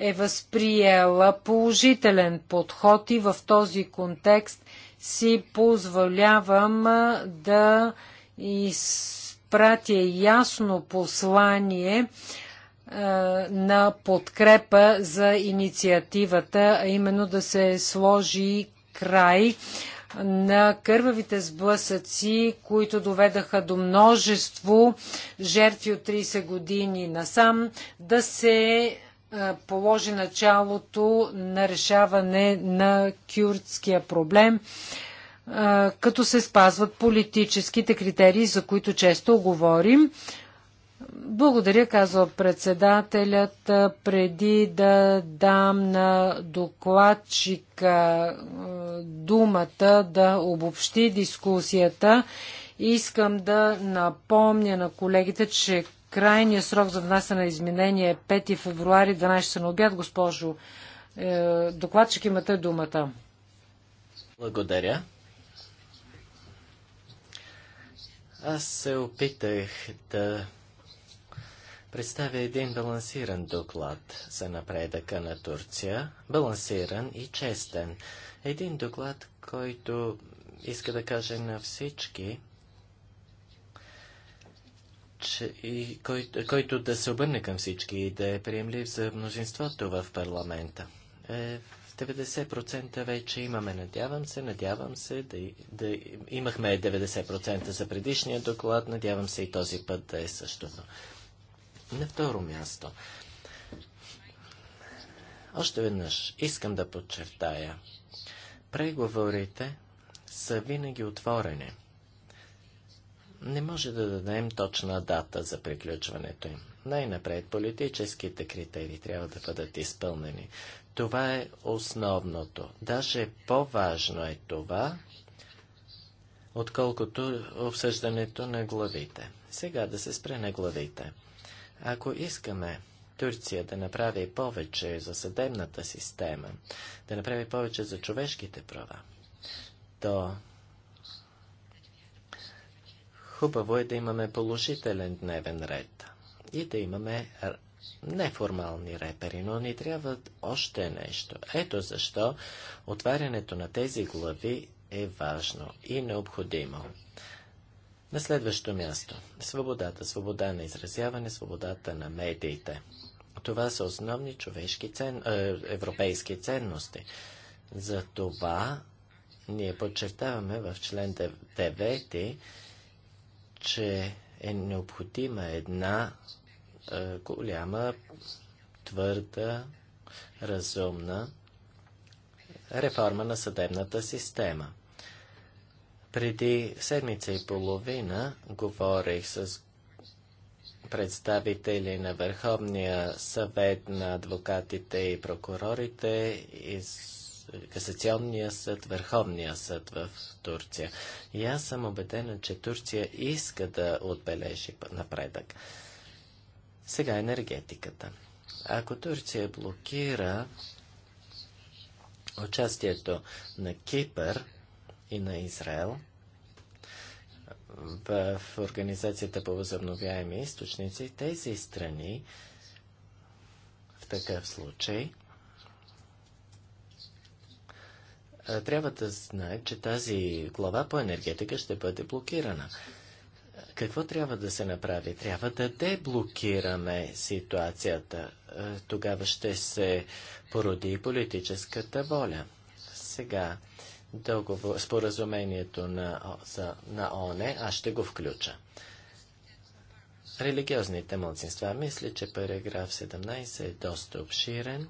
[SPEAKER 3] е възприела положителен подход и в този контекст си позволявам да изпратя ясно послание на подкрепа за инициативата, а именно да се сложи край на кървавите сблъсъци, които доведаха до множество жертви от 30 години насам, да се положи началото на решаване на кюрдския проблем, като се спазват политическите критерии, за които често говорим. Благодаря, казва председателят, преди да дам на докладчика думата да обобщи дискусията. Искам да напомня на колегите, че Крайният срок за внасяне на изменение е 5 февруари 12 на обяд. Госпожо е, докладчик, имате думата.
[SPEAKER 1] Благодаря. Аз се опитах да представя един балансиран доклад за напредъка на Турция, балансиран и честен. Един доклад, който иска да каже на всички, че, и кой, който да се обърне към всички и да е приемлив за мнозинството в парламента. Е, в 90% вече имаме, надявам се, надявам се да, да имахме 90% за предишния доклад, надявам се и този път да е същото. На второ място. Още веднъж искам да подчертая. Преговорите са винаги отворени. Не може да дадем точна дата за приключването им. Най-напред политическите критерии трябва да бъдат изпълнени. Това е основното. Даже по-важно е това, отколкото обсъждането на главите. Сега да се спре на главите. Ако искаме Турция да направи повече за съдебната система, да направи повече за човешките права, то Хубаво е да имаме положителен дневен ред и да имаме неформални репери, но ни трябва още нещо. Ето защо отварянето на тези глави е важно и необходимо. На следващо място. Свободата. Свобода на изразяване, свободата на медиите. Това са основни човешки цен... Е, европейски ценности. За това ние подчертаваме в член 9 че е необходима една е, голяма, твърда, разумна реформа на съдебната система. Преди седмица и половина говорих с представители на Върховния съвет на адвокатите и прокурорите и с касационния съд, Върховния съд в Турция. И аз съм убедена, че Турция иска да отбележи напредък. Сега енергетиката. Ако Турция блокира участието на Кипър и на Израел в Организацията по възобновяеми източници, тези страни в такъв случай – трябва да знаят, че тази глава по енергетика ще бъде блокирана. Какво трябва да се направи? Трябва да деблокираме ситуацията. Тогава ще се породи политическата воля. Сега договор, споразумението на, за, на ОНЕ, аз ще го включа. Религиозните мълцинства. Мисля, че параграф 17 е доста обширен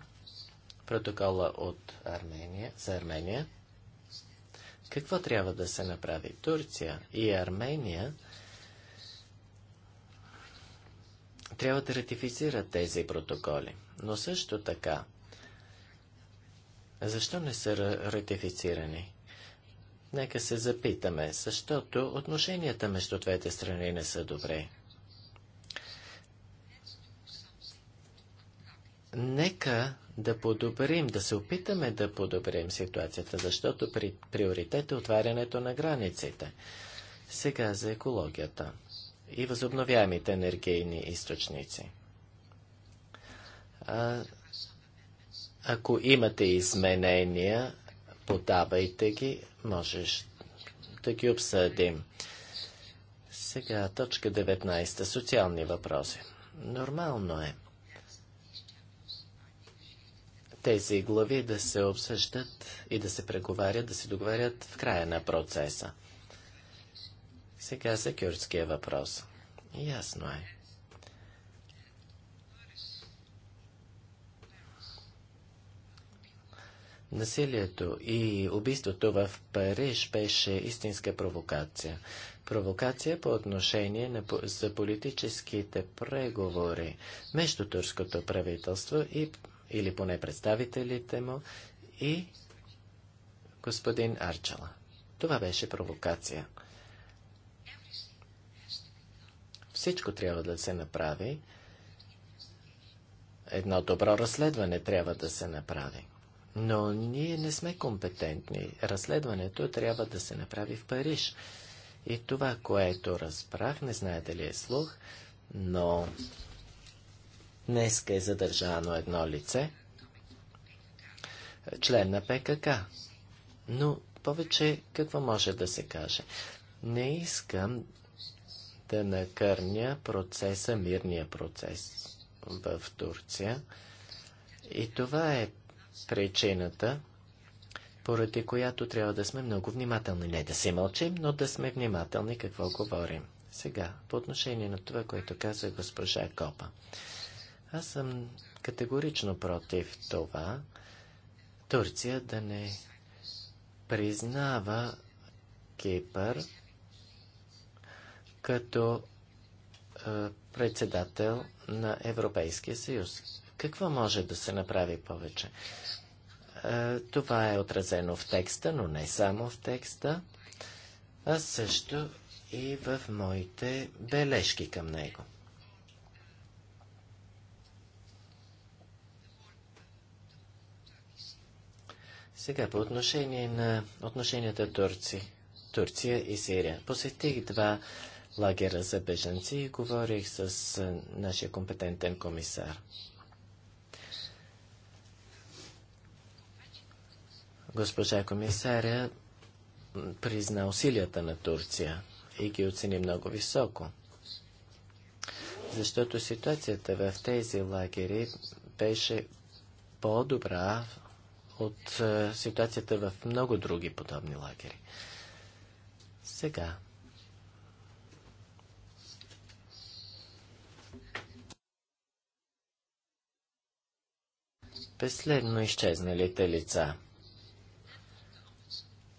[SPEAKER 1] протокола от Армения, за Армения. Какво трябва да се направи? Турция и Армения трябва да ратифицират тези протоколи. Но също така, защо не са ратифицирани? Нека се запитаме, защото отношенията между двете страни не са добре. Нека да подобрим, да се опитаме да подобрим ситуацията, защото при приоритет е отварянето на границите. Сега за екологията и възобновяемите енергийни източници. А, ако имате изменения, подавайте ги, можеш да ги обсъдим. Сега точка 19. Социални въпроси. Нормално е тези глави да се обсъждат и да се преговарят, да се договарят в края на процеса. Сега за кюрдския въпрос. Ясно е. Насилието и убийството в Париж беше истинска провокация. Провокация по отношение на, за политическите преговори между турското правителство и или поне представителите му, и господин Арчала. Това беше провокация. Всичко трябва да се направи. Едно добро разследване трябва да се направи. Но ние не сме компетентни. Разследването трябва да се направи в Париж. И това, което разбрах, не знаете ли е слух, но Днеска е задържано едно лице, член на ПКК. Но повече какво може да се каже? Не искам да накърня процеса, мирния процес в Турция. И това е причината, поради която трябва да сме много внимателни. Не да се мълчим, но да сме внимателни какво говорим. Сега, по отношение на това, което каза госпожа Копа. Аз съм категорично против това Турция да не признава Кипър като е, председател на Европейския съюз. Какво може да се направи повече? Е, това е отразено в текста, но не само в текста, а също и в моите бележки към него. Сега по отношение на отношенията Турци, Турция и Сирия. Посетих два лагера за беженци и говорих с нашия компетентен комисар. Госпожа комисаря призна усилията на Турция и ги оцени много високо. Защото ситуацията в тези лагери беше по-добра от е, ситуацията в много други подобни лагери. Сега. Безследно изчезналите лица.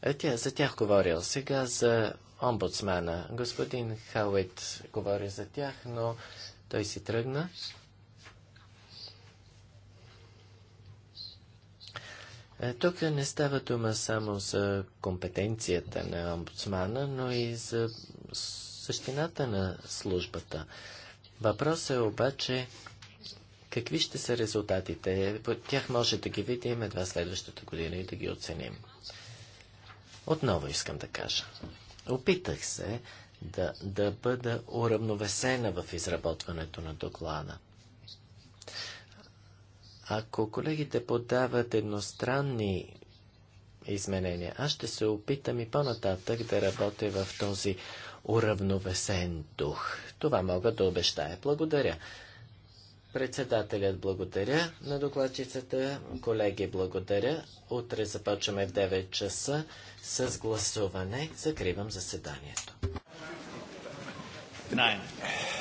[SPEAKER 1] Е, тя, за тях говорил. Сега за омбудсмана. Господин Хауит говори за тях, но той си тръгна. Е, тук не става дума само за компетенцията на омбудсмана, но и за същината на службата. Въпросът е обаче какви ще са резултатите. тях може да ги видим едва следващата година и да ги оценим. Отново искам да кажа. Опитах се да, да бъда уравновесена в изработването на доклада. Ако колегите подават едностранни изменения, аз ще се опитам и по-нататък да работя в този уравновесен дух. Това мога да обещая. Благодаря. Председателят благодаря на докладчицата, колеги благодаря. Утре започваме в 9 часа с гласуване. Закривам заседанието. Nine.